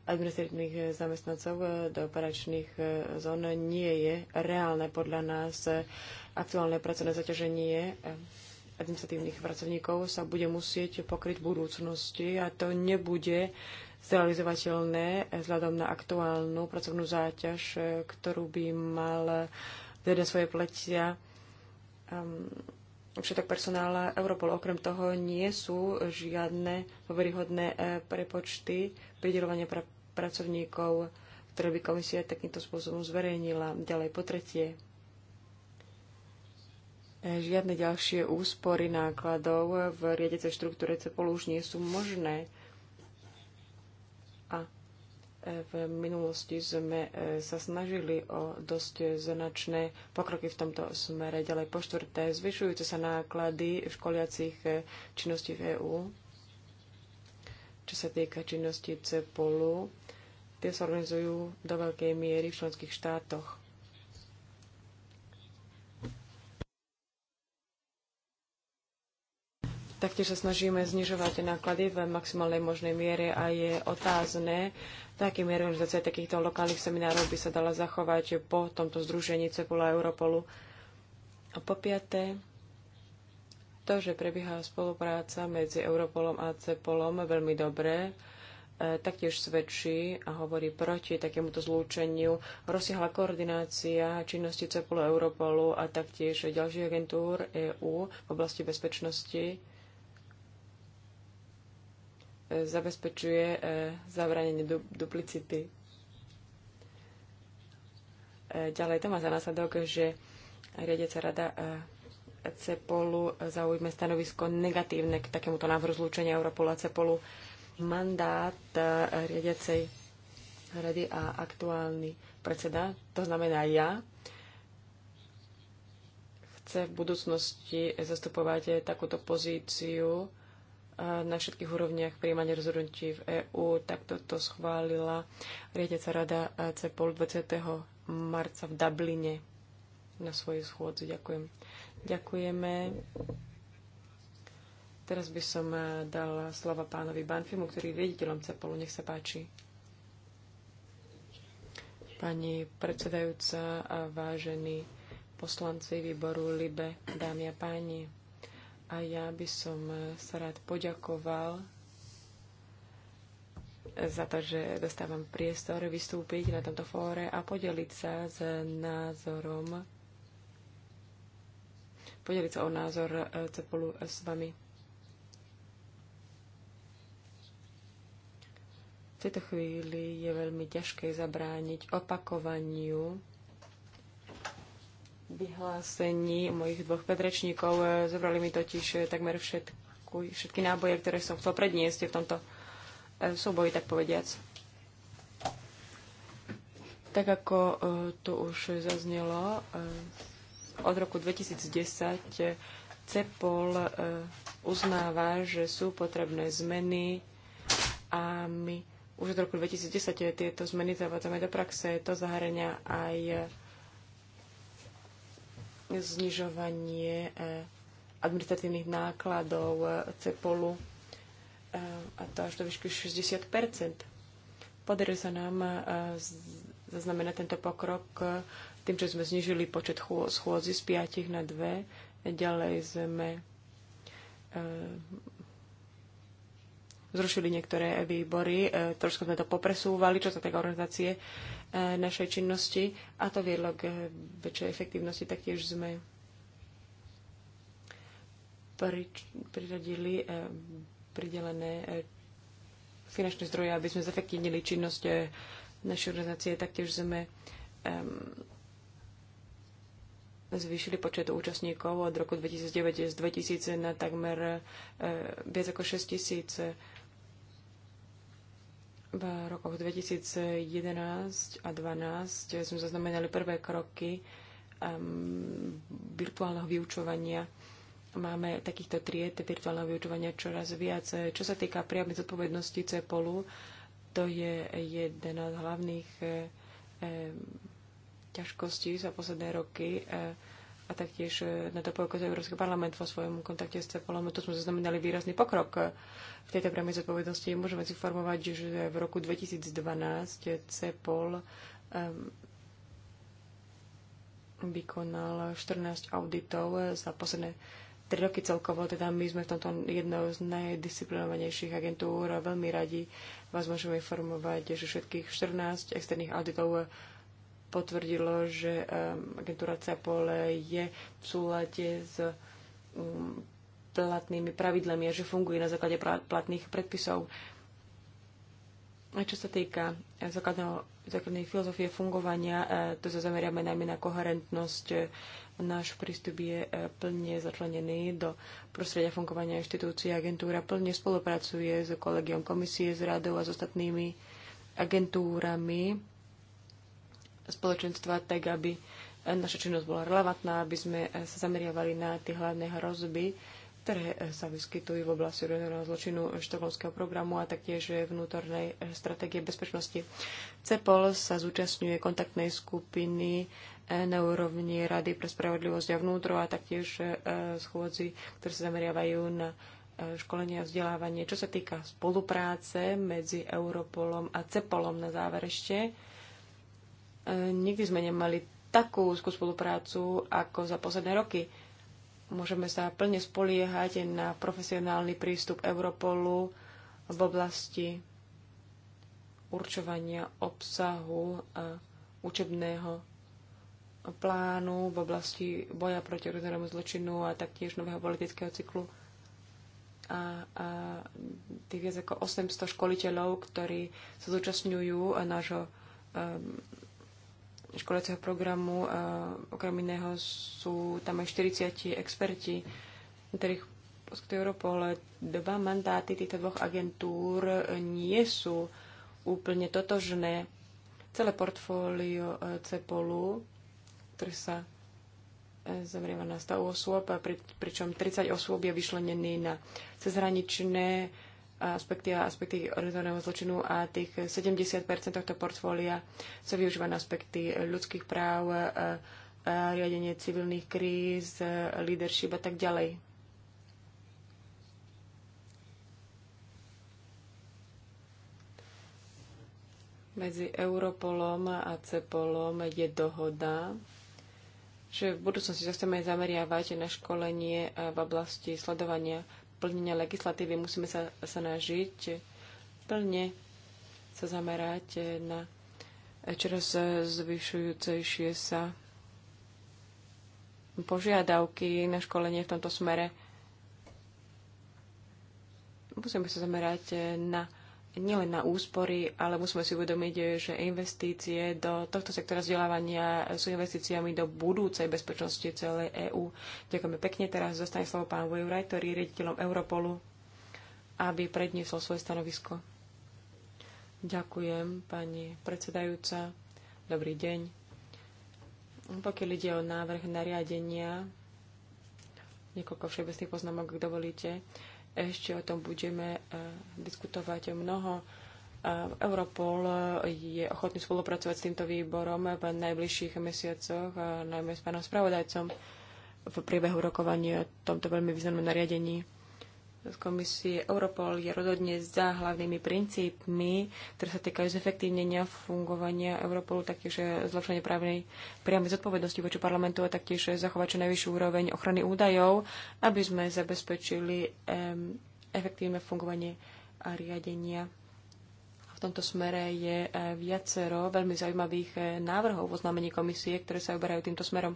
administratívnych eh, zamestnancov eh, do operačných eh, zón nie je reálne podľa nás. Aktuálne pracovné zaťaženie administratívnych pracovníkov sa bude musieť pokryť v budúcnosti a to nebude zrealizovateľné vzhľadom na aktuálnu pracovnú záťaž, ktorú by mal teda svoje plecia ehm, všetok personála Europol. Okrem toho nie sú žiadne poveryhodné prepočty pridelovania pracovníkov, ktoré by komisia takýmto spôsobom zverejnila. Ďalej po tretie, žiadne ďalšie úspory nákladov v riadecej štruktúre CEPOL už nie sú možné. A e, v minulosti sme e, sa snažili o dosť značné pokroky v tomto smere. Ďalej po štvrté, zvyšujúce sa náklady školiacich e, činností v EÚ čo sa týka činnosti CEPOLu, tie sa organizujú do veľkej miery v členských štátoch. Taktiež sa snažíme znižovať náklady v maximálnej možnej miere a je otázne, také mier organizácia takýchto lokálnych seminárov by sa dala zachovať po tomto združení CEPOLu a Europolu. A po piaté, to, že prebieha spolupráca medzi Europolom a Cepolom veľmi dobre, e, taktiež svedčí a hovorí proti takémuto zlúčeniu rozsiahla koordinácia činnosti CEPOLu, Europolu a taktiež ďalších agentúr EÚ v oblasti bezpečnosti e, zabezpečuje e, du- duplicity. Ďalej to má za následok, že riadiaca rada CEPOLu zaujme stanovisko negatívne k takémuto návrhu zlúčenia Europolu a CEPOLu. Mandát e, riadiacej rady a aktuálny predseda, to znamená ja, chce v budúcnosti zastupovať takúto pozíciu e, na všetkých úrovniach príjmania rozhodnutí v EÚ. Takto to schválila riadiaca rada CEPOL 20. marca v Dubline na svojej schôdzi. Ďakujem. Ďakujeme. Teraz by som eh, dal slova pánovi Banfimu, ktorý je riaditeľom CEPOLu. Nech sa páči. Pani predsedajúca a vážení poslanci výboru LIBE, dámy a páni. A ja by som eh, sa rád poďakoval eh, za to, že dostávam priestor vystúpiť na tomto fóre a podeliť sa s názorom podeliť sa o názor e, Cepolu e, s vami. V tejto chvíli je veľmi ťažké zabrániť opakovaniu vyhlásení mojich dvoch predrečníkov. E, zobrali mi totiž takmer všetku, všetky náboje, ktoré som chcel predniesť v tomto súboji, tak povediac. Tak ako to už zaznelo, od roku 2010 eh, CEPOL eh, uznáva, že sú potrebné zmeny a my už od roku 2010 eh, tieto zmeny zavádzame do praxe. To zahrania aj znižovanie administratívnych nákladov CEPOLu a to až do výšky 60 Podarilo sa nám zaznamenať tento pokrok tým, že sme znižili počet schôdzi z 5 na 2, ďalej sme e, zrušili niektoré výbory, e, trošku sme to popresúvali, čo sa týka organizácie e, našej činnosti a to viedlo k väčšej efektívnosti. Taktiež sme priradili pridelené finančné zdroje, aby sme zefektívnili činnosť našej organizácie. Taktiež sme zvýšili počet účastníkov od roku 2009 z 2000 na takmer e, viac ako 6000 v rokoch 2011 a 2012 sme zaznamenali prvé kroky um, virtuálneho vyučovania. Máme takýchto tried virtuálneho vyučovania čoraz viac. Čo sa týka priamej zodpovednosti CEPOLu, to je jeden z hlavných e, e, ťažkosti za posledné roky e, a taktiež e, na to poukazuje Európsky parlament vo svojom kontakte s Cepolom. to sme zaznamenali výrazný pokrok e, v tejto priamej zodpovednosti. Môžeme si formovať, že v roku 2012 Cepol um, vykonal 14 auditov za posledné 3 roky celkovo. Teda my sme v tomto jednou z najdisciplinovanejších agentúr. a Veľmi radi vás môžeme informovať, že všetkých 14 externých auditov potvrdilo, že um, agentúra CEPOL je v súlade s um, platnými pravidlami a že funguje na základe platných predpisov. A čo sa týka eh, základnej filozofie fungovania, eh, tu sa zameriame najmä na koherentnosť. Náš prístup je eh, plne začlenený do prostredia fungovania inštitúcií. Agentúra plne spolupracuje s kolegiom komisie, s radou a s ostatnými agentúrami spoločenstva, tak aby e, naša činnosť bola relevantná, aby sme e, sa zameriavali na tie hlavné hrozby, ktoré e, sa vyskytujú v oblasti regionálneho zločinu štokholmského programu a taktiež vnútornej stratégie bezpečnosti. CEPOL sa zúčastňuje kontaktnej skupiny na úrovni Rady pre spravodlivosť a vnútro a taktiež schôdzi, ktoré sa zameriavajú na školenie a vzdelávanie. Čo sa týka spolupráce medzi Europolom a CEPOLom na záver ešte, nikdy sme nemali takú úzkú spoluprácu ako za posledné roky. Môžeme sa plne spoliehať na profesionálny prístup Europolu v oblasti určovania obsahu učebného plánu v oblasti boja proti rôznemu zločinu a taktiež nového politického cyklu a, a tých viac ako 800 školiteľov, ktorí sa zúčastňujú nášho um, školacieho programu. E, okrem iného sú tam aj 40 experti, ktorých poskytuje Europol. Dva mandáty týchto dvoch agentúr nie sú úplne totožné. Celé portfólio e, CEPOLu, ktoré sa e, zamrieva na 100 osôb, pri, pričom 30 osôb je vyšlenený na cezhraničné aspekty a aspekty organizovaného zločinu a tých 70 tohto portfólia sa využíva na aspekty ľudských práv, e, e, riadenie civilných kríz, leadership a tak ďalej. Medzi Europolom a Cepolom je dohoda, že v budúcnosti sa chceme zameriavať na školenie v oblasti sledovania plnenia legislatívy. Musíme sa snažiť plne sa zamerať na čoraz zvyšujúcejšie sa požiadavky na školenie v tomto smere. Musíme sa zamerať na nielen na úspory, ale musíme si uvedomiť, že investície do tohto sektora vzdelávania sú investíciami do budúcej bezpečnosti celej EÚ. Ďakujeme pekne. Teraz zostane slovo pán Vojuraj, ktorý je riaditeľom Europolu, aby predniesol svoje stanovisko. Ďakujem, pani predsedajúca. Dobrý deň. Pokiaľ ide o návrh nariadenia, niekoľko všeobecných poznámok, ak dovolíte. Ešte o tom budeme eh, diskutovať mnoho. Eh, Europol eh, je ochotný spolupracovať s týmto výborom v najbližších mesiacoch, najmä s pánom spravodajcom v priebehu rokovania o tomto veľmi významnom nariadení z komisie Europol je rozhodne za hlavnými princípmi, ktoré sa týkajú zefektívnenia fungovania Europolu, taktiež zlepšenie právnej priamej zodpovednosti voči parlamentu a taktiež zachovať čo najvyššiu úroveň ochrany údajov, aby sme zabezpečili um, efektívne fungovanie a riadenia tomto smere je e, viacero veľmi zaujímavých e, návrhov v oznámení komisie, ktoré sa uberajú týmto smerom,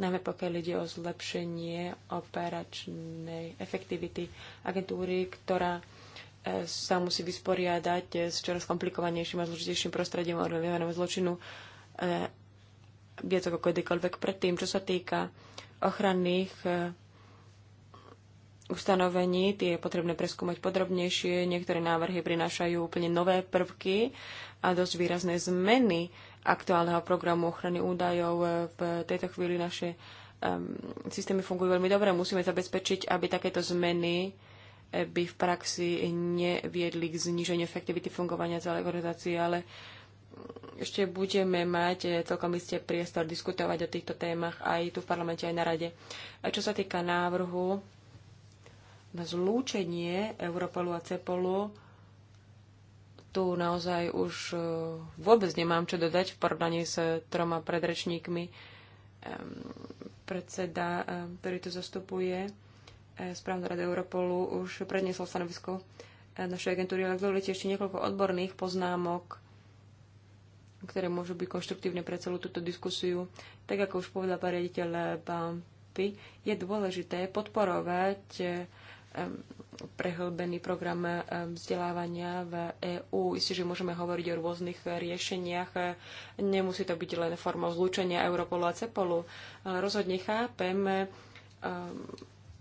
najmä pokiaľ ide o zlepšenie operačnej efektivity agentúry, ktorá e, sa musí vysporiadať s čoraz komplikovanejším a zložitejším prostredím organizovaného zločinu viac ako kedykoľvek predtým, čo sa týka ochranných ustanovení, tie je potrebné preskúmať podrobnejšie. Niektoré návrhy prinášajú úplne nové prvky a dosť výrazné zmeny aktuálneho programu ochrany údajov. V tejto chvíli naše um, systémy fungujú veľmi dobre. Musíme zabezpečiť, aby takéto zmeny eh, by v praxi neviedli k zníženiu efektivity fungovania celej organizácie, ale ešte budeme mať eh, celkom isté priestor diskutovať o týchto témach aj tu v parlamente, aj na rade. A čo sa týka návrhu na zlúčenie Europolu a Cepolu tu naozaj už e, vôbec nemám čo dodať v porovnaní s troma predrečníkmi. Predseda, e, ktorý tu zastupuje, e, správna rada Europolu, už predniesol stanovisko našej agentúry, ale dovolíte ešte niekoľko odborných poznámok, ktoré môžu byť konštruktívne pre celú túto diskusiu. Tak ako už povedal pán riaditeľ Bampy, je dôležité podporovať prehlbený program vzdelávania v EÚ. Isté, že môžeme hovoriť o rôznych riešeniach. Nemusí to byť len formou zlúčenia Europolu a Cepolu. Ale rozhodne chápem,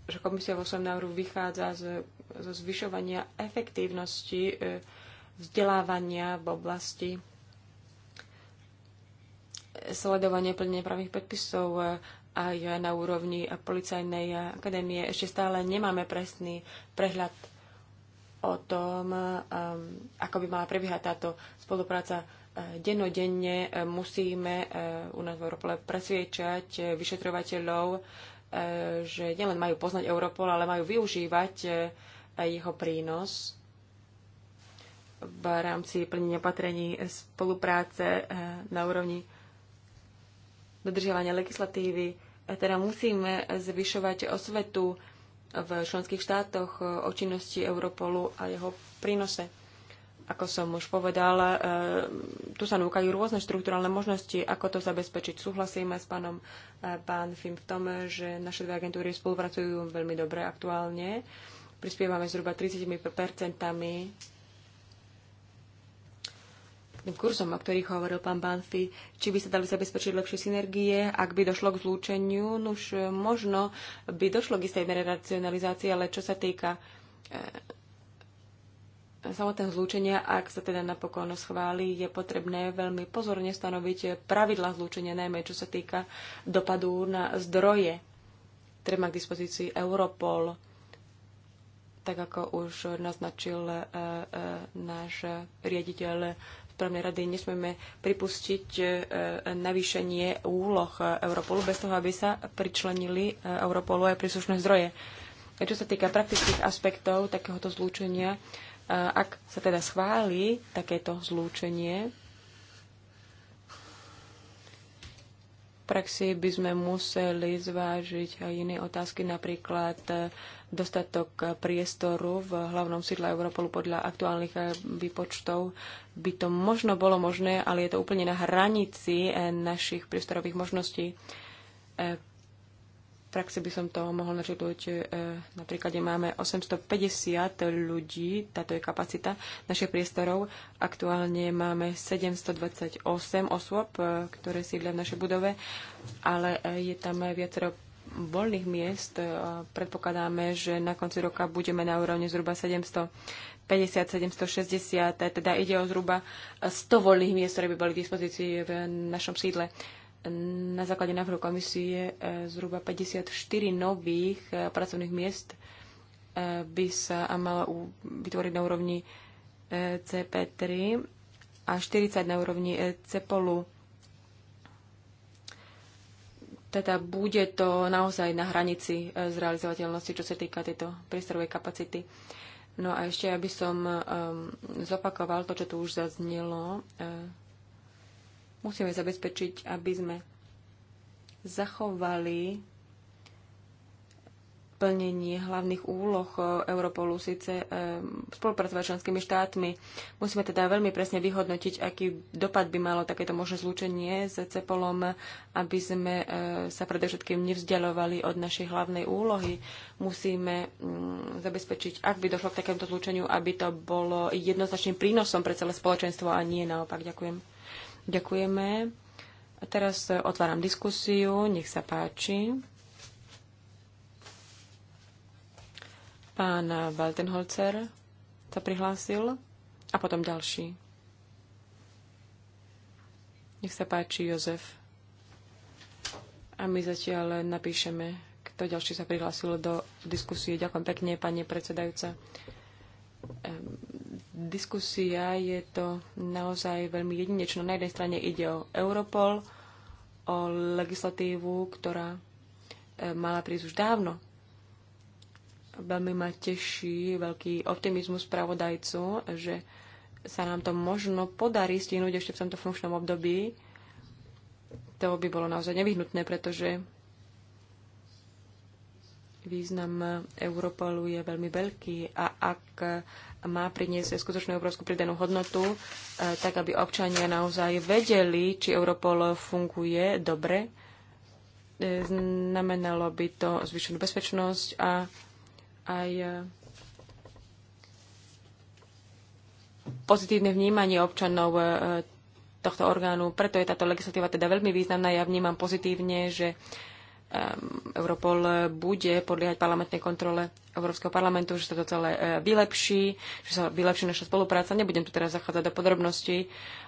že komisia vo svojom návrhu vychádza zo zvyšovania efektívnosti e, vzdelávania v oblasti sledovanie plnenia právnych predpisov aj na úrovni policajnej akadémie. Ešte stále nemáme presný prehľad o tom, um, ako by mala prebiehať táto spolupráca. Uh, dennodenne uh, musíme uh, u nás v Európole presviečať vyšetrovateľov, že nielen majú poznať Europol, ale majú využívať jeho prínos v rámci plnenia opatrení spolupráce na úrovni dodržiavania legislatívy, teda musíme zvyšovať osvetu v členských štátoch o činnosti Europolu a jeho prínose. Ako som už povedala, e, tu sa núkajú rôzne štruktúralne možnosti, ako to zabezpečiť. Súhlasíme s pánom e, pán Fim v tom, že naše dve agentúry spolupracujú veľmi dobre aktuálne. Prispievame zhruba 30% kurzom, o ktorých hovoril pán Banfi, či by sa dali zabezpečiť lepšie synergie, ak by došlo k zlúčeniu, už e, možno by došlo k istej mere racionalizácie, ale čo sa týka e, samotného zlúčenia, ak sa teda napokon schváli, je potrebné veľmi pozorne stanoviť pravidla zlúčenia, najmä čo sa týka dopadu na zdroje, ktoré má k dispozícii Europol, tak ako už naznačil e, náš riaditeľ správnej rady nesmieme pripustiť e, navýšenie úloh Europolu bez toho, aby sa pričlenili e, Europolu aj príslušné zdroje. Čo sa týka praktických aspektov takéhoto zlúčenia, e, ak sa teda schváli takéto zlúčenie, v praxi by sme museli zvážiť aj iné otázky, napríklad dostatok priestoru v hlavnom sídle Europolu podľa aktuálnych eh, výpočtov by to možno bolo možné, ale je to úplne na hranici eh, našich priestorových možností. Eh, v praxi by som to mohol načutovať. Napríklad máme 850 ľudí, táto je kapacita našich priestorov. Aktuálne máme 728 osôb, ktoré sídlia v našej budove, ale je tam viacero voľných miest e, predpokladáme, že na konci roka budeme na úrovni zhruba 750, 760, teda ide o zhruba 100 voľných miest, ktoré by boli k dispozícii v našom sídle. Na základe návrhu komisie e, zhruba 54 nových e, pracovných miest by sa malo vytvoriť na úrovni CP3 a 40 na úrovni CEPOLu teda bude to naozaj na hranici e, zrealizovateľnosti, čo sa týka tejto priestorovej kapacity. No a ešte, aby som um, zopakoval to, čo tu už zaznelo, uh, musíme zabezpečiť, aby sme zachovali plnení hlavných úloh eh, Europolu, síce eh, spolupracovať s členskými štátmi. Musíme teda veľmi presne vyhodnotiť, aký dopad by malo takéto možné zlúčenie s CEPOLom, aby sme eh, sa predovšetkým nevzdialovali od našej hlavnej úlohy. Musíme mm, zabezpečiť, ak by došlo k takémuto zlúčeniu, aby to bolo jednoznačným prínosom pre celé spoločenstvo a nie naopak. Ďakujem. Ďakujeme. A teraz otváram diskusiu. Nech sa páči. Pán Waltenholzer sa prihlásil a potom ďalší. Nech sa páči, Jozef. A my zatiaľ napíšeme, kto ďalší sa prihlásil do diskusie. Ďakujem pekne, pani predsedajúca. Ehm, diskusia je to naozaj veľmi jedinečná. Na jednej strane ide o Europol, o legislatívu, ktorá ehm, mala prísť už dávno. Veľmi ma teší veľký optimizmus spravodajcu, že sa nám to možno podarí stihnúť ešte v tomto funkčnom období. To by bolo naozaj nevyhnutné, pretože význam Europolu je veľmi veľký a ak má priniesť skutočnú európsku pridanú hodnotu, eh, tak aby občania naozaj vedeli, či Europol funguje dobre, eh, znamenalo by to zvyšenú bezpečnosť a aj e, pozitívne vnímanie občanov e, e, tohto orgánu. Preto je táto legislatíva teda veľmi významná. Ja vnímam pozitívne, že Europol bude podliehať parlamentnej kontrole Európskeho parlamentu, že sa to celé vylepší, že sa vylepší naša spolupráca. Nebudem tu teraz zachádzať do podrobností.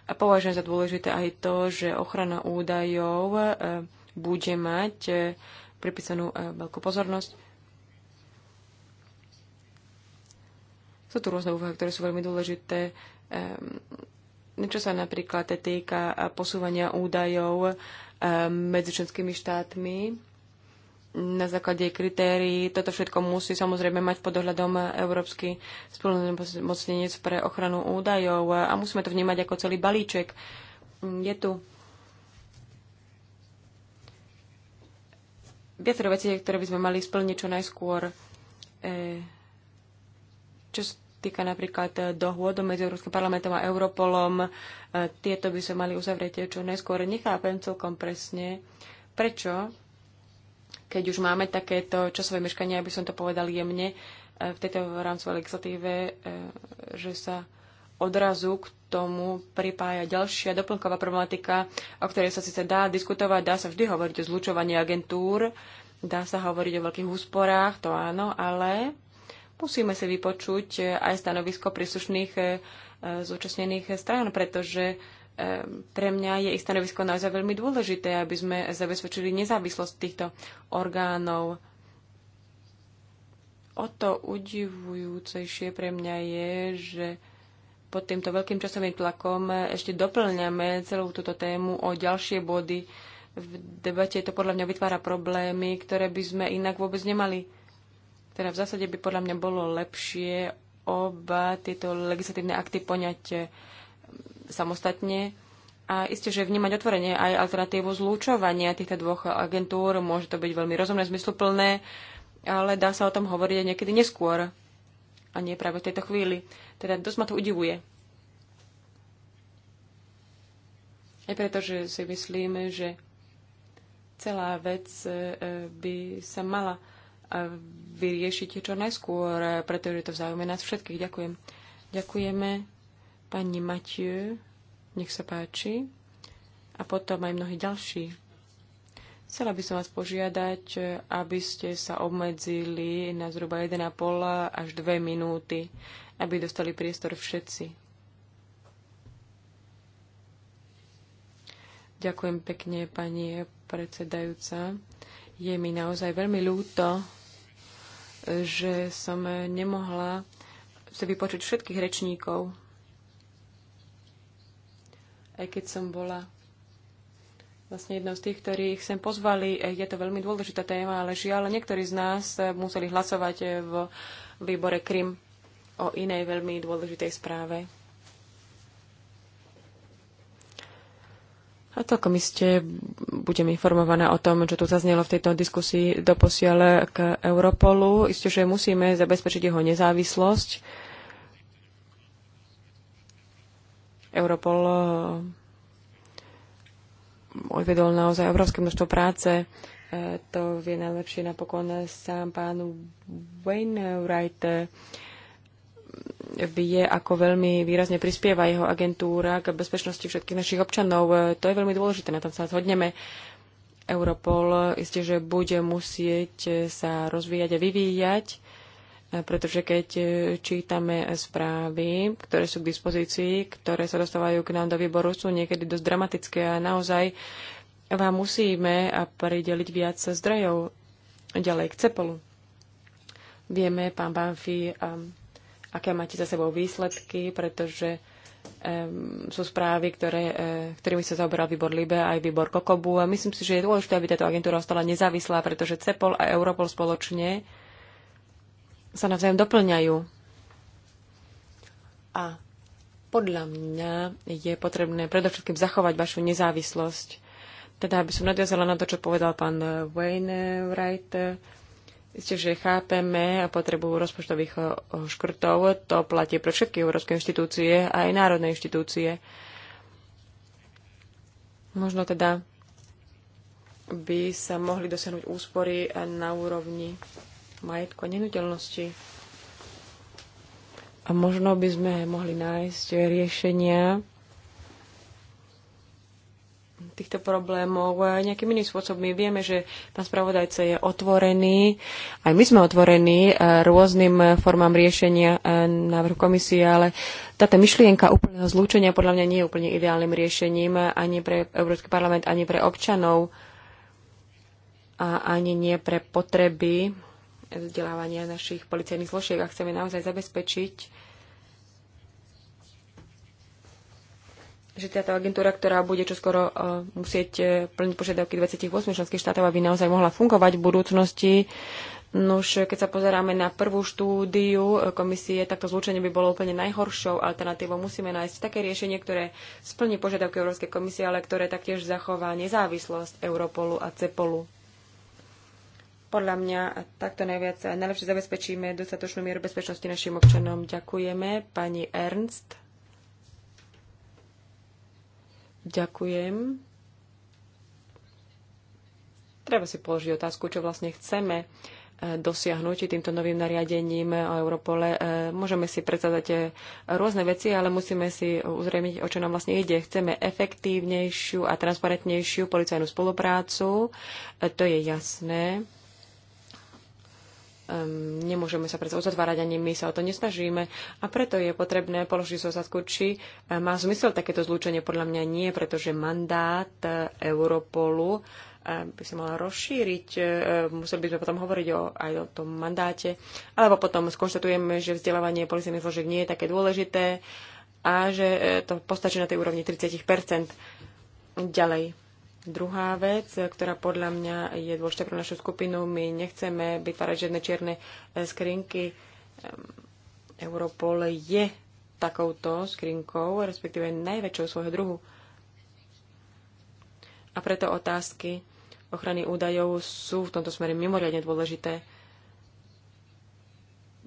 A považujem za dôležité aj to, že ochrana údajov bude mať pripísanú veľkú pozornosť. Sú tu rôzne úvahy, ktoré sú veľmi dôležité. Ehm, čo sa napríklad týka posúvania údajov ehm, medzi členskými štátmi na základe kritérií. Toto všetko musí samozrejme mať pod ohľadom Európsky spolumocnenec pre ochranu údajov a musíme to vnímať ako celý balíček. Je tu viacero vecí, ktoré by sme mali splniť čo najskôr. E, čo týka napríklad eh, dohôd medzi Európskym parlamentom a Europolom. Eh, tieto by sa mali uzavrieť čo najskôr. Nechápem celkom presne, prečo, keď už máme takéto časové meškanie, aby som to povedal jemne, eh, v tejto rámcovej legislatíve, že sa odrazu k tomu pripája ďalšia doplnková problematika, o ktorej sa síce dá diskutovať, dá sa vždy hovoriť o zlučovaní agentúr, dá sa hovoriť o veľkých úsporách, to áno, ale musíme si vypočuť eh, aj stanovisko príslušných eh, eh, zúčastnených strán, pretože pre mňa je ich stanovisko naozaj veľmi dôležité, aby sme zabezpečili nezávislosť týchto orgánov. O to udivujúcejšie pre mňa je, že pod týmto veľkým časovým tlakom ešte doplňame celú túto tému o ďalšie body. V debate to podľa mňa vytvára problémy, ktoré by sme inak vôbec nemali teda v zásade by podľa mňa bolo lepšie oba tieto legislatívne akty poňať e, samostatne. A isté, že vnímať otvorenie aj alternatívu zlúčovania týchto dvoch agentúr, môže to byť veľmi rozumné, zmysluplné, ale dá sa o tom hovoriť aj niekedy neskôr a nie práve v tejto chvíli. Teda dosť ma to udivuje. Aj preto, že si myslím, že celá vec e, e, by sa mala vyriešite čo najskôr, pretože je to v nás všetkých. Ďakujem. Ďakujeme pani Matiu, nech sa páči, a potom aj mnohí ďalší. Chcela by som vás požiadať, aby ste sa obmedzili na zhruba 1,5 až 2 minúty, aby dostali priestor všetci. Ďakujem pekne, pani predsedajúca. Je mi naozaj veľmi ľúto, že som nemohla sa vypočuť všetkých rečníkov, aj keď som bola vlastne jednou z tých, ktorých sem pozvali. Je to veľmi dôležitá téma, ale žiaľ, niektorí z nás museli hlasovať v výbore Krym o inej veľmi dôležitej správe. A celkom ste budem informovaná o tom, čo tu zaznelo v tejto diskusii do posiaľ k Europolu. Isté, že musíme zabezpečiť jeho nezávislosť. Europol eh, odvedol naozaj obrovské množstvo práce. Eh, to vie najlepšie napokon sám pán Wainwright vie, ako veľmi výrazne prispieva jeho agentúra k bezpečnosti všetkých našich občanov. To je veľmi dôležité, na tom sa zhodneme. Europol isté, že bude musieť sa rozvíjať a vyvíjať, pretože keď čítame správy, ktoré sú k dispozícii, ktoré sa dostávajú k nám do výboru, sú niekedy dosť dramatické a naozaj vám musíme prideliť viac zdrojov ďalej k CEPOLu. Vieme, pán Banfi, aké máte za sebou výsledky, pretože um, sú správy, ktoré, uh, ktorými sa zaoberal výbor Libe aj výbor Kokobu a myslím si, že je dôležité, aby táto agentúra ostala nezávislá, pretože CEPOL a Europol spoločne sa navzájom doplňajú. A podľa mňa je potrebné predovšetkým zachovať vašu nezávislosť. Teda, aby som nadviazala na to, čo povedal pán Wayne Wright, Isté, že chápeme potrebu rozpočtových eh, škrtov, to platí pre všetky európske inštitúcie a aj národné inštitúcie. Možno teda by sa mohli dosiahnuť úspory na úrovni majetku a nenutelnosti. A možno by sme mohli nájsť riešenia, týchto problémov nejakým iným spôsobmi. Vieme, že pán spravodajca je otvorený, aj my sme otvorení e, rôznym formám riešenia e, návrhu komisie, ale táto myšlienka úplného zlúčenia podľa mňa nie je úplne ideálnym riešením ani pre Európsky parlament, ani pre občanov a ani nie pre potreby vzdelávania našich policajných zložiek. Ak chceme naozaj zabezpečiť že táto agentúra, ktorá bude čoskoro e, musieť e, plniť požiadavky 28 členských štátov, aby naozaj mohla fungovať v budúcnosti, No už keď sa pozeráme na prvú štúdiu e, komisie, takto zlúčenie by bolo úplne najhoršou alternatívou. Musíme nájsť také riešenie, ktoré splní požiadavky Európskej komisie, ale ktoré taktiež zachová nezávislosť Europolu a Cepolu. Podľa mňa takto najviac najlepšie zabezpečíme dostatočnú mieru bezpečnosti našim občanom. Ďakujeme. Pani Ernst. Ďakujem. Treba si položiť otázku, čo vlastne chceme eh, dosiahnuť týmto novým nariadením o Europole. Eh, môžeme si predsadať eh, rôzne veci, ale musíme si uzrejmiť, o čo nám vlastne ide. Chceme efektívnejšiu a transparentnejšiu policajnú spoluprácu. To je jasné. Um, nemôžeme sa predsa uzatvárať, ani my sa o to nesnažíme a preto je potrebné položiť sa otázku, či e, má zmysel takéto zlúčenie. Podľa mňa nie, pretože mandát e, Europolu e, by sa mala rozšíriť, museli by sme potom hovoriť o, aj o tom mandáte, alebo potom skonštatujeme, že vzdelávanie policajných zložiek nie je také dôležité a že to postačí na tej úrovni 30 ďalej. Druhá vec, ktorá podľa mňa je dôležitá pre našu skupinu, my nechceme vytvárať žiadne čierne e, skrinky. Europol je takouto skrinkou, respektíve najväčšou svojho druhu. A preto otázky ochrany údajov sú v tomto smere mimoriadne dôležité.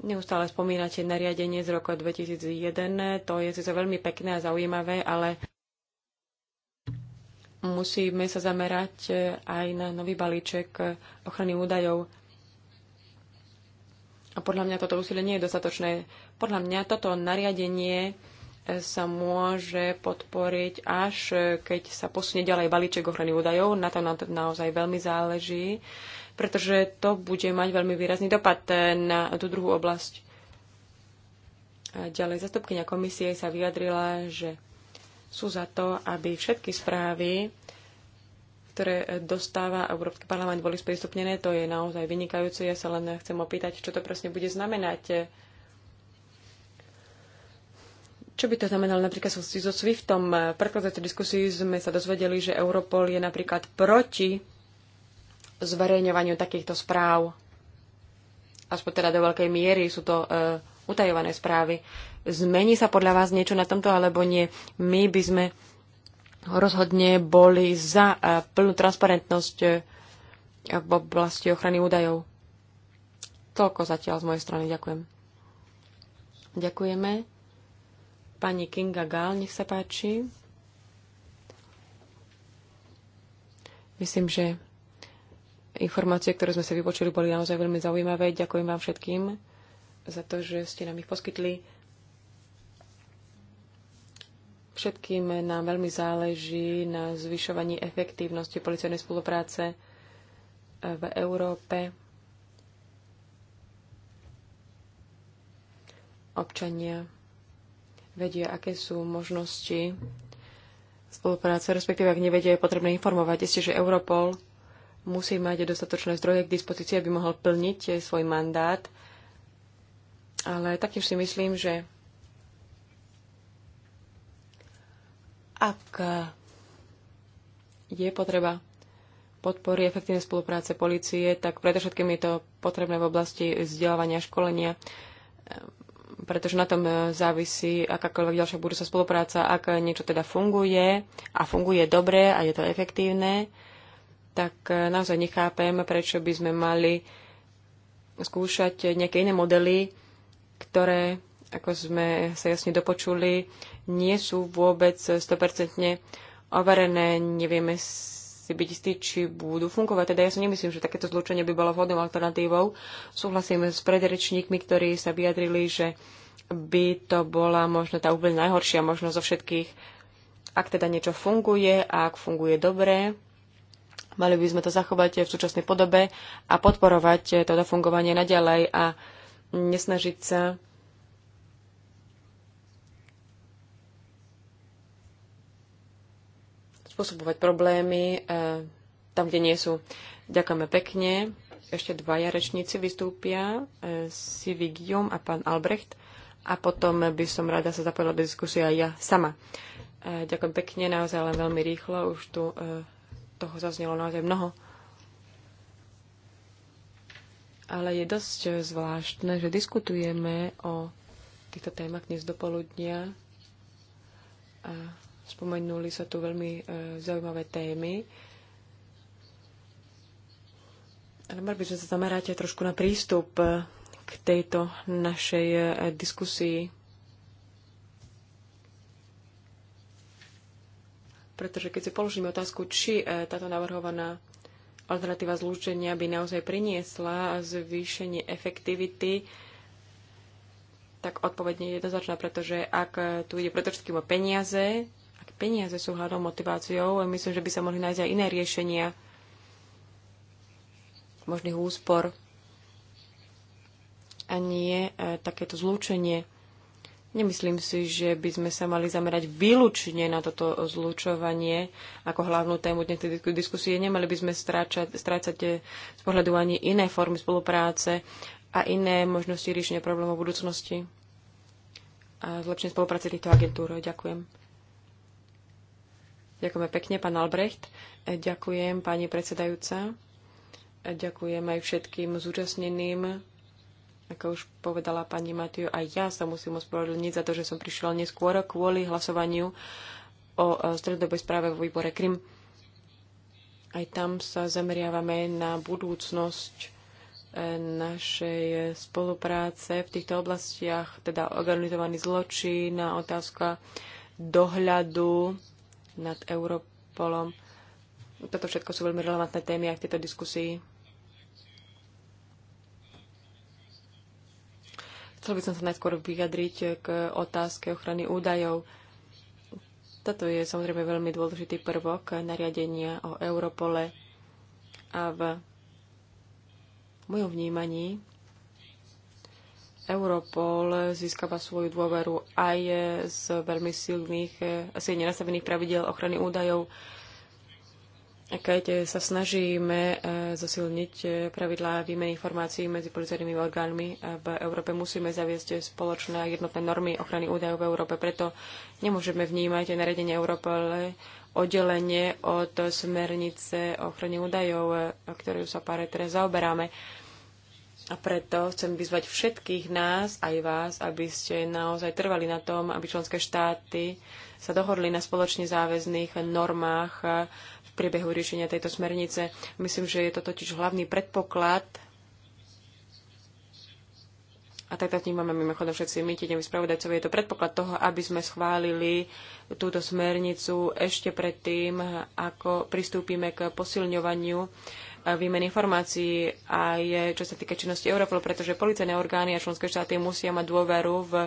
Neustále spomínate nariadenie z roku 2001, to je sice veľmi pekné a zaujímavé, ale musíme sa zamerať e, aj na nový balíček e, ochrany údajov. A podľa mňa toto úsilie nie je dostatočné. Podľa mňa toto nariadenie e, sa môže podporiť až keď sa posunie ďalej balíček ochrany údajov. Na to nám to naozaj veľmi záleží, pretože to bude mať veľmi výrazný dopad na tú druhú oblasť. A ďalej zastupkynia komisie sa vyjadrila, že sú za to, aby všetky správy, ktoré dostáva Európsky parlament, boli sprístupnené. To je naozaj vynikajúce. Ja sa len chcem opýtať, čo to presne bude znamenať. Čo by to znamenalo napríklad so SWIFTom? V predchádzajúcej diskusii sme sa dozvedeli, že Europol je napríklad proti zverejňovaniu takýchto správ. Aspoň teda do veľkej miery sú to e, utajované správy. Zmení sa podľa vás niečo na tomto alebo nie? My by sme rozhodne boli za e, plnú transparentnosť e, v oblasti ochrany údajov. Toľko zatiaľ z mojej strany. Ďakujem. Ďakujeme. Pani Kinga Gál, nech sa páči. Myslím, že informácie, ktoré sme sa vypočuli, boli naozaj veľmi zaujímavé. Ďakujem vám všetkým za to, že ste nám ich poskytli. Všetkým nám veľmi záleží na zvyšovaní efektívnosti policajnej spolupráce v Európe. Občania vedia, aké sú možnosti spolupráce, respektíve ak nevedia, je potrebné informovať. Ešte, že Europol musí mať dostatočné zdroje k dispozícii, aby mohol plniť svoj mandát. Ale taktiež si myslím, že ak je potreba podpory efektívnej spolupráce policie, tak predovšetkým je to potrebné v oblasti vzdelávania a školenia, pretože na tom závisí akákoľvek ďalšia budúca spolupráca. Ak niečo teda funguje a funguje dobre a je to efektívne, tak naozaj nechápem, prečo by sme mali skúšať nejaké iné modely, ktoré, ako sme sa jasne dopočuli, nie sú vôbec 100% overené. Nevieme si byť istí, či budú fungovať. Teda ja si nemyslím, že takéto zlúčenie by bolo vhodnou alternatívou. Súhlasím s predrečníkmi, ktorí sa vyjadrili, že by to bola možno tá úplne najhoršia možnosť zo všetkých. Ak teda niečo funguje a ak funguje dobre, mali by sme to zachovať v súčasnej podobe a podporovať toto fungovanie naďalej a nesnažiť sa spôsobovať problémy e, tam, kde nie sú. Ďakujeme pekne. Ešte dvaja rečníci vystúpia, e, Sivi Guillaume a pán Albrecht. A potom by som rada sa zapojila do diskusie aj ja sama. E, ďakujem pekne, naozaj len veľmi rýchlo. Už tu toho zaznelo naozaj mnoho. Ale je dosť zvláštne, že diskutujeme o týchto témach dnes do poludnia. Spomenuli sa tu veľmi e, zaujímavé témy. Ale mal by sme sa zamerať aj trošku na prístup e, k tejto našej e, diskusii. Pretože keď si položíme otázku, či e, táto navrhovaná alternatíva zlúčenia by naozaj priniesla zvýšenie efektivity, tak odpovedne nie je jednoznačná, pretože ak e, tu ide predovšetkým o peniaze, Peniaze sú hlavnou motiváciou a myslím, že by sa mohli nájsť aj iné riešenia možných úspor a nie e, takéto zlúčenie. Nemyslím si, že by sme sa mali zamerať výlučne na toto zlučovanie ako hlavnú tému dnešnej diskusie. Nemali by sme stráčať, strácať e, z pohľadu ani iné formy spolupráce a iné možnosti riešenia problémov v budúcnosti a zlepšenie spolupráce týchto agentúr. Ďakujem. Ďakujeme pekne, pán Albrecht. E, ďakujem, pani predsedajúca. E, ďakujem aj všetkým zúčastneným. Ako už povedala pani Matiu, aj ja sa musím ospravedlniť za to, že som prišiel neskôr kvôli hlasovaniu o e, stredobej správe vo výbore Krym. Aj tam sa zameriavame na budúcnosť našej spolupráce v týchto oblastiach, teda organizovaný zločin, otázka dohľadu nad Europolom. Toto všetko sú veľmi relevantné témy aj v tejto diskusii. Chcel by som sa najskôr vyjadriť k otázke ochrany údajov. Toto je samozrejme veľmi dôležitý prvok nariadenia o Europole a v mojom vnímaní Europol získava svoju dôveru aj z veľmi silných, asi nastavených pravidel ochrany údajov. Keď sa snažíme eh, zosilniť eh, pravidlá výmeny informácií medzi policajnými orgánmi eh, v Európe, musíme zaviesť spoločné a jednotné normy ochrany údajov v Európe. Preto nemôžeme vnímať naredenie Európol oddelenie od smernice ochrany údajov, ktorú sa pár teraz zaoberáme. A preto chcem vyzvať všetkých nás, aj vás, aby ste naozaj trvali na tom, aby členské štáty sa dohodli na spoločne záväzných normách v priebehu riešenia tejto smernice. Myslím, že je to totiž hlavný predpoklad a tak to vnímame mimochodom všetci my, tieňoví spravodajcovi, je to predpoklad toho, aby sme schválili túto smernicu ešte predtým, ako pristúpime k posilňovaniu výmen informácií aj čo sa týka činnosti Europol, pretože policajné orgány a členské štáty musia mať dôveru v e,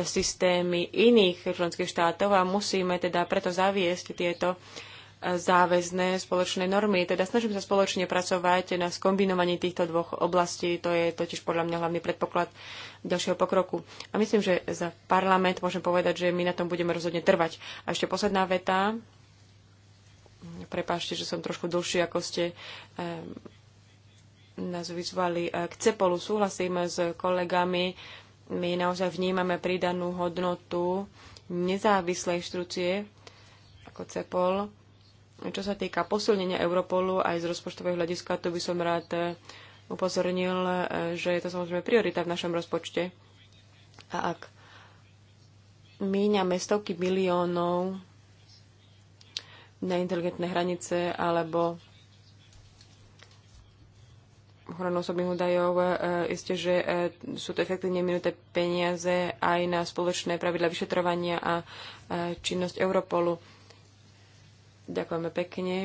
systémy iných členských štátov a musíme teda preto zaviesť tieto e, záväzné spoločné normy. Teda snažím sa spoločne pracovať na skombinovaní týchto dvoch oblastí. To je totiž podľa mňa hlavný predpoklad ďalšieho pokroku. A myslím, že za parlament môžem povedať, že my na tom budeme rozhodne trvať. A ešte posledná veta prepášte, že som trošku dlhší, ako ste nás vyzvali. K CEPOLu súhlasíme s kolegami. My naozaj vnímame pridanú hodnotu nezávislej štrucie ako CEPOL. Čo sa týka posilnenia Europolu aj z rozpočtového hľadiska, to by som rád eh, upozornil, eh, že je to samozrejme priorita v našom rozpočte. A ak míňame stovky miliónov na inteligentné hranice alebo ochranu osobných údajov. E, Isté, že e, sú to efektívne minuté peniaze aj na spoločné pravidla vyšetrovania a e, činnosť Europolu. Ďakujeme pekne.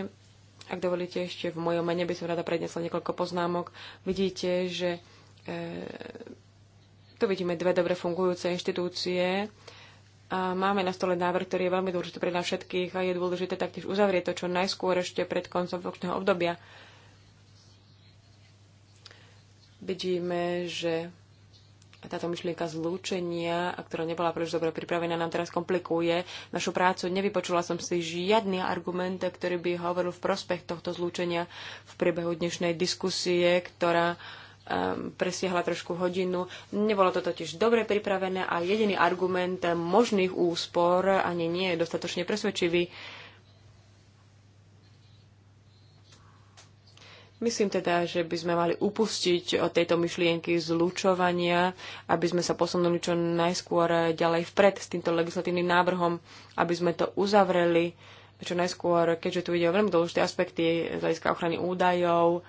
Ak dovolíte, ešte v mojom mene by som rada prednesla niekoľko poznámok. Vidíte, že tu vidíme dve dobre fungujúce inštitúcie, a máme na stole návrh, ktorý je veľmi dôležitý pre nás všetkých a je dôležité taktiež uzavrieť to čo najskôr ešte pred koncom funkčného obdobia. Vidíme, že táto myšlienka zlúčenia, ktorá nebola príliš dobre pripravená, nám teraz komplikuje našu prácu. Nevypočula som si žiadny argument, ktorý by hovoril v prospech tohto zlúčenia v priebehu dnešnej diskusie, ktorá uh, presiahla trošku hodinu. Nebolo to totiž dobre pripravené a jediný argument možných úspor ani nie je dostatočne presvedčivý. Myslím teda, že by sme mali upustiť od tejto myšlienky zlučovania, aby sme sa posunuli čo najskôr ďalej vpred s týmto legislatívnym návrhom, aby sme to uzavreli čo najskôr, keďže tu ide o veľmi dôležité aspekty z hľadiska ochrany údajov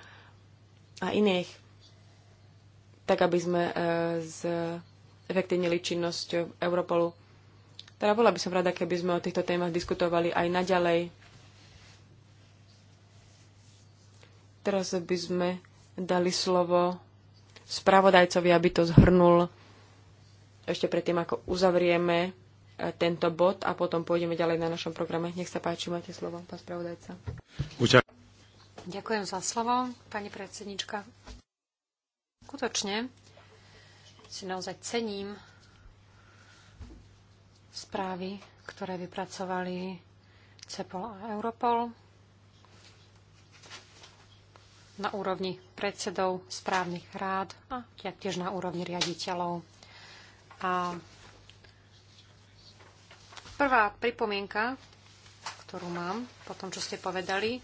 a iných tak aby sme e, efektívnili činnosť Europolu. Teda bola by som rada, keby sme o týchto témach diskutovali aj naďalej. Teraz by sme dali slovo spravodajcovi, aby to zhrnul ešte predtým, ako uzavrieme e, tento bod a potom pôjdeme ďalej na našom programe. Nech sa páči, máte slovo, pán spravodajca. Ďakujem za slovo, pani predsednička. Skutočne si naozaj cením správy, ktoré vypracovali CEPOL a Europol na úrovni predsedov správnych rád a tiež na úrovni riaditeľov. A prvá pripomienka, ktorú mám po tom, čo ste povedali,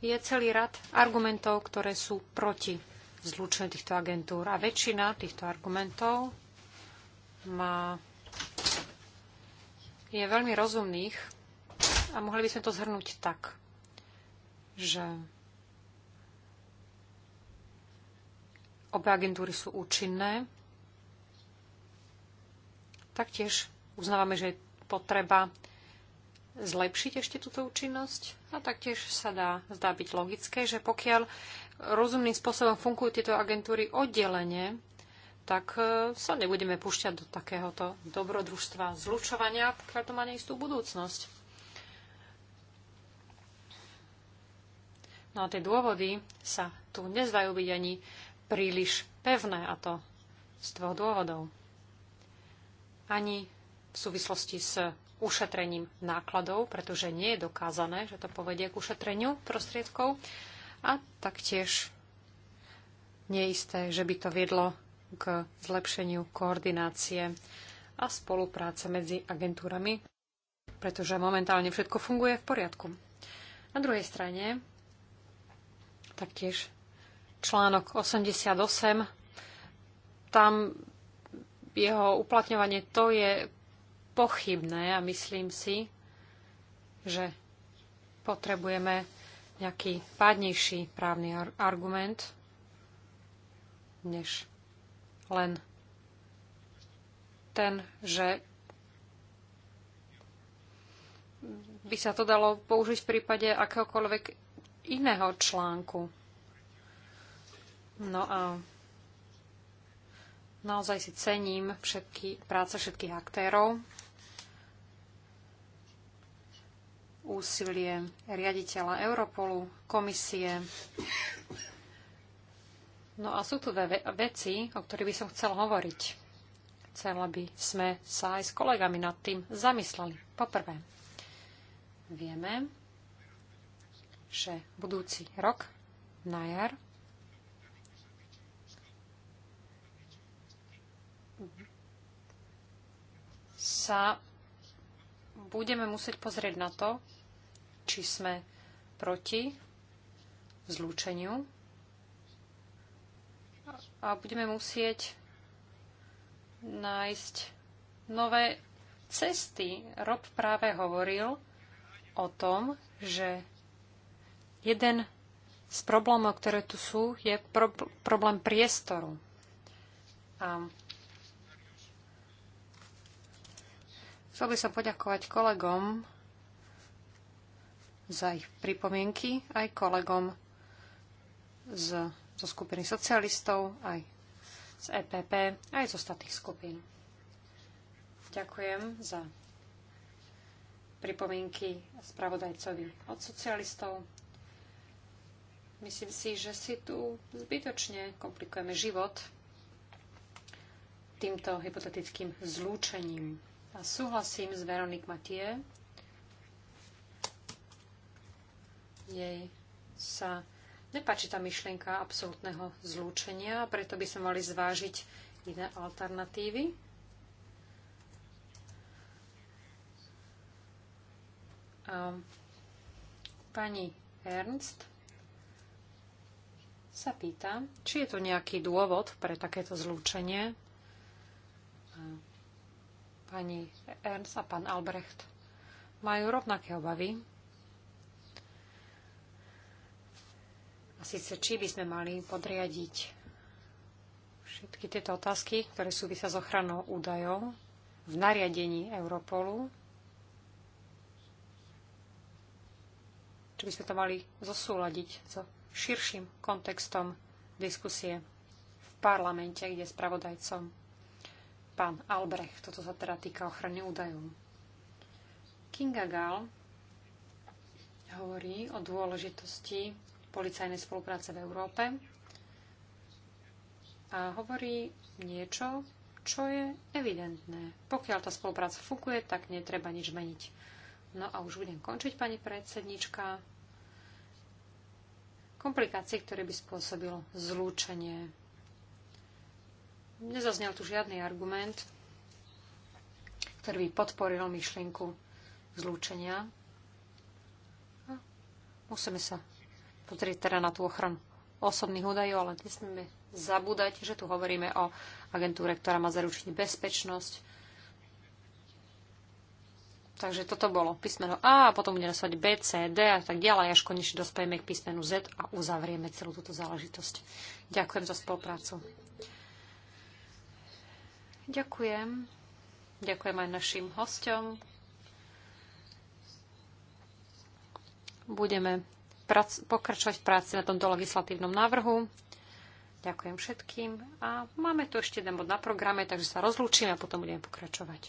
je celý rad argumentov, ktoré sú proti zlučenie týchto agentúr. A väčšina týchto argumentov má, je veľmi rozumných a mohli by sme to zhrnúť tak, že obe agentúry sú účinné. Taktiež uznávame, že je potreba zlepšiť ešte túto účinnosť a taktiež sa dá, zdá byť logické, že pokiaľ rozumným spôsobom fungujú tieto agentúry oddelenie, tak e, sa nebudeme púšťať do takéhoto dobrodružstva zlučovania, pokiaľ to má neistú budúcnosť. No a tie dôvody sa tu nezdajú byť ani príliš pevné, a to z dvoch dôvodov. Ani v súvislosti s ušetrením nákladov, pretože nie je dokázané, že to povedie k ušetreniu prostriedkov, a taktiež neisté, že by to viedlo k zlepšeniu koordinácie a spolupráce medzi agentúrami, pretože momentálne všetko funguje v poriadku. Na druhej strane taktiež článok 88, tam jeho uplatňovanie to je pochybné a myslím si, že potrebujeme nejaký pádnejší právny argument, než len ten, že by sa to dalo použiť v prípade akéhokoľvek iného článku. No a naozaj si cením všetky, práce všetkých aktérov úsilie riaditeľa Europolu, komisie. No a sú tu dve veci, o ktorých by som chcel hovoriť. Chcela by sme sa aj s kolegami nad tým zamysleli. Poprvé, vieme, že budúci rok na jar sa budeme musieť pozrieť na to, či sme proti zlúčeniu a budeme musieť nájsť nové cesty. Rob práve hovoril o tom, že jeden z problémov, ktoré tu sú, je pro- problém priestoru. A chcel by som poďakovať kolegom za ich pripomienky, aj kolegom z, zo skupiny socialistov, aj z EPP, aj z ostatných skupín. Ďakujem za pripomienky spravodajcovi od socialistov. Myslím si, že si tu zbytočne komplikujeme život týmto hypotetickým zlúčením. A súhlasím s Veronik Matie, jej sa nepáči tá myšlienka absolútneho zlúčenia, preto by sme mali zvážiť iné alternatívy. A pani Ernst sa pýta, či je to nejaký dôvod pre takéto zlúčenie. Pani Ernst a pán Albrecht majú rovnaké obavy. A síce, či by sme mali podriadiť všetky tieto otázky, ktoré súvisia s ochranou údajov v nariadení Europolu, či by sme to mali zosúľadiť so širším kontextom diskusie v parlamente, kde spravodajcom pán Albrecht. Toto sa teda týka ochrany údajov. Kinga Gall hovorí o dôležitosti policajnej spolupráce v Európe a hovorí niečo, čo je evidentné. Pokiaľ tá spolupráca funguje, tak netreba nič meniť. No a už budem končiť, pani predsednička. Komplikácie, ktoré by spôsobilo zlúčenie. Nezaznel tu žiadny argument, ktorý by podporil myšlienku zlúčenia. Musíme sa pozrieť teda na tú ochranu osobných údajov, ale nesmieme zabúdať, že tu hovoríme o agentúre, ktorá má zaručiť bezpečnosť. Takže toto bolo písmeno A, a potom bude nasledovať B, C, D a tak ďalej, až konečne dospejeme k písmenu Z a uzavrieme celú túto záležitosť. Ďakujem za spoluprácu. Ďakujem. Ďakujem aj našim hosťom. Budeme pokračovať v práci na tomto legislatívnom návrhu. Ďakujem všetkým a máme tu ešte jeden bod na programe, takže sa rozlúčime a potom budeme pokračovať.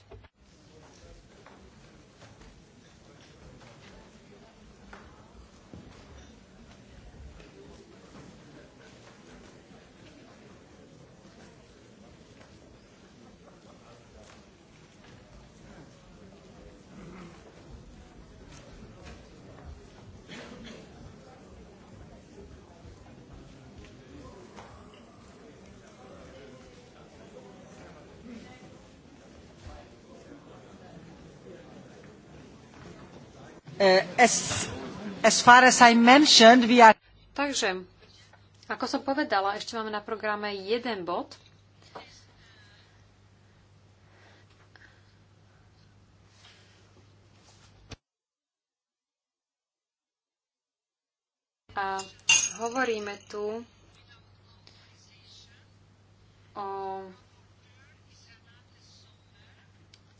Eh, Takže, ako som povedala, ešte máme na programe jeden bod. A hovoríme tu o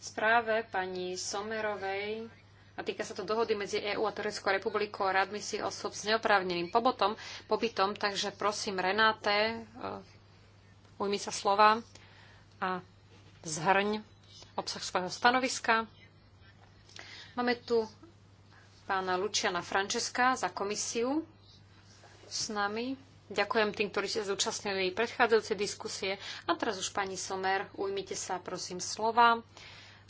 správe pani Somerovej a týka sa to dohody medzi EÚ a Tureckou republikou a radmi si s neoprávneným pobotom, pobytom, takže prosím Renáte, eh, ujmi sa slova a zhrň obsah svojho stanoviska. Máme tu pána Lučiana Francesca za komisiu s nami. Ďakujem tým, ktorí ste zúčastnili predchádzajúce diskusie. A teraz už pani Somer, ujmite sa prosím slova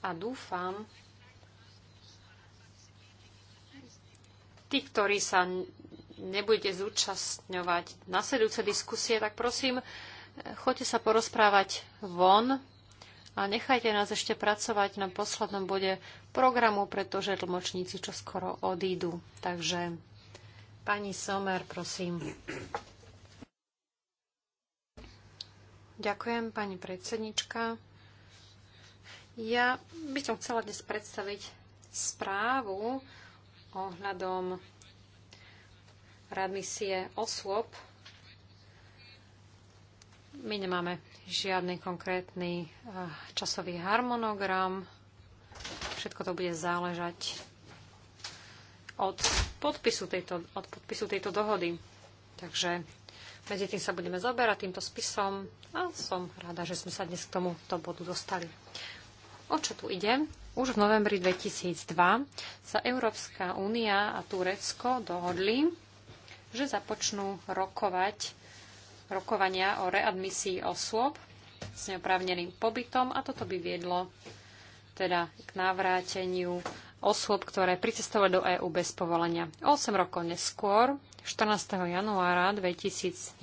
a dúfam, tí, ktorí sa nebudete zúčastňovať nasledujúce diskusie, tak prosím, choďte sa porozprávať von a nechajte nás ešte pracovať na poslednom bode programu, pretože tlmočníci čo skoro odídu. Takže pani Somer, prosím. Ďakujem, pani predsednička. Ja by som chcela dnes predstaviť správu, ohľadom radmisie osôb. My nemáme žiadny konkrétny eh, časový harmonogram. Všetko to bude záležať od podpisu tejto, od podpisu tejto dohody. Takže medzi tým sa budeme zaoberať týmto spisom a som rada, že sme sa dnes k tomuto bodu dostali. O čo tu ide? Už v novembri 2002 sa Európska únia a Turecko dohodli, že započnú rokovať rokovania o readmisii osôb s neoprávneným pobytom a toto by viedlo teda k navráteniu osôb, ktoré pricestovali do EÚ bez povolenia. 8 rokov neskôr, 14. januára 2011,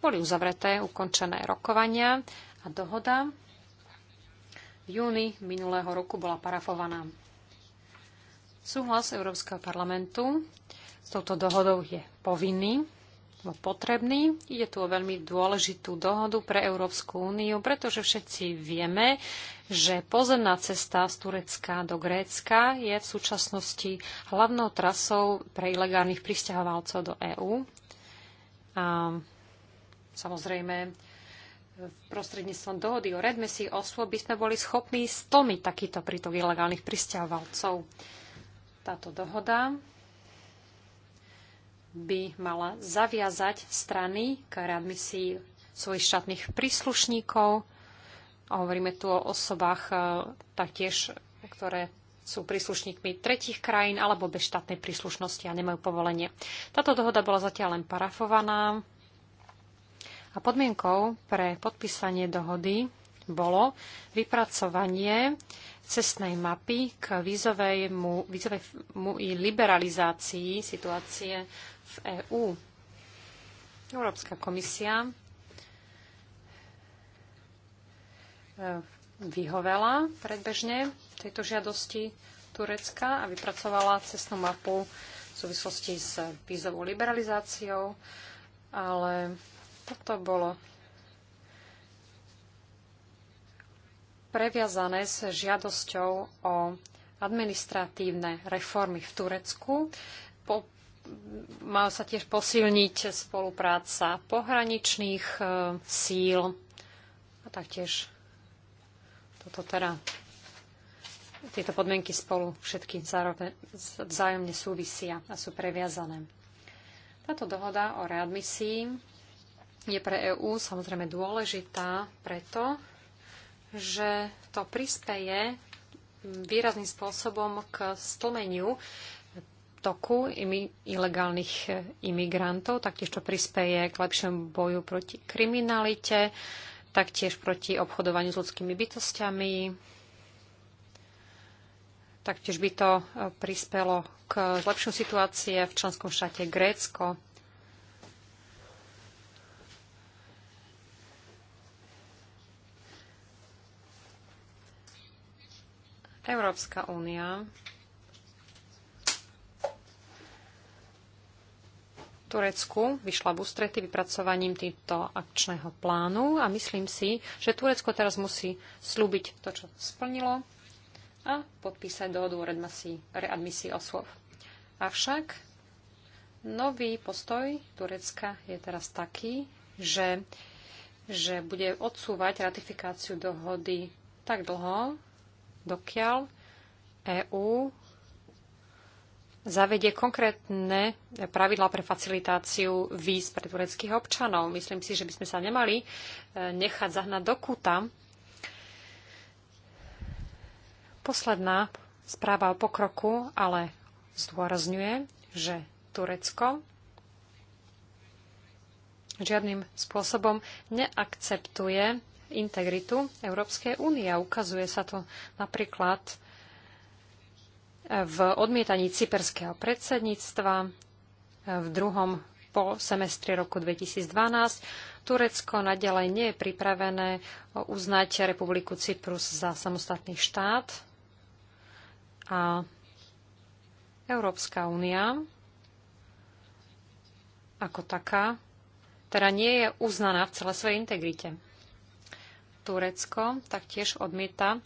boli uzavreté ukončené rokovania a dohoda v júni minulého roku bola parafovaná. Súhlas Európskeho parlamentu s touto dohodou je povinný, potrebný. Ide tu o veľmi dôležitú dohodu pre Európsku úniu, pretože všetci vieme, že pozemná cesta z Turecka do Grécka je v súčasnosti hlavnou trasou pre ilegálnych pristahovalcov do EÚ. A samozrejme, prostredníctvom dohody o redmesí osôb by sme boli schopní stlmiť takýto prítok ilegálnych pristahovalcov. Táto dohoda by mala zaviazať strany k readmisii svojich štátnych príslušníkov. Hovoríme tu o osobách e, taktiež, ktoré sú príslušníkmi tretich krajín alebo bez štátnej príslušnosti a nemajú povolenie. Táto dohoda bola zatiaľ len parafovaná a podmienkou pre podpísanie dohody bolo vypracovanie cestnej mapy k vízovému, vízovému i liberalizácii situácie v EÚ. Európska komisia e, vyhovela predbežne tejto žiadosti Turecka a vypracovala cestnú mapu v súvislosti s vízovou liberalizáciou, ale toto bolo previazané s žiadosťou o administratívne reformy v Turecku. Po, má sa tiež posilniť spolupráca pohraničných e, síl a taktiež toto teda tieto podmienky spolu všetky zároveň, vzájomne súvisia a sú previazané. Táto dohoda o readmisii je pre EÚ samozrejme dôležitá preto, že to prispeje výrazným spôsobom k stlmeniu toku ilegálnych imigrantov, taktiež to prispeje k lepšiemu boju proti kriminalite, taktiež proti obchodovaniu s ľudskými bytostiami. Taktiež by to prispelo k lepšiu situácie v členskom štáte Grécko. Európska únia Turecku vyšla v ústrety vypracovaním týmto akčného plánu a myslím si, že Turecko teraz musí slúbiť to, čo splnilo a podpísať dohodu o readmisii osôb. Avšak nový postoj Turecka je teraz taký, že, že bude odsúvať ratifikáciu dohody tak dlho, dokiaľ EÚ zavedie konkrétne pravidlá pre facilitáciu víz pre tureckých občanov. Myslím si, že by sme sa nemali e, nechať zahnať do kúta. Posledná správa o pokroku ale zdôrazňuje, že Turecko žiadnym spôsobom neakceptuje integritu Európskej únie. A ukazuje sa to napríklad eh, v odmietaní cyperského predsedníctva eh, v druhom po semestri roku 2012. Turecko nadalej nie je pripravené eh, uznať Republiku Cyprus za samostatný štát a Európska únia ako taká, teda nie je uznaná v celej svojej integrite. Turecko taktiež odmieta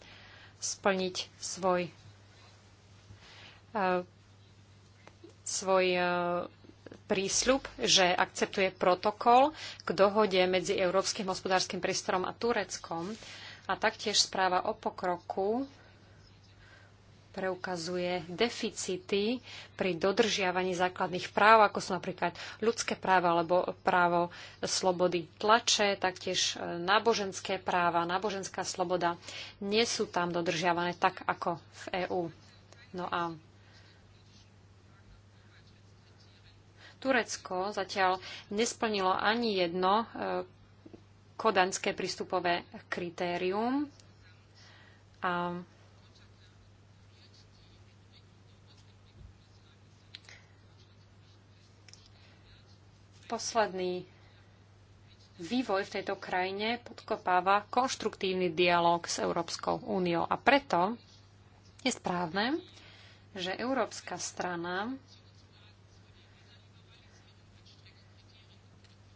splniť svoj, eh, svoj eh, prísľub, že akceptuje protokol k dohode medzi Európskym hospodárskym priestorom a Tureckom. A taktiež správa o pokroku preukazuje deficity pri dodržiavaní základných práv, ako sú napríklad ľudské práva alebo právo slobody tlače, taktiež e, náboženské práva, náboženská sloboda nie sú tam dodržiavané tak, ako v EÚ. No a Turecko zatiaľ nesplnilo ani jedno e, kodanské prístupové kritérium a posledný vývoj v tejto krajine podkopáva konštruktívny dialog s Európskou úniou. A preto je správne, že európska strana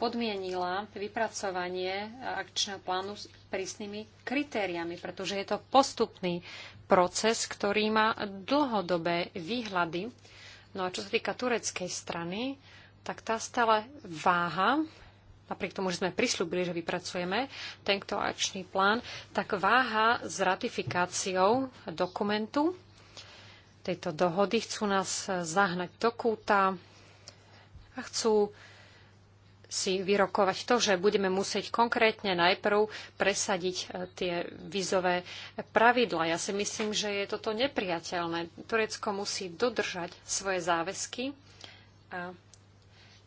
podmienila vypracovanie akčného plánu s prísnymi kritériami, pretože je to postupný proces, ktorý má dlhodobé výhľady. No a čo sa týka tureckej strany, tak tá stále váha, napriek tomu, že sme prislúbili, že vypracujeme tento akčný plán, tak váha s ratifikáciou dokumentu tejto dohody. Chcú nás zahnať do kúta a chcú si vyrokovať to, že budeme musieť konkrétne najprv presadiť e, tie vízové pravidla. Ja si myslím, že je toto nepriateľné. Turecko musí dodržať svoje záväzky a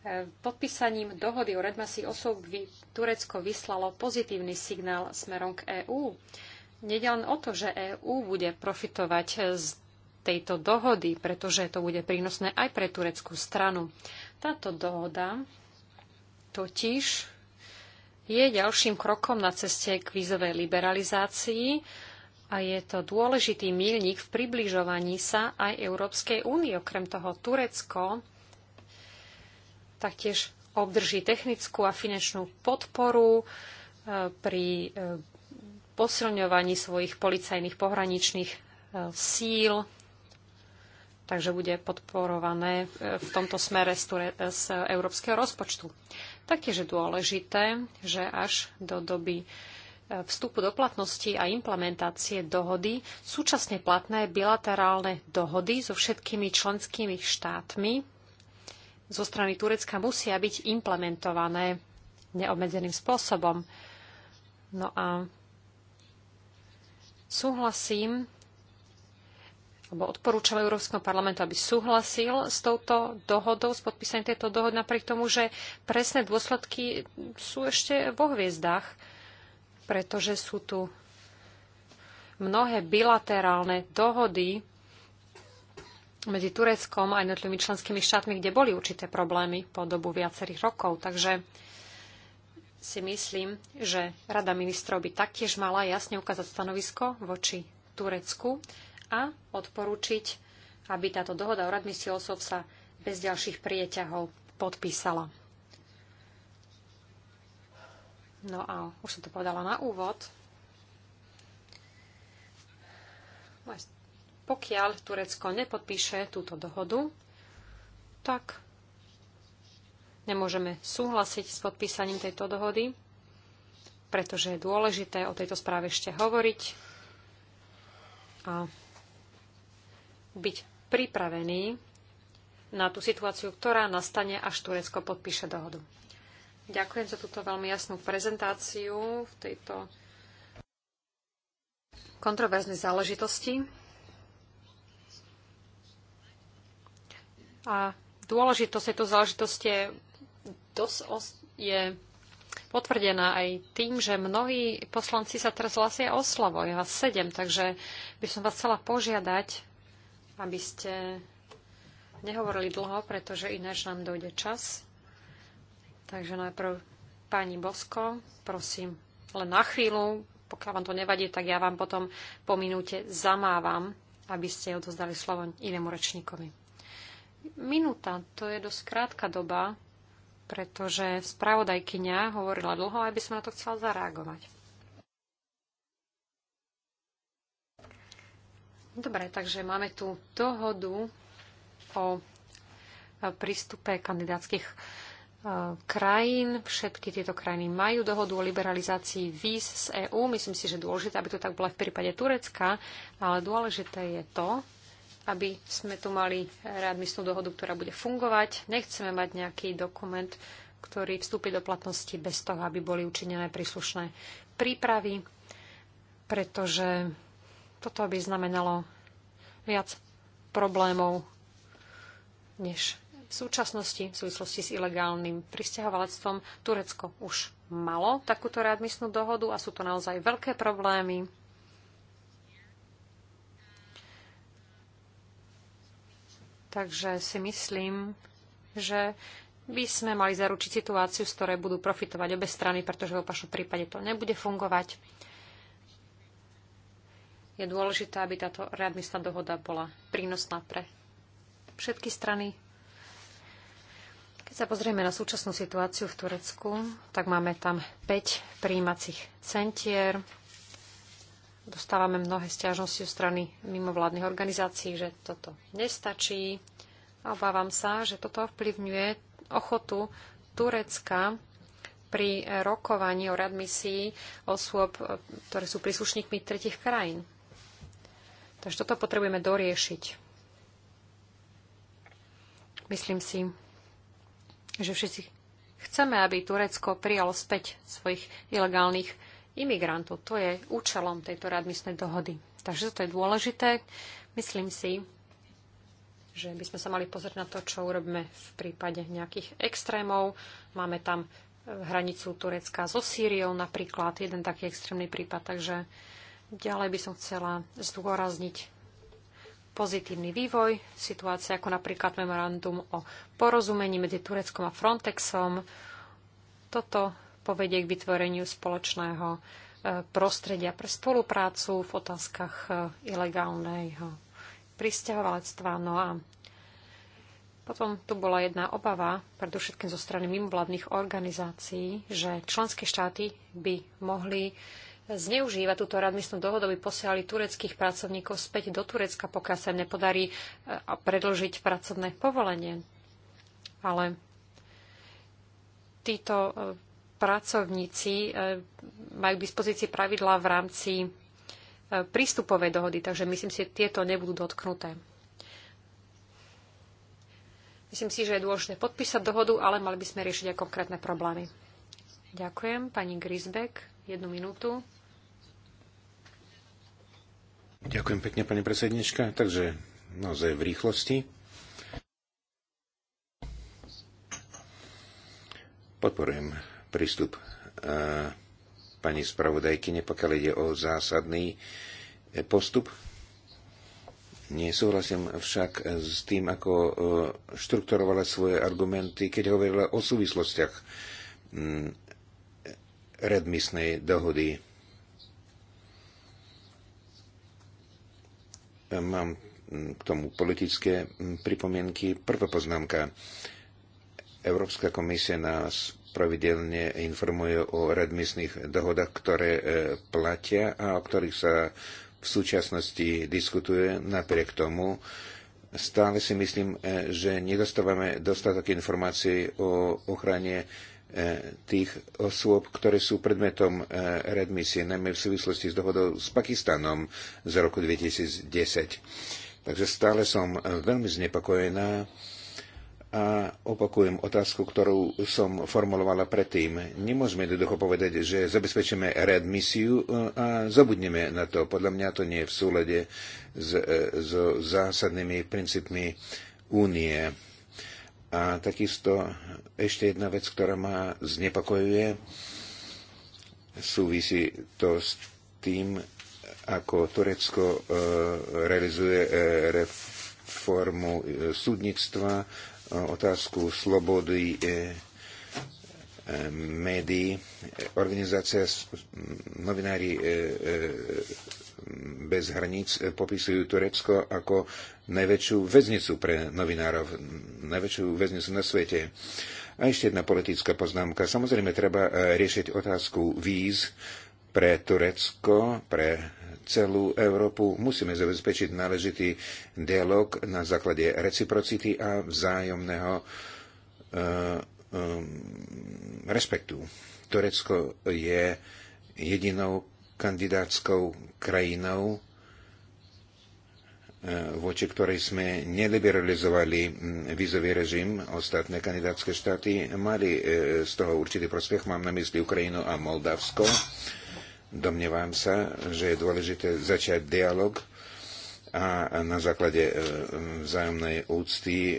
E, podpísaním dohody o redmasí osôb by Turecko vyslalo pozitívny signál smerom k EÚ. Nede len o to, že EÚ bude profitovať z tejto dohody, pretože to bude prínosné aj pre tureckú stranu. Táto dohoda totiž je ďalším krokom na ceste k vízovej liberalizácii a je to dôležitý míľnik v približovaní sa aj Európskej únie. Okrem toho Turecko taktiež obdrží technickú a finančnú podporu e, pri e, posilňovaní svojich policajných pohraničných e, síl, takže bude podporované v tomto smere z európskeho rozpočtu. Taktiež je dôležité, že až do doby vstupu do platnosti a implementácie dohody súčasne platné bilaterálne dohody so všetkými členskými štátmi zo strany Turecka musia byť implementované neobmedzeným spôsobom. No a súhlasím, alebo odporúčam Európskom parlamentu, aby súhlasil s touto dohodou, s podpísaním tejto dohody, napriek tomu, že presné dôsledky sú ešte vo hviezdách, pretože sú tu mnohé bilaterálne dohody, medzi Tureckom a jednotlivými členskými štátmi, kde boli určité problémy po dobu viacerých rokov. Takže si myslím, že Rada ministrov by taktiež mala jasne ukázať stanovisko voči Turecku a odporúčiť, aby táto dohoda o radmisii osob sa bez ďalších prieťahov podpísala. No a už som to povedala na úvod pokiaľ Turecko nepodpíše túto dohodu, tak nemôžeme súhlasiť s podpísaním tejto dohody, pretože je dôležité o tejto správe ešte hovoriť a byť pripravený na tú situáciu, ktorá nastane, až Turecko podpíše dohodu. Ďakujem za túto veľmi jasnú prezentáciu v tejto kontroverznej záležitosti. A dôležitosť tejto záležitosti je, dosť je potvrdená aj tým, že mnohí poslanci sa teraz hlasia o slovo. Je vás sedem, takže by som vás chcela požiadať, aby ste nehovorili dlho, pretože ináč nám dojde čas. Takže najprv pani Bosko, prosím, len na chvíľu, pokiaľ vám to nevadí, tak ja vám potom po minúte zamávam, aby ste odozdali slovo inému rečníkovi minúta, to je dosť krátka doba, pretože spravodajkyňa hovorila dlho, aj by som na to chcela zareagovať. Dobre, takže máme tu dohodu o prístupe kandidátskych e, krajín. Všetky tieto krajiny majú dohodu o liberalizácii víz z EÚ. Myslím si, že dôležité, aby to tak bolo aj v prípade Turecka, ale dôležité je to, aby sme tu mali readmisnú dohodu, ktorá bude fungovať. Nechceme mať nejaký dokument, ktorý vstúpi do platnosti bez toho, aby boli učinené príslušné prípravy, pretože toto by znamenalo viac problémov než v súčasnosti v súvislosti s ilegálnym pristahovalectvom. Turecko už malo takúto readmisnú dohodu a sú to naozaj veľké problémy. Takže si myslím, že by sme mali zaručiť situáciu, z ktorej budú profitovať obe strany, pretože v opačnom prípade to nebude fungovať. Je dôležité, aby táto readmisná dohoda bola prínosná pre všetky strany. Keď sa pozrieme na súčasnú situáciu v Turecku, tak máme tam 5 príjímacích centier, dostávame mnohé stiažnosti zo strany mimovládnych organizácií, že toto nestačí. A obávam sa, že toto ovplyvňuje ochotu Turecka pri rokovaní o readmisii osôb, e, ktoré sú príslušníkmi tretich krajín. Takže toto potrebujeme doriešiť. Myslím si, že všetci chceme, aby Turecko prijalo späť svojich ilegálnych imigrantov. To je účelom tejto readmisnej dohody. Takže to je dôležité. Myslím si, že by sme sa mali pozrieť na to, čo urobíme v prípade nejakých extrémov. Máme tam e, hranicu Turecka so Sýriou napríklad, jeden taký extrémny prípad. Takže ďalej by som chcela zdôrazniť pozitívny vývoj situácie, ako napríklad memorandum o porozumení medzi Tureckom a Frontexom. Toto povedie k vytvoreniu spoločného e, prostredia pre spoluprácu v otázkach e, ilegálneho pristahovalectva. No a potom tu bola jedna obava, predovšetkým zo strany mimovládnych organizácií, že členské štáty by mohli zneužívať túto radmyslnú dohodu, aby posielali tureckých pracovníkov späť do Turecka, pokiaľ sa nepodarí e, predlžiť pracovné povolenie. Ale títo pracovníci e, majú k dispozícii pravidlá v rámci e, prístupovej dohody, takže myslím si, že tieto nebudú dotknuté. Myslím si, že je dôležité podpísať dohodu, ale mali by sme riešiť aj konkrétne problémy. Ďakujem. Pani Grisbeck, jednu minútu. Ďakujem pekne, pani predsednička. Takže naozaj v rýchlosti. Podporujem prístup pani spravodajkyne, pokiaľ ide o zásadný e, postup. Nesúhlasím však s tým, ako e, štrukturovala svoje argumenty, keď hovorila o súvislostiach redmisnej dohody. Mám k tomu politické pripomienky. Prvá poznámka. Európska komisia nás pravidelne informuje o redmisných dohodách, ktoré e, platia a o ktorých sa v súčasnosti diskutuje. Napriek tomu stále si myslím, e, že nedostávame dostatok informácií o ochrane e, tých osôb, ktoré sú predmetom redmisie, najmä v súvislosti s dohodou s Pakistanom z roku 2010. Takže stále som veľmi znepokojená a opakujem otázku, ktorú som formulovala predtým. Nemôžeme jednoducho povedať, že zabezpečíme readmisiu e, a zabudneme na to. Podľa mňa to nie je v súlede s, e, so zásadnými princípmi únie. A takisto ešte jedna vec, ktorá ma znepokojuje, súvisí to s tým, ako Turecko e, realizuje reformu súdnictva otázku slobody e, e, médií. Organizácia novinári e, bez hraníc popisujú Turecko ako najväčšiu väznicu pre novinárov, najväčšiu väznicu na svete. A ešte jedna politická poznámka. Samozrejme, treba riešiť otázku víz pre Turecko, pre celú Európu, musíme zabezpečiť náležitý dialog na základe reciprocity a vzájomného e, e, respektu. Turecko je jedinou kandidátskou krajinou, eh, voči ktorej sme neliberalizovali hm, vízový režim. Ostatné kandidátske štáty mali eh, z toho určitý prospech, mám na mysli Ukrajinu a Moldavsko. Domnievam sa, že je dôležité začať dialog a na základe e, vzájomnej úcty e,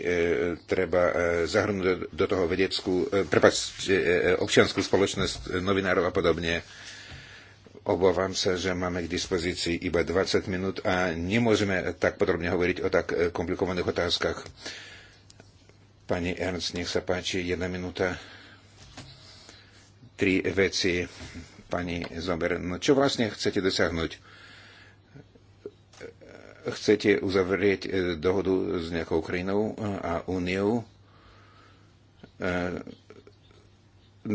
treba e, zahrnúť do toho vedeckú, prepač, občianskú spoločnosť novinárov a podobne. Obávam sa, že máme k dispozícii iba 20 minút a nemôžeme tak podrobne hovoriť o tak komplikovaných otázkach. Pani Ernst, nech sa páči, jedna minúta. Tri veci pani Zomber, No čo vlastne chcete dosiahnuť? Chcete uzavrieť e, dohodu s nejakou krajinou e, a úniou? E,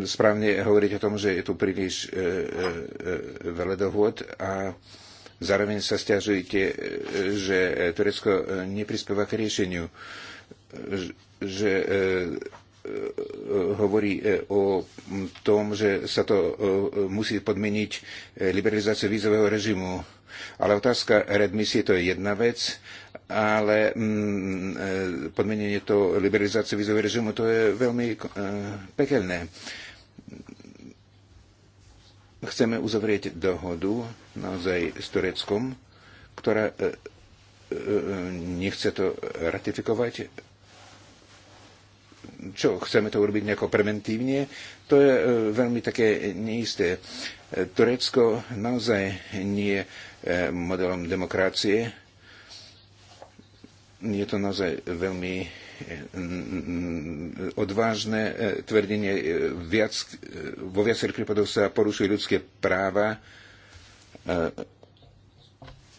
správne hovoriť o tom, že je tu príliš veľa dohod a zároveň sa stiažujete, že Turecko neprispieva k riešeniu že hovorí e, o tom, že sa to e, musí podmeniť e, liberalizáciou vízového režimu. Ale otázka redmisie to je jedna vec, ale mm, podmenenie to liberalizáciou vízového režimu to je veľmi pekelné. Chceme uzavrieť dohodu naozaj s Tureckom, ktorá nechce to ratifikovať čo chceme to urobiť nejako preventívne, to je e, veľmi také neisté. E, Turecko naozaj nie je e, modelom demokracie. Je to naozaj veľmi odvážne tvrdenie. Viac, vo viacerých prípadoch sa porušujú ľudské práva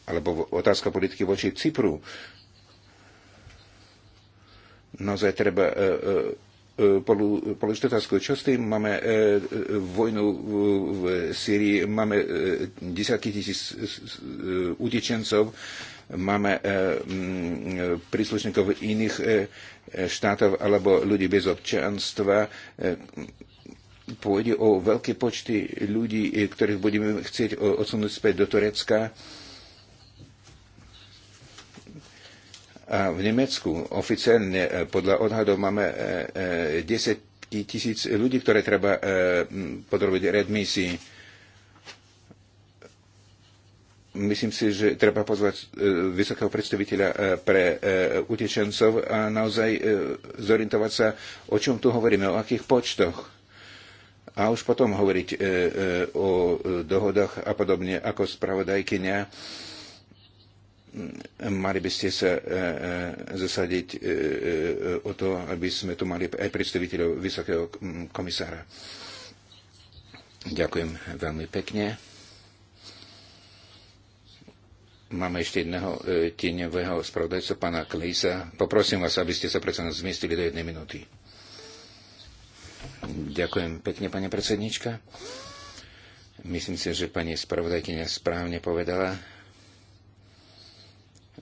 alebo otázka politiky voči Cypru. Naozaj treba e, e, e, položiť otázku, čo s tým máme vojnu v Syrii, máme desiatky tisíc utečencov, máme príslušníkov iných štátov alebo ľudí bez občanstva, pôjde o veľké počty ľudí, ktorých budeme chcieť odsunúť späť do Turecka. A v Nemecku oficiálne e, podľa odhadov máme 10 e, e, tisíc ľudí, ktoré treba podrobiť readmisii. Myslím si, že treba pozvať vysokého predstaviteľa pre utečencov a naozaj zorientovať sa, o čom tu hovoríme, o akých počtoch a už potom hovoriť o dohodách a podobne ako spravodajkynia mali by ste sa e, e, zasadiť e, o to, aby sme tu mali aj predstaviteľov Vysokého komisára. Ďakujem veľmi pekne. Máme ešte jedného tieňového spravodajca, pána Klejsa. Poprosím vás, aby ste sa predsa zmestili do jednej minúty. Ďakujem pekne, pani predsednička. Myslím si, že pani spravodajkynia správne povedala,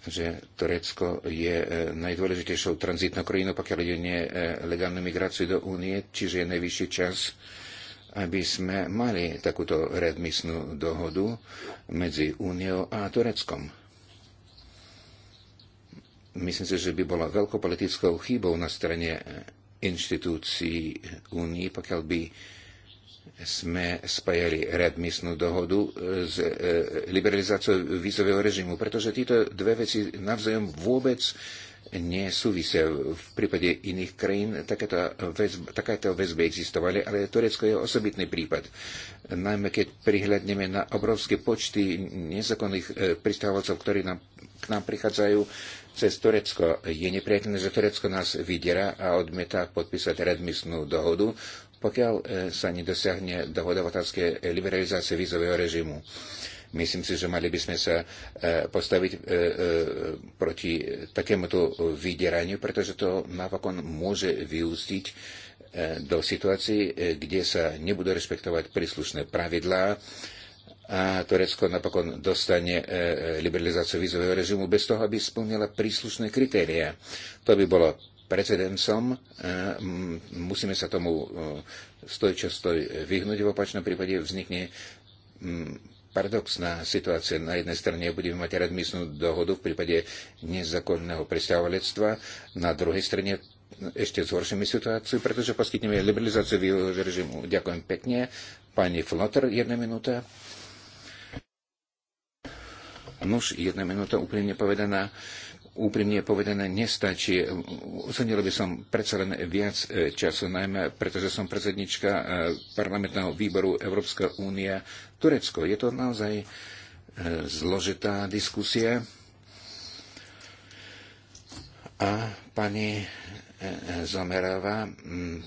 že Turecko je e, najdôležitejšou tranzitnou krajinou, pokiaľ ide e, legálnu migráciu do únie, čiže je najvyšší čas, aby sme mali takúto redmisnú dohodu medzi úniou a Tureckom. Myslím si, že by bola veľkou politickou chybou na strane e, inštitúcií únie, pokiaľ by sme spájali readmisnú dohodu e, s e, liberalizáciou vízového režimu, pretože títo dve veci navzájom vôbec nesúvisia. V prípade iných krajín takéto väzby, takéto väzby existovali, ale Turecko je osobitný prípad. Najmä keď prihľadneme na obrovské počty nezákonných e, pristahovalcov, ktorí nám, k nám prichádzajú cez Turecko. Je nepriateľné, že Turecko nás vydiera a odmieta podpísať redmisnú dohodu, pokiaľ e, sa nedosiahne dohoda v otázke e, liberalizácie vízového režimu. Myslím si, že mali by sme sa e, postaviť proti takémuto vydieraniu, pretože to napokon môže vyústiť do situácií, kde sa nebudú rešpektovať príslušné pravidlá a Turecko napokon dostane liberalizáciu vízového režimu bez toho, aby splnila príslušné kritéria. To by bolo precedencom. E, musíme sa tomu e, stoj čo stoj vyhnúť. V opačnom prípade vznikne paradoxná situácia. Na jednej strane budeme mať readmisnú dohodu v prípade nezákonného presťahovalectva, na druhej strane ešte zhoršíme situáciu, pretože poskytneme liberalizáciu výhodu režimu. Ďakujem pekne. Pani Flotter, jedna minúta. Nuž, jedna minúta úplne povedaná. Uh, úprimne povedané nestačí. Ocenil by som predsa len viac e, času, najmä pretože som predsednička e, parlamentného výboru Európska únia Turecko. Je to naozaj e, zložitá diskusia. A pani Zomerová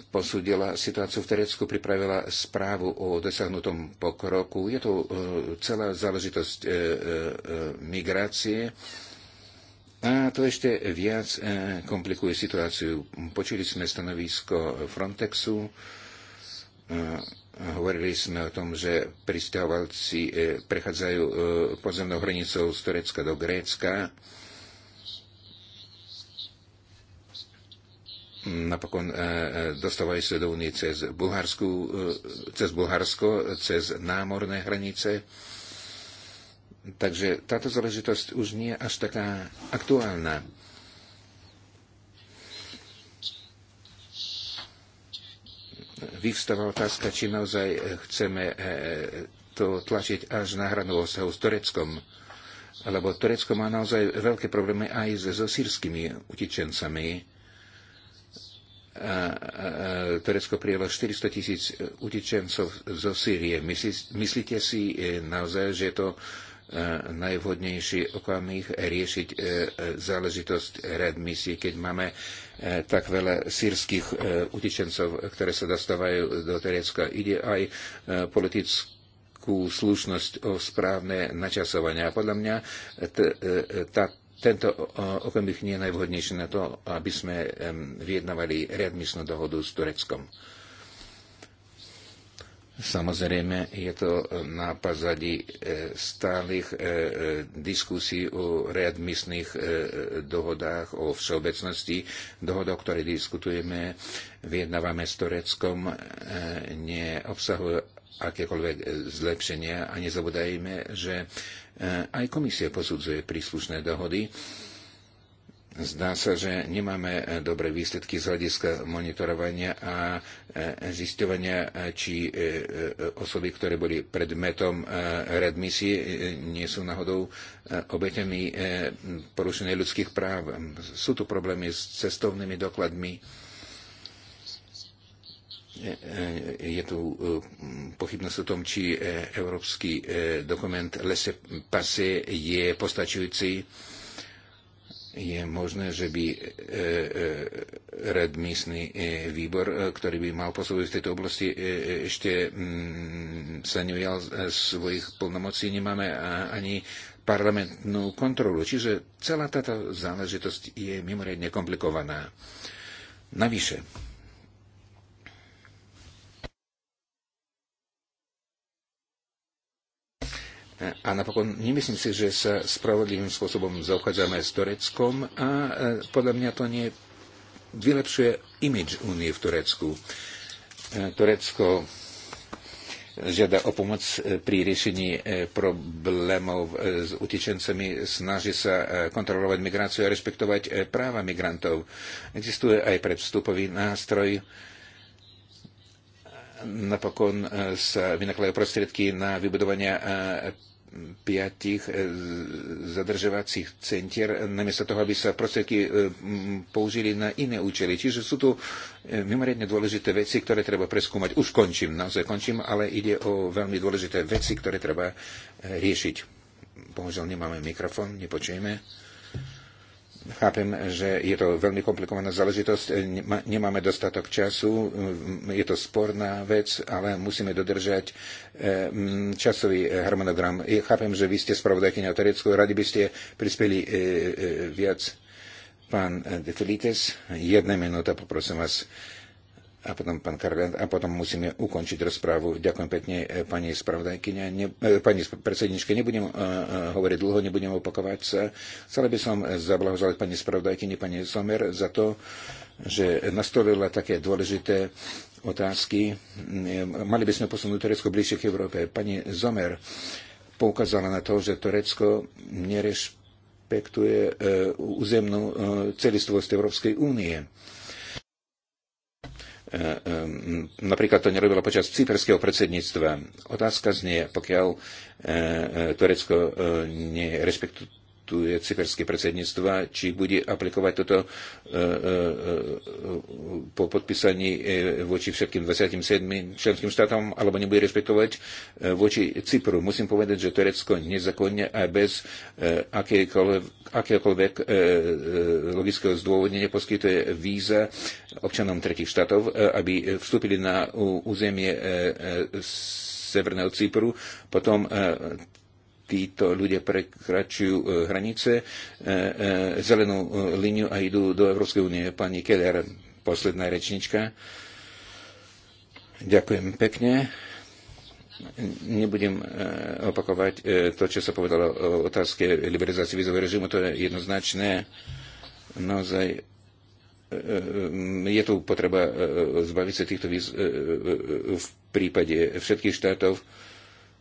posúdila situáciu v Terecku, pripravila správu o dosiahnutom pokroku. Je to celá záležitosť migrácie a to ešte viac eh, komplikuje situáciu. Počuli sme stanovisko Frontexu, eh, hovorili sme o tom, že pristahovalci eh, prechádzajú pozemnou hranicou z Turecka do Grécka. Napokon dostávajú sa do Unii cez, cez Bulharsko, cez námorné hranice. Takže táto záležitosť už nie je až taká aktuálna. Vyvstáva otázka, či naozaj chceme eh, to tlačiť až na hranu osahu s Tureckom. Lebo Turecko má naozaj veľké problémy aj so sírskymi utečencami. A, a, a Turecko prijalo 400 tisíc utečencov zo Sýrie. Myslíte si eh, naozaj, že to E, najvhodnejší okamih riešiť e, záležitosť readmisie, keď máme e, tak veľa sírskych utečencov, ktoré sa dostávajú do Terecka. Ide aj politickú slušnosť o správne načasovanie. A podľa mňa t, tento okamih nie je najvhodnejší na to, aby sme vyjednavali readmisnú dohodu s Tureckom. Samozrejme, je to na pozadí e, stálych e, e, diskusí o readmisných dohodách, o všeobecnosti dohod, o diskutujeme, vyjednávame s Tureckom, neobsahuje akékoľvek zlepšenia a nezabudajme, že aj komisia posudzuje príslušné dohody Zdá sa, že nemáme e, dobré výsledky z hľadiska monitorovania a e, zistovania, e, či osoby, ktoré boli predmetom redmisie, nie sú náhodou obeťami porušenia ľudských práv. Sú tu problémy s cestovnými dokladmi. Je tu pochybnosť o tom, či európsky dokument Lese Pase je postačujúci je možné, že by e, e, redmisný e, výbor, ktorý by mal pôsobiť v tejto oblasti, ešte mm, sa neujal svojich plnomocí. Nemáme ani parlamentnú kontrolu. Čiže celá táto záležitosť je mimoriadne komplikovaná. Navyše, A napokon nemyslím si, že sa spravodlivým spôsobom zaobchádzame s Tureckom a e, podľa mňa to nie vylepšuje imidž únie v Turecku. E, Turecko žiada o pomoc e, pri riešení problémov s utečencami, snaží sa kontrolovať migráciu a rešpektovať práva migrantov. Existuje aj predvstupový nástroj. Napokon sa vynakladajú prostriedky na vybudovanie piatich eh, zadržovacích centier, namiesto toho, aby sa prostriedky eh, použili na iné účely. Čiže sú tu eh, mimoriadne dôležité veci, ktoré treba preskúmať. Už končím, naozaj končím, ale ide o veľmi dôležité veci, ktoré treba riešiť. Bohužiaľ nemáme mikrofón, nepočujeme. Chápem, že je to veľmi komplikovaná záležitosť, nemáme dostatok času, mm, je to sporná vec, ale musíme dodržať eh, mm, časový harmonogram. Chápem, že vy ste spravodajkynia Terecku, radi by ste prispeli eh, eh, viac. Pán Defilites, jedna minúta, poprosím vás a potom pán Karlian, a potom musíme ukončiť rozprávu. Ďakujem pekne e, pani spravodajkyňa, ne, e, pani predsedničke, nebudem uh, hovoriť dlho, nebudem opakovať sa. Chcel by som zablahoželať pani spravodajkyni, pani Somer, za to, že nastolila také dôležité otázky. Mali by sme posunúť Turecko bližšie k Európe. Pani Zomer poukázala na to, že Turecko nerešpektuje územnú celistvosť Európskej únie Ehm, ehm, napríklad to nerobilo počas cyperského predsedníctva. Otázka znie, pokiaľ ehm, Turecko nerespektuje tu je cyperské predsedníctvo, či bude aplikovať toto e, e, e, po podpísaní voči všetkým 27 členským štátom, alebo nebude rešpektovať voči Cypru. Musím povedať, že Turecko nezakonne aj bez akéhokoľvek logického zdôvodnenia poskytuje víza občanom tretich štátov, aby vstúpili na územie Severného Cypru, potom títo ľudia prekračujú e, hranice, e, e, zelenú líniu a idú do Európskej únie. Pani Keller, posledná rečnička. Ďakujem pekne. Nebudem opakovať to, čo sa povedalo o otázke liberalizácie vizového režimu, to je jednoznačné. Naozaj je tu potreba zbaviť sa týchto víz v prípade všetkých štátov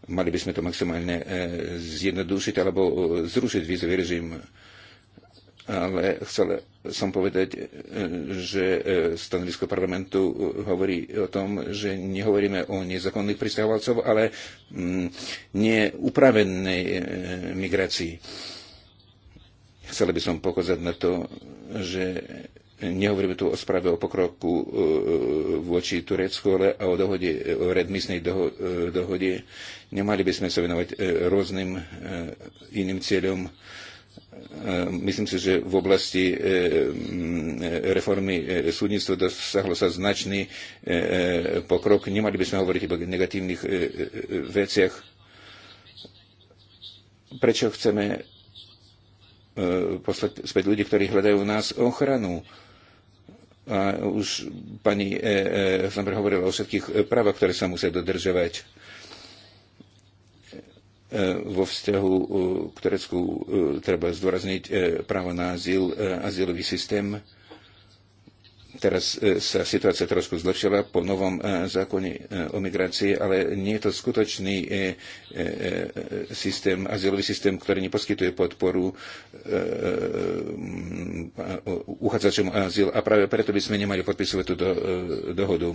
Mali by sme to maximálne e, zjednodušiť alebo e, zrušiť vízový režim. Ale chcel som povedať, e, že stanovisko parlamentu hovorí o tom, že nehovoríme o nezákonných pristahovalcov, ale mm, neupravenej migrácii. Chcel by som pokázať na to, že Nehovoríme tu o správe o pokroku e, e, voči Turecku, ale o dohode, o redmisnej doho- e, dohode. Nemali by sme sa venovať rôznym iným cieľom. Myslím si, že v oblasti reformy súdnictva dosahlo sa značný pokrok. Nemali by sme hovoriť iba o negatívnych veciach. Prečo chceme poslať späť ľudí, ktorí hľadajú v nás ochranu. A už pani Flamber e, e, hovorila o všetkých e, právach, ktoré sa musia dodržovať vo vzťahu k Turecku treba zdôrazniť právo na azyl, azylový systém Teraz e, sa situácia trošku zlepšila po novom e, zákone e, o migrácii, ale nie je to skutočný systém, azylový systém, ktorý neposkytuje podporu uchádzačom azyl a práve preto by sme nemali podpisovať túto dohodu.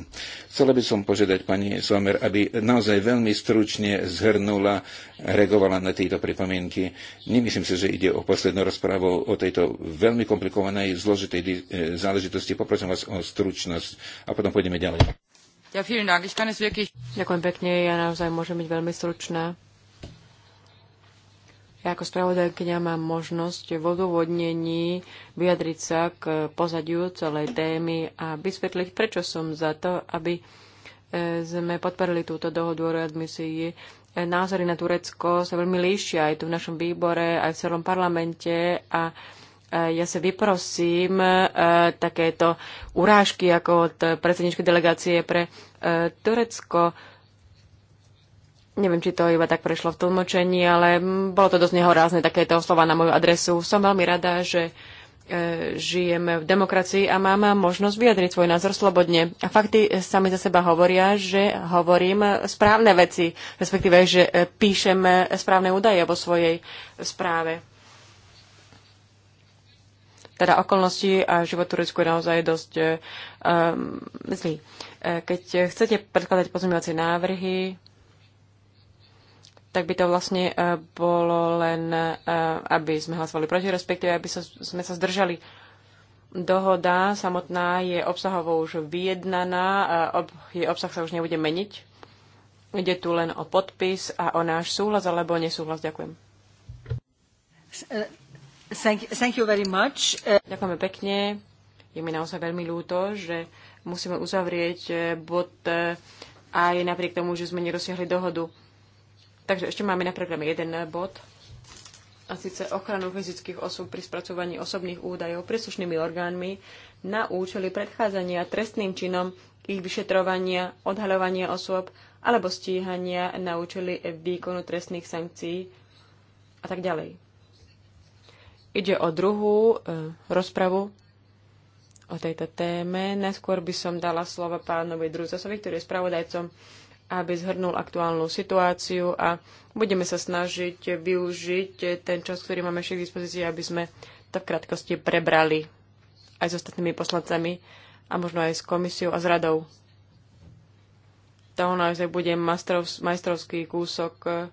Chcela by som požiadať pani Somer, aby naozaj veľmi stručne zhrnula, reagovala na tieto pripomienky. Nemyslím si, že ide o poslednú rozprávu o tejto veľmi komplikovanej, zložitej záležitosti. Poprosím Prosím vás o stručnosť a potom pôjdeme ďalej. Ja, vielen Dank. Ich kann es wirklich... Ďakujem pekne, ja naozaj môžem byť veľmi stručná. Ja ako spravodajkňa mám možnosť v odôvodnení vyjadriť sa k pozadiu celej témy a vysvetliť, prečo som za to, aby e, sme podporili túto dohodu o readmisii. E, názory na Turecko sa veľmi líšia aj tu v našom výbore, aj v celom parlamente a ja sa vyprosím e, takéto urážky ako od predsedničky delegácie pre e, Turecko. Neviem, či to iba tak prešlo v tlmočení, ale bolo to dosť nehorázne takéto slova na moju adresu. Som veľmi rada, že e, žijeme v demokracii a mám možnosť vyjadriť svoj názor slobodne. A fakty sami za seba hovoria, že hovorím správne veci, respektíve, že píšem správne údaje vo svojej správe. Teda okolnosti a život Turecku je naozaj dosť um, zlý. E, keď chcete predkladať pozmeňovacie návrhy, tak by to vlastne e, bolo len, e, aby sme hlasovali proti, respektíve aby sa, sme sa zdržali dohoda samotná je obsahovo už vyjednaná, ob, obsah sa už nebude meniť. Ide tu len o podpis a o náš súhlas alebo nesúhlas. Ďakujem. Ďakujeme pekne. Je mi naozaj veľmi ľúto, že musíme uzavrieť eh, bod eh, aj napriek tomu, že sme nerozsiahli dohodu. Takže ešte máme na programe jeden eh, bod a síce ochranu fyzických osôb pri spracovaní osobných údajov príslušnými orgánmi na účely predchádzania trestným činom ich vyšetrovania, odhaľovania osôb alebo stíhania na účely výkonu trestných sankcií a tak ďalej. Ide o druhú e, rozpravu o tejto téme. Najskôr by som dala slovo pánovi Druzasovi, ktorý je spravodajcom, aby zhrnul aktuálnu situáciu a budeme sa snažiť využiť ten čas, ktorý máme ešte k dispozícii, aby sme to v krátkosti prebrali aj s ostatnými poslancami a možno aj s komisiou a s radou. To naozaj bude majstrovský kúsok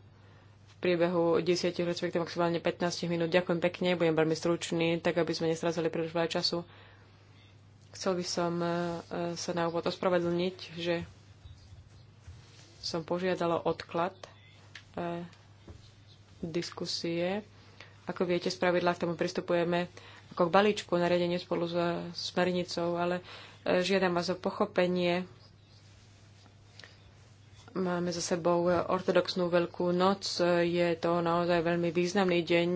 priebehu 10, respektíve maximálne 15 minút. Ďakujem pekne, budem veľmi stručný, tak aby sme nestrácali príliš veľa času. Chcel by som e, sa na úvod ospravedlniť, že som požiadala odklad e, diskusie. Ako viete, z pravidla k tomu pristupujeme ako k balíčku na spolu s e, smernicou, ale žiadam vás o pochopenie Máme za sebou ortodoxnú Veľkú noc. Je to naozaj veľmi významný deň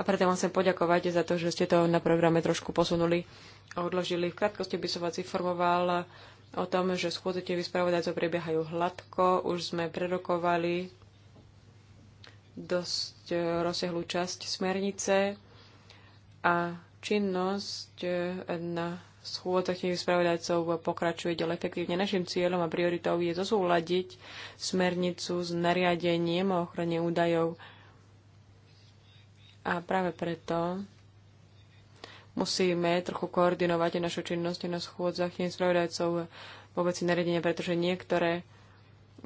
a preto vám chcem poďakovať za to, že ste to na programe trošku posunuli a odložili. V krátkosti by som vás informoval o tom, že schôdze tie vyspravodajcov prebiehajú hladko. Už sme prerokovali dosť rozsiahlú časť smernice a činnosť na schôdzach tých spravodajcov pokračuje ďalej efektívne. Našim cieľom a prioritou je zosúľadiť smernicu s nariadením o ochrane údajov. A práve preto musíme trochu koordinovať našu činnosť na schôdzach tým spravodajcov vo veci nariadenia, pretože niektoré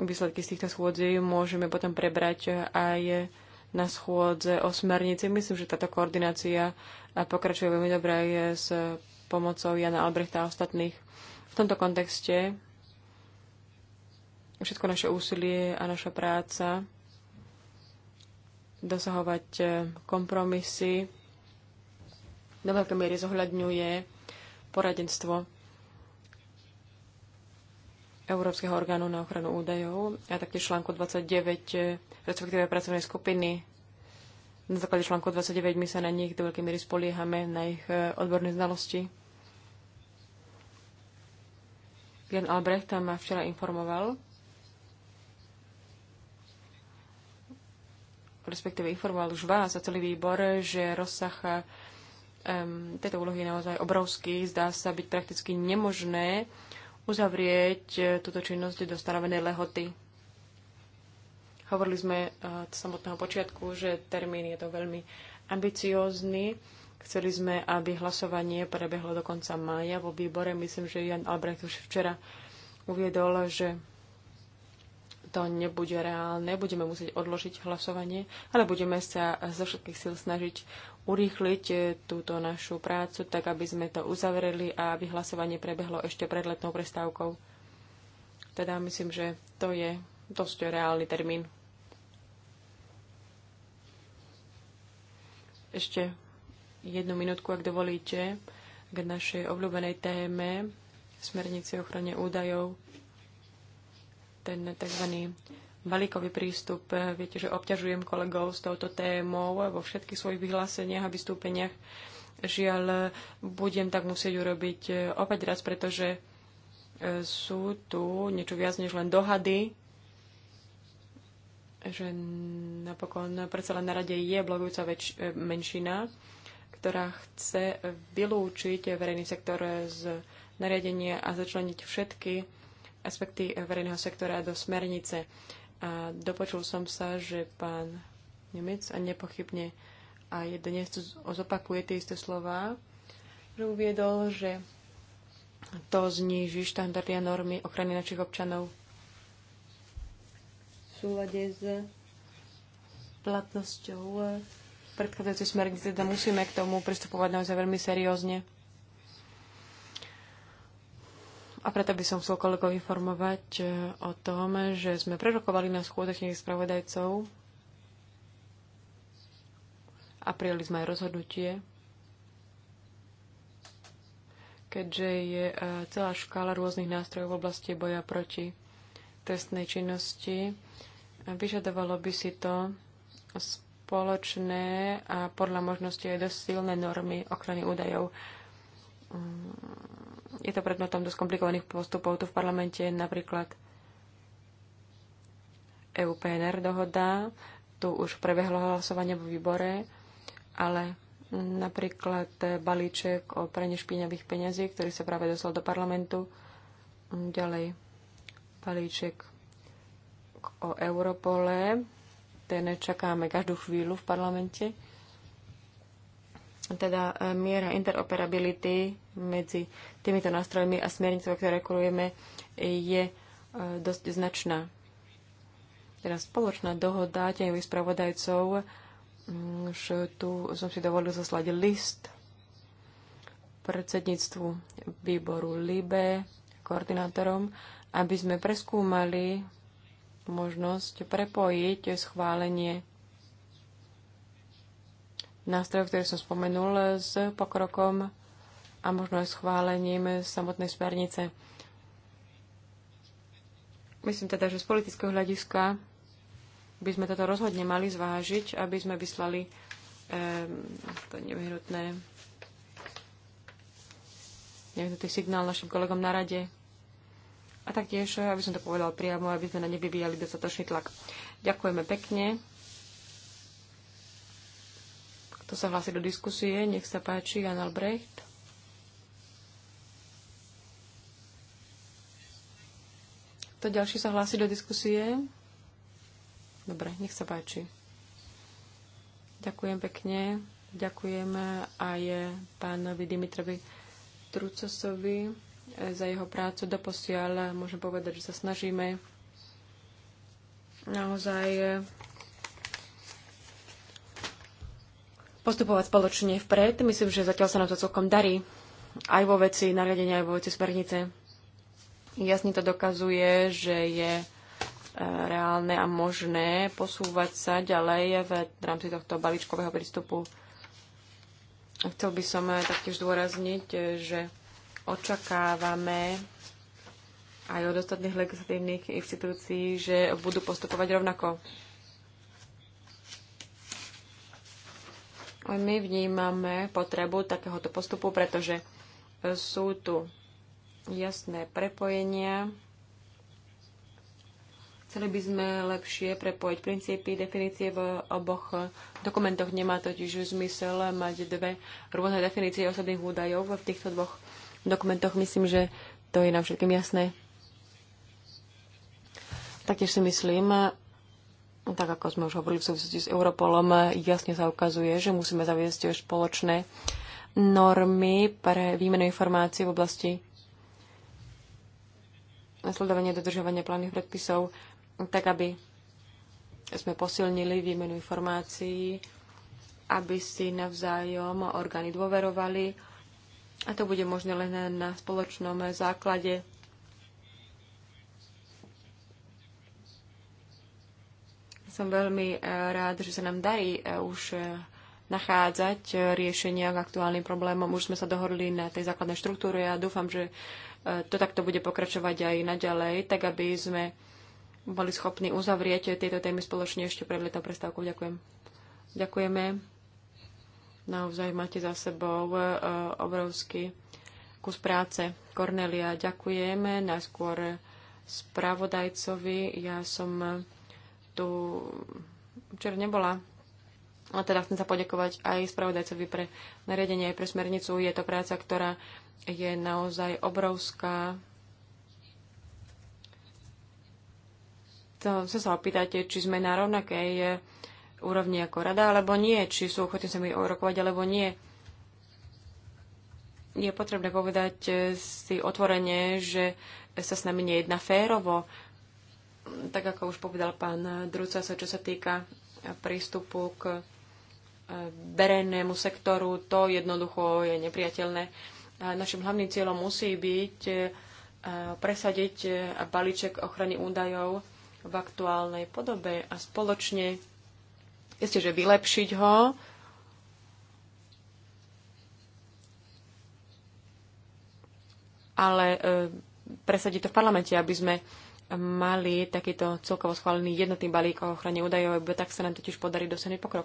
výsledky z týchto schôdzí môžeme potom prebrať aj na schôdze o smernici. Myslím, že táto koordinácia pokračuje veľmi dobre aj s pomocou Jana Albrechta a ostatných. V tomto kontexte všetko naše úsilie a naša práca dosahovať eh, kompromisy do veľkej miery zohľadňuje poradenstvo Európskeho orgánu na ochranu údajov a taktiež článku 29, eh, respektíve pracovnej skupiny. Na základe článku 29 my sa na nich do veľkej miery spoliehame, na ich eh, odborné znalosti. Jan Albrecht ma včera informoval, respektíve informoval už vás a celý výbor, že rozsah um, tejto úlohy je naozaj obrovský. Zdá sa byť prakticky nemožné uzavrieť eh, túto činnosť do stanovenej lehoty. Hovorili sme eh, od samotného počiatku, že termín je to veľmi ambiciózny. Chceli sme, aby hlasovanie prebehlo do konca mája vo výbore. Myslím, že Jan Albrecht už včera uviedol, že to nebude reálne, budeme musieť odložiť hlasovanie, ale budeme sa zo všetkých síl snažiť urýchliť e, túto našu prácu, tak aby sme to uzavreli a aby hlasovanie prebehlo ešte pred letnou prestávkou. Teda myslím, že to je dosť reálny termín. Ešte jednu minútku, ak dovolíte, k našej obľúbenej téme smernici ochrane údajov. Ten tzv. balíkový prístup. Eh, viete, že obťažujem kolegov s touto témou eh, vo všetkých svojich vyhláseniach a vystúpeniach. Žiaľ, budem tak musieť urobiť eh, opäť raz, pretože sú tu niečo viac než len dohady, že napokon predsa len na rade je blogujúca väč- menšina ktorá chce vylúčiť verejný sektor z nariadenia a začleniť všetky aspekty verejného sektora do smernice. A dopočul som sa, že pán Nemec a nepochybne aj dnes zopakuje tie isté slova, že uviedol, že to zníži štandardy a normy ochrany našich občanov v súlade s platnosťou predchádzajúcej smernice, teda musíme k tomu pristupovať naozaj veľmi seriózne. A preto by som chcel kolegov informovať e, o tom, že sme prerokovali na schôdzach spravodajcov a prijali sme aj rozhodnutie, keďže je e, celá škála rôznych nástrojov v oblasti boja proti trestnej činnosti. E, vyžadovalo by si to spoločné a podľa možnosti aj dosť silné normy ochrany údajov. Mm, je to predmetom dosť komplikovaných postupov tu v parlamente, napríklad EU-PNR dohoda. Tu už prebehlo hlasovanie vo výbore, ale napríklad balíček o prene špinavých peňazí, ktorý sa práve dostal do parlamentu. Ďalej balíček o Europole, ten čakáme každú chvíľu v parlamente. Teda e, miera interoperability medzi týmito nástrojmi a smernicou, ktoré regulujeme, je e, dosť značná. Teda spoločná dohoda tenových spravodajcov, mm, že tu som si dovolil zaslať list predsedníctvu výboru LIBE, koordinátorom, aby sme preskúmali možnosť prepojiť schválenie nástrojov, ktoré som spomenul, s pokrokom a možno aj schválením samotnej smernice. Myslím teda, že z politického hľadiska by sme toto rozhodne mali zvážiť, aby sme vyslali eh, to nevyhnutné nevyhnutý signál našim kolegom na rade a taktiež, eh, aby som to povedal priamo, aby sme na ne vyvíjali dostatočný tlak. Ďakujeme pekne. Kto sa hlási do diskusie, nech sa páči, Jan Albrecht. Kto ďalší sa hlási do diskusie? Dobre, nech sa páči. Ďakujem pekne. Ďakujem eh, aj eh, pánovi Dimitrovi Trucosovi za jeho prácu doposiaľ. Môžem povedať, že sa snažíme naozaj postupovať spoločne vpred. Myslím, že zatiaľ sa nám to celkom darí aj vo veci nariadenia, aj vo veci smernice. Jasne to dokazuje, že je e, reálne a možné posúvať sa ďalej v rámci tohto balíčkového prístupu. Chcel by som e, taktiež zdôrazniť, e, že očakávame aj od ostatných legislatívnych inštitúcií, že budú postupovať rovnako. My vnímame potrebu takéhoto postupu, pretože sú tu jasné prepojenia. Chceli by sme lepšie prepojiť princípy, definície v oboch dokumentoch. Nemá totiž zmysel mať dve rôzne definície osobných údajov v týchto dvoch dokumentoch. Myslím, že to je nám všetkým jasné. Taktiež si myslím, tak ako sme už hovorili v súvislosti s Europolom, jasne sa ukazuje, že musíme zaviesť spoločné normy pre výmenu informácií v oblasti sledovania dodržovania plánnych predpisov, tak aby sme posilnili výmenu informácií, aby si navzájom orgány dôverovali a to bude možné len na spoločnom základe. Som veľmi eh, rád, že sa nám darí eh, už eh, nachádzať riešenia k aktuálnym problémom. Už sme sa dohodli na tej základnej štruktúre a dúfam, že to takto bude pokračovať aj naďalej, tak aby sme boli schopní uzavrieť tieto témy spoločne ešte pred letnou prestávkou. Ďakujem. Ďakujeme. Naozaj máte za sebou e, obrovský kus práce. Kornelia, ďakujeme. Najskôr spravodajcovi. Ja som tu včera nebola. A teda chcem sa poďakovať aj spravodajcovi pre nariadenie, aj pre smernicu. Je to práca, ktorá je naozaj obrovská. To sa sa či sme na rovnakej úrovni ako rada, alebo nie, či sú ochotní sa mi rokovať, alebo nie. Je potrebné povedať e, si otvorene, že sa s nami nejedná férovo, tak ako už povedal pán Druca, čo sa týka prístupu k e, verejnému sektoru, to jednoducho je nepriateľné. Našim hlavným cieľom musí byť e, presadiť balíček ochrany údajov v aktuálnej podobe a spoločne Isté, že vylepšiť ho. Ale e, presadiť to v parlamente, aby sme mali takýto celkovo schválený jednotný balík o ochrane údajov, lebo tak sa nám totiž podarí dosiahnuť pokrok.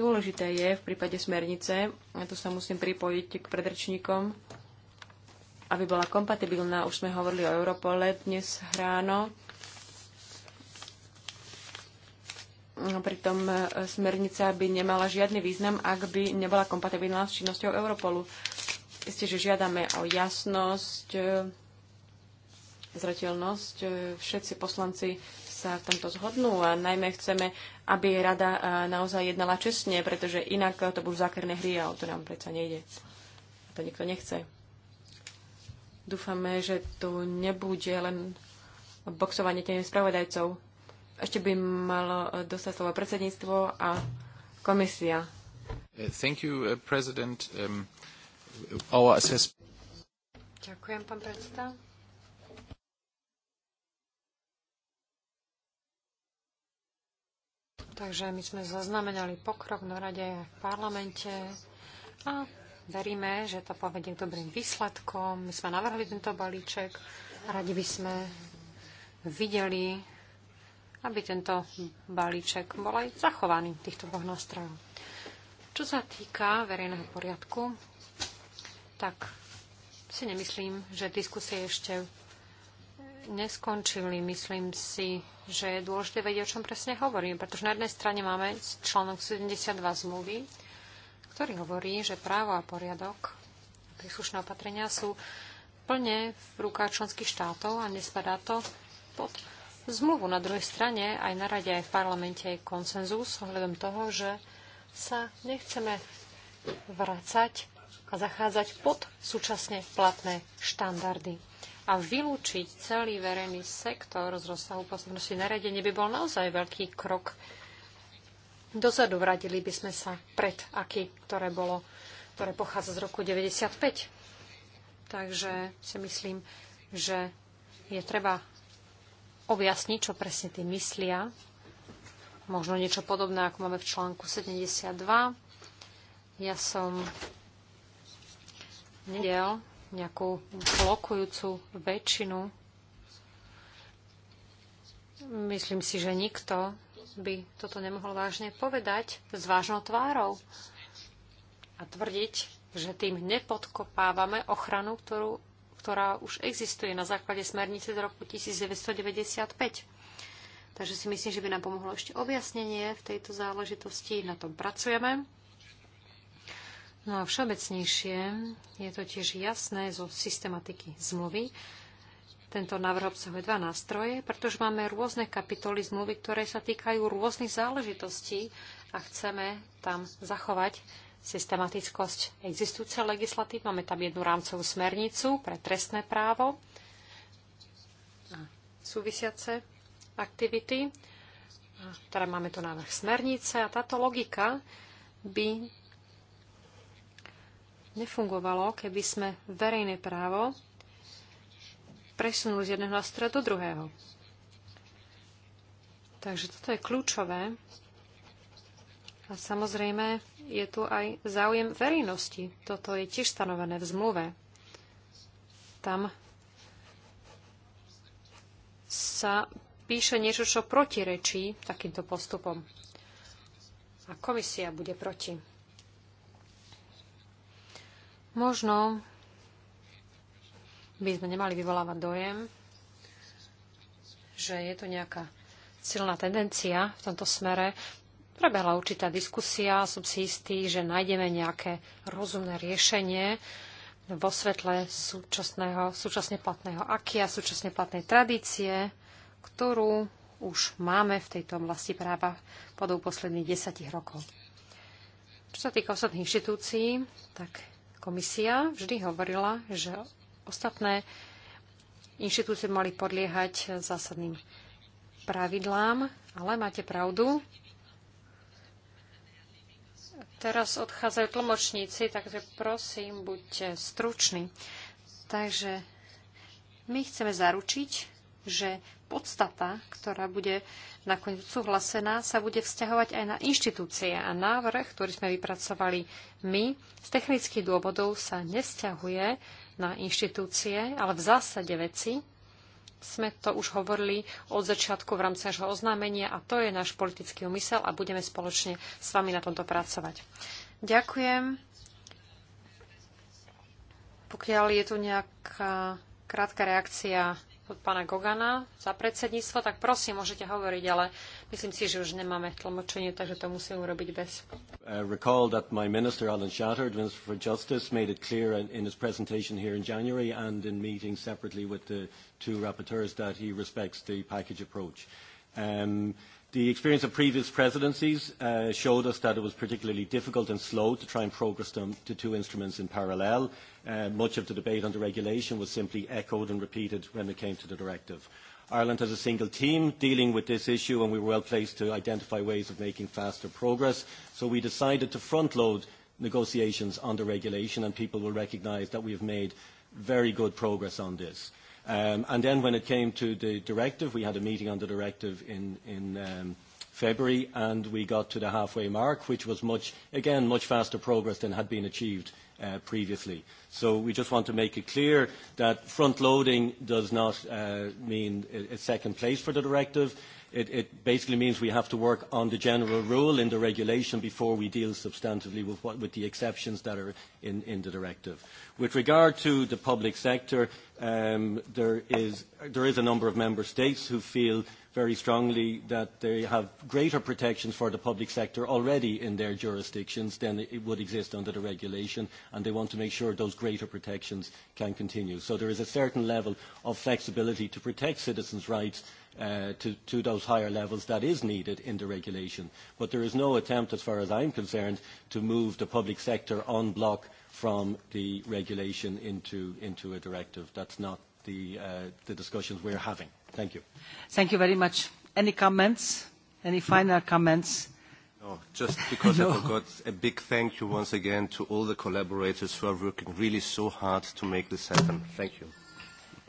Dôležité je v prípade smernice, a tu sa musím pripojiť k predrečníkom, aby bola kompatibilná, už sme hovorili o Europole dnes ráno, Pritom e, smernica by nemala žiadny význam, ak by nebola kompatibilná s činnosťou Europolu. Isté, že žiadame o jasnosť, e, zretelnosť. E, Všetci poslanci sa v tomto zhodnú a najmä chceme, aby rada naozaj jednala čestne, pretože inak to budú zákerné hry a o to nám predsa nejde. A to nikto nechce. Dúfame, že tu nebude len boxovanie tým spravodajcov ešte by malo e, dostať slovo predsedníctvo a komisia. Uh, thank you, uh, President. Um, our Ďakujem, pán predseda. Takže my sme zaznamenali pokrok na rade v parlamente a veríme, že to povedie k dobrým výsledkom. My sme navrhli tento balíček a radi by sme videli aby tento balíček bol aj zachovaný týchto dvoch nástrojov. Čo sa týka verejného poriadku, tak si nemyslím, že diskusie ešte neskončili. Myslím si, že je dôležité vedieť, o čom presne hovorím, pretože na jednej strane máme článok 72 zmluvy, ktorý hovorí, že právo a poriadok a príslušné opatrenia sú plne v rukách členských štátov a nespadá to pod zmluvu. Na druhej strane aj na rade, aj v parlamente je konsenzus ohľadom toho, že sa nechceme vracať a zachádzať pod súčasne platné štandardy. A vylúčiť celý verejný sektor z rozsahu pôsobnosti nariadenie by bol naozaj veľký krok. Dozadu vradili by sme sa pred aký, ktoré, bolo, ktoré pochádza z roku 95. Takže si myslím, že je treba objasniť, čo presne tým myslia. Možno niečo podobné, ako máme v článku 72. Ja som nedel nejakú blokujúcu väčšinu. Myslím si, že nikto by toto nemohol vážne povedať s vážnou tvárou a tvrdiť, že tým nepodkopávame ochranu, ktorú ktorá už existuje na základe smernice z roku 1995. Takže si myslím, že by nám pomohlo ešte objasnenie v tejto záležitosti. Na tom pracujeme. No a všeobecnejšie je to tiež jasné zo systematiky zmluvy. Tento návrh obsahuje dva nástroje, pretože máme rôzne kapitoly zmluvy, ktoré sa týkajú rôznych záležitostí a chceme tam zachovať systematickosť existujúcej legislatívy. Máme tam jednu rámcovú smernicu pre trestné právo a súvisiace aktivity. A teda máme tu návrh smernice a táto logika by nefungovalo, keby sme verejné právo presunuli z jedného nástroja do druhého. Takže toto je kľúčové a samozrejme je tu aj záujem verejnosti. Toto je tiež stanovené v zmluve. Tam sa píše niečo, čo protirečí takýmto postupom. A komisia bude proti. Možno by sme nemali vyvolávať dojem, že je tu nejaká silná tendencia v tomto smere prebehla určitá diskusia a som si istý, že nájdeme nejaké rozumné riešenie vo svetle súčasného, súčasne platného akia, súčasne platnej tradície, ktorú už máme v tejto oblasti práva podou posledných desiatich rokov. Čo sa týka ostatných inštitúcií, tak komisia vždy hovorila, že ostatné inštitúcie mali podliehať zásadným pravidlám, ale máte pravdu, Teraz odchádzajú tlmočníci, takže prosím, buďte struční. Takže my chceme zaručiť, že podstata, ktorá bude nakoniec súhlasená, sa bude vzťahovať aj na inštitúcie a návrh, ktorý sme vypracovali my, z technických dôvodov sa nevzťahuje na inštitúcie, ale v zásade veci sme to už hovorili od začiatku v rámci nášho oznámenia a to je náš politický umysel a budeme spoločne s vami na tomto pracovať. Ďakujem. Pokiaľ je tu nejaká krátka reakcia od pána Gogana za predsedníctvo, tak prosím, môžete hovoriť, ale myslím si, že už nemáme tlmočenie, takže to musím urobiť bez. recall that my minister Alan Minister for Justice, made it clear in, his presentation here in January and in separately with the two rapporteurs that he respects the package approach. Um, The experience of previous presidencies uh, showed us that it was particularly difficult and slow to try and progress them to two instruments in parallel. Uh, much of the debate on the regulation was simply echoed and repeated when it came to the directive. Ireland has a single team dealing with this issue and we were well placed to identify ways of making faster progress. So we decided to front load negotiations on the regulation and people will recognise that we have made very good progress on this. Um, and then when it came to the directive, we had a meeting on the directive in, in um, February, and we got to the halfway mark, which was much, again, much faster progress than had been achieved uh, previously. So we just want to make it clear that front-loading does not uh, mean a, a second place for the directive it, basically means we have to work on the general rule in the regulation before we deal substantively with, what, with the exceptions that are in, in the directive. With regard to the public sector, um, there, is, there is a number of member states who feel very strongly that they have greater protections for the public sector already in their jurisdictions than it would exist under the regulation, and they want to make sure those greater protections can continue. So there is a certain level of flexibility to protect citizens' rights uh, to, to those higher levels that is needed in the regulation. But there is no attempt, as far as I'm concerned, to move the public sector en bloc from the regulation into, into a directive. That's not the, uh, the discussions we're having. Thank you. Thank you very much. Any comments? Any final comments? No, just because no. I forgot, a big thank you once again to all the collaborators who are working really so hard to make this happen. Thank you.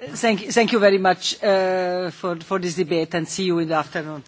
Thank you, very much uh, for this debate and see you in the afternoon.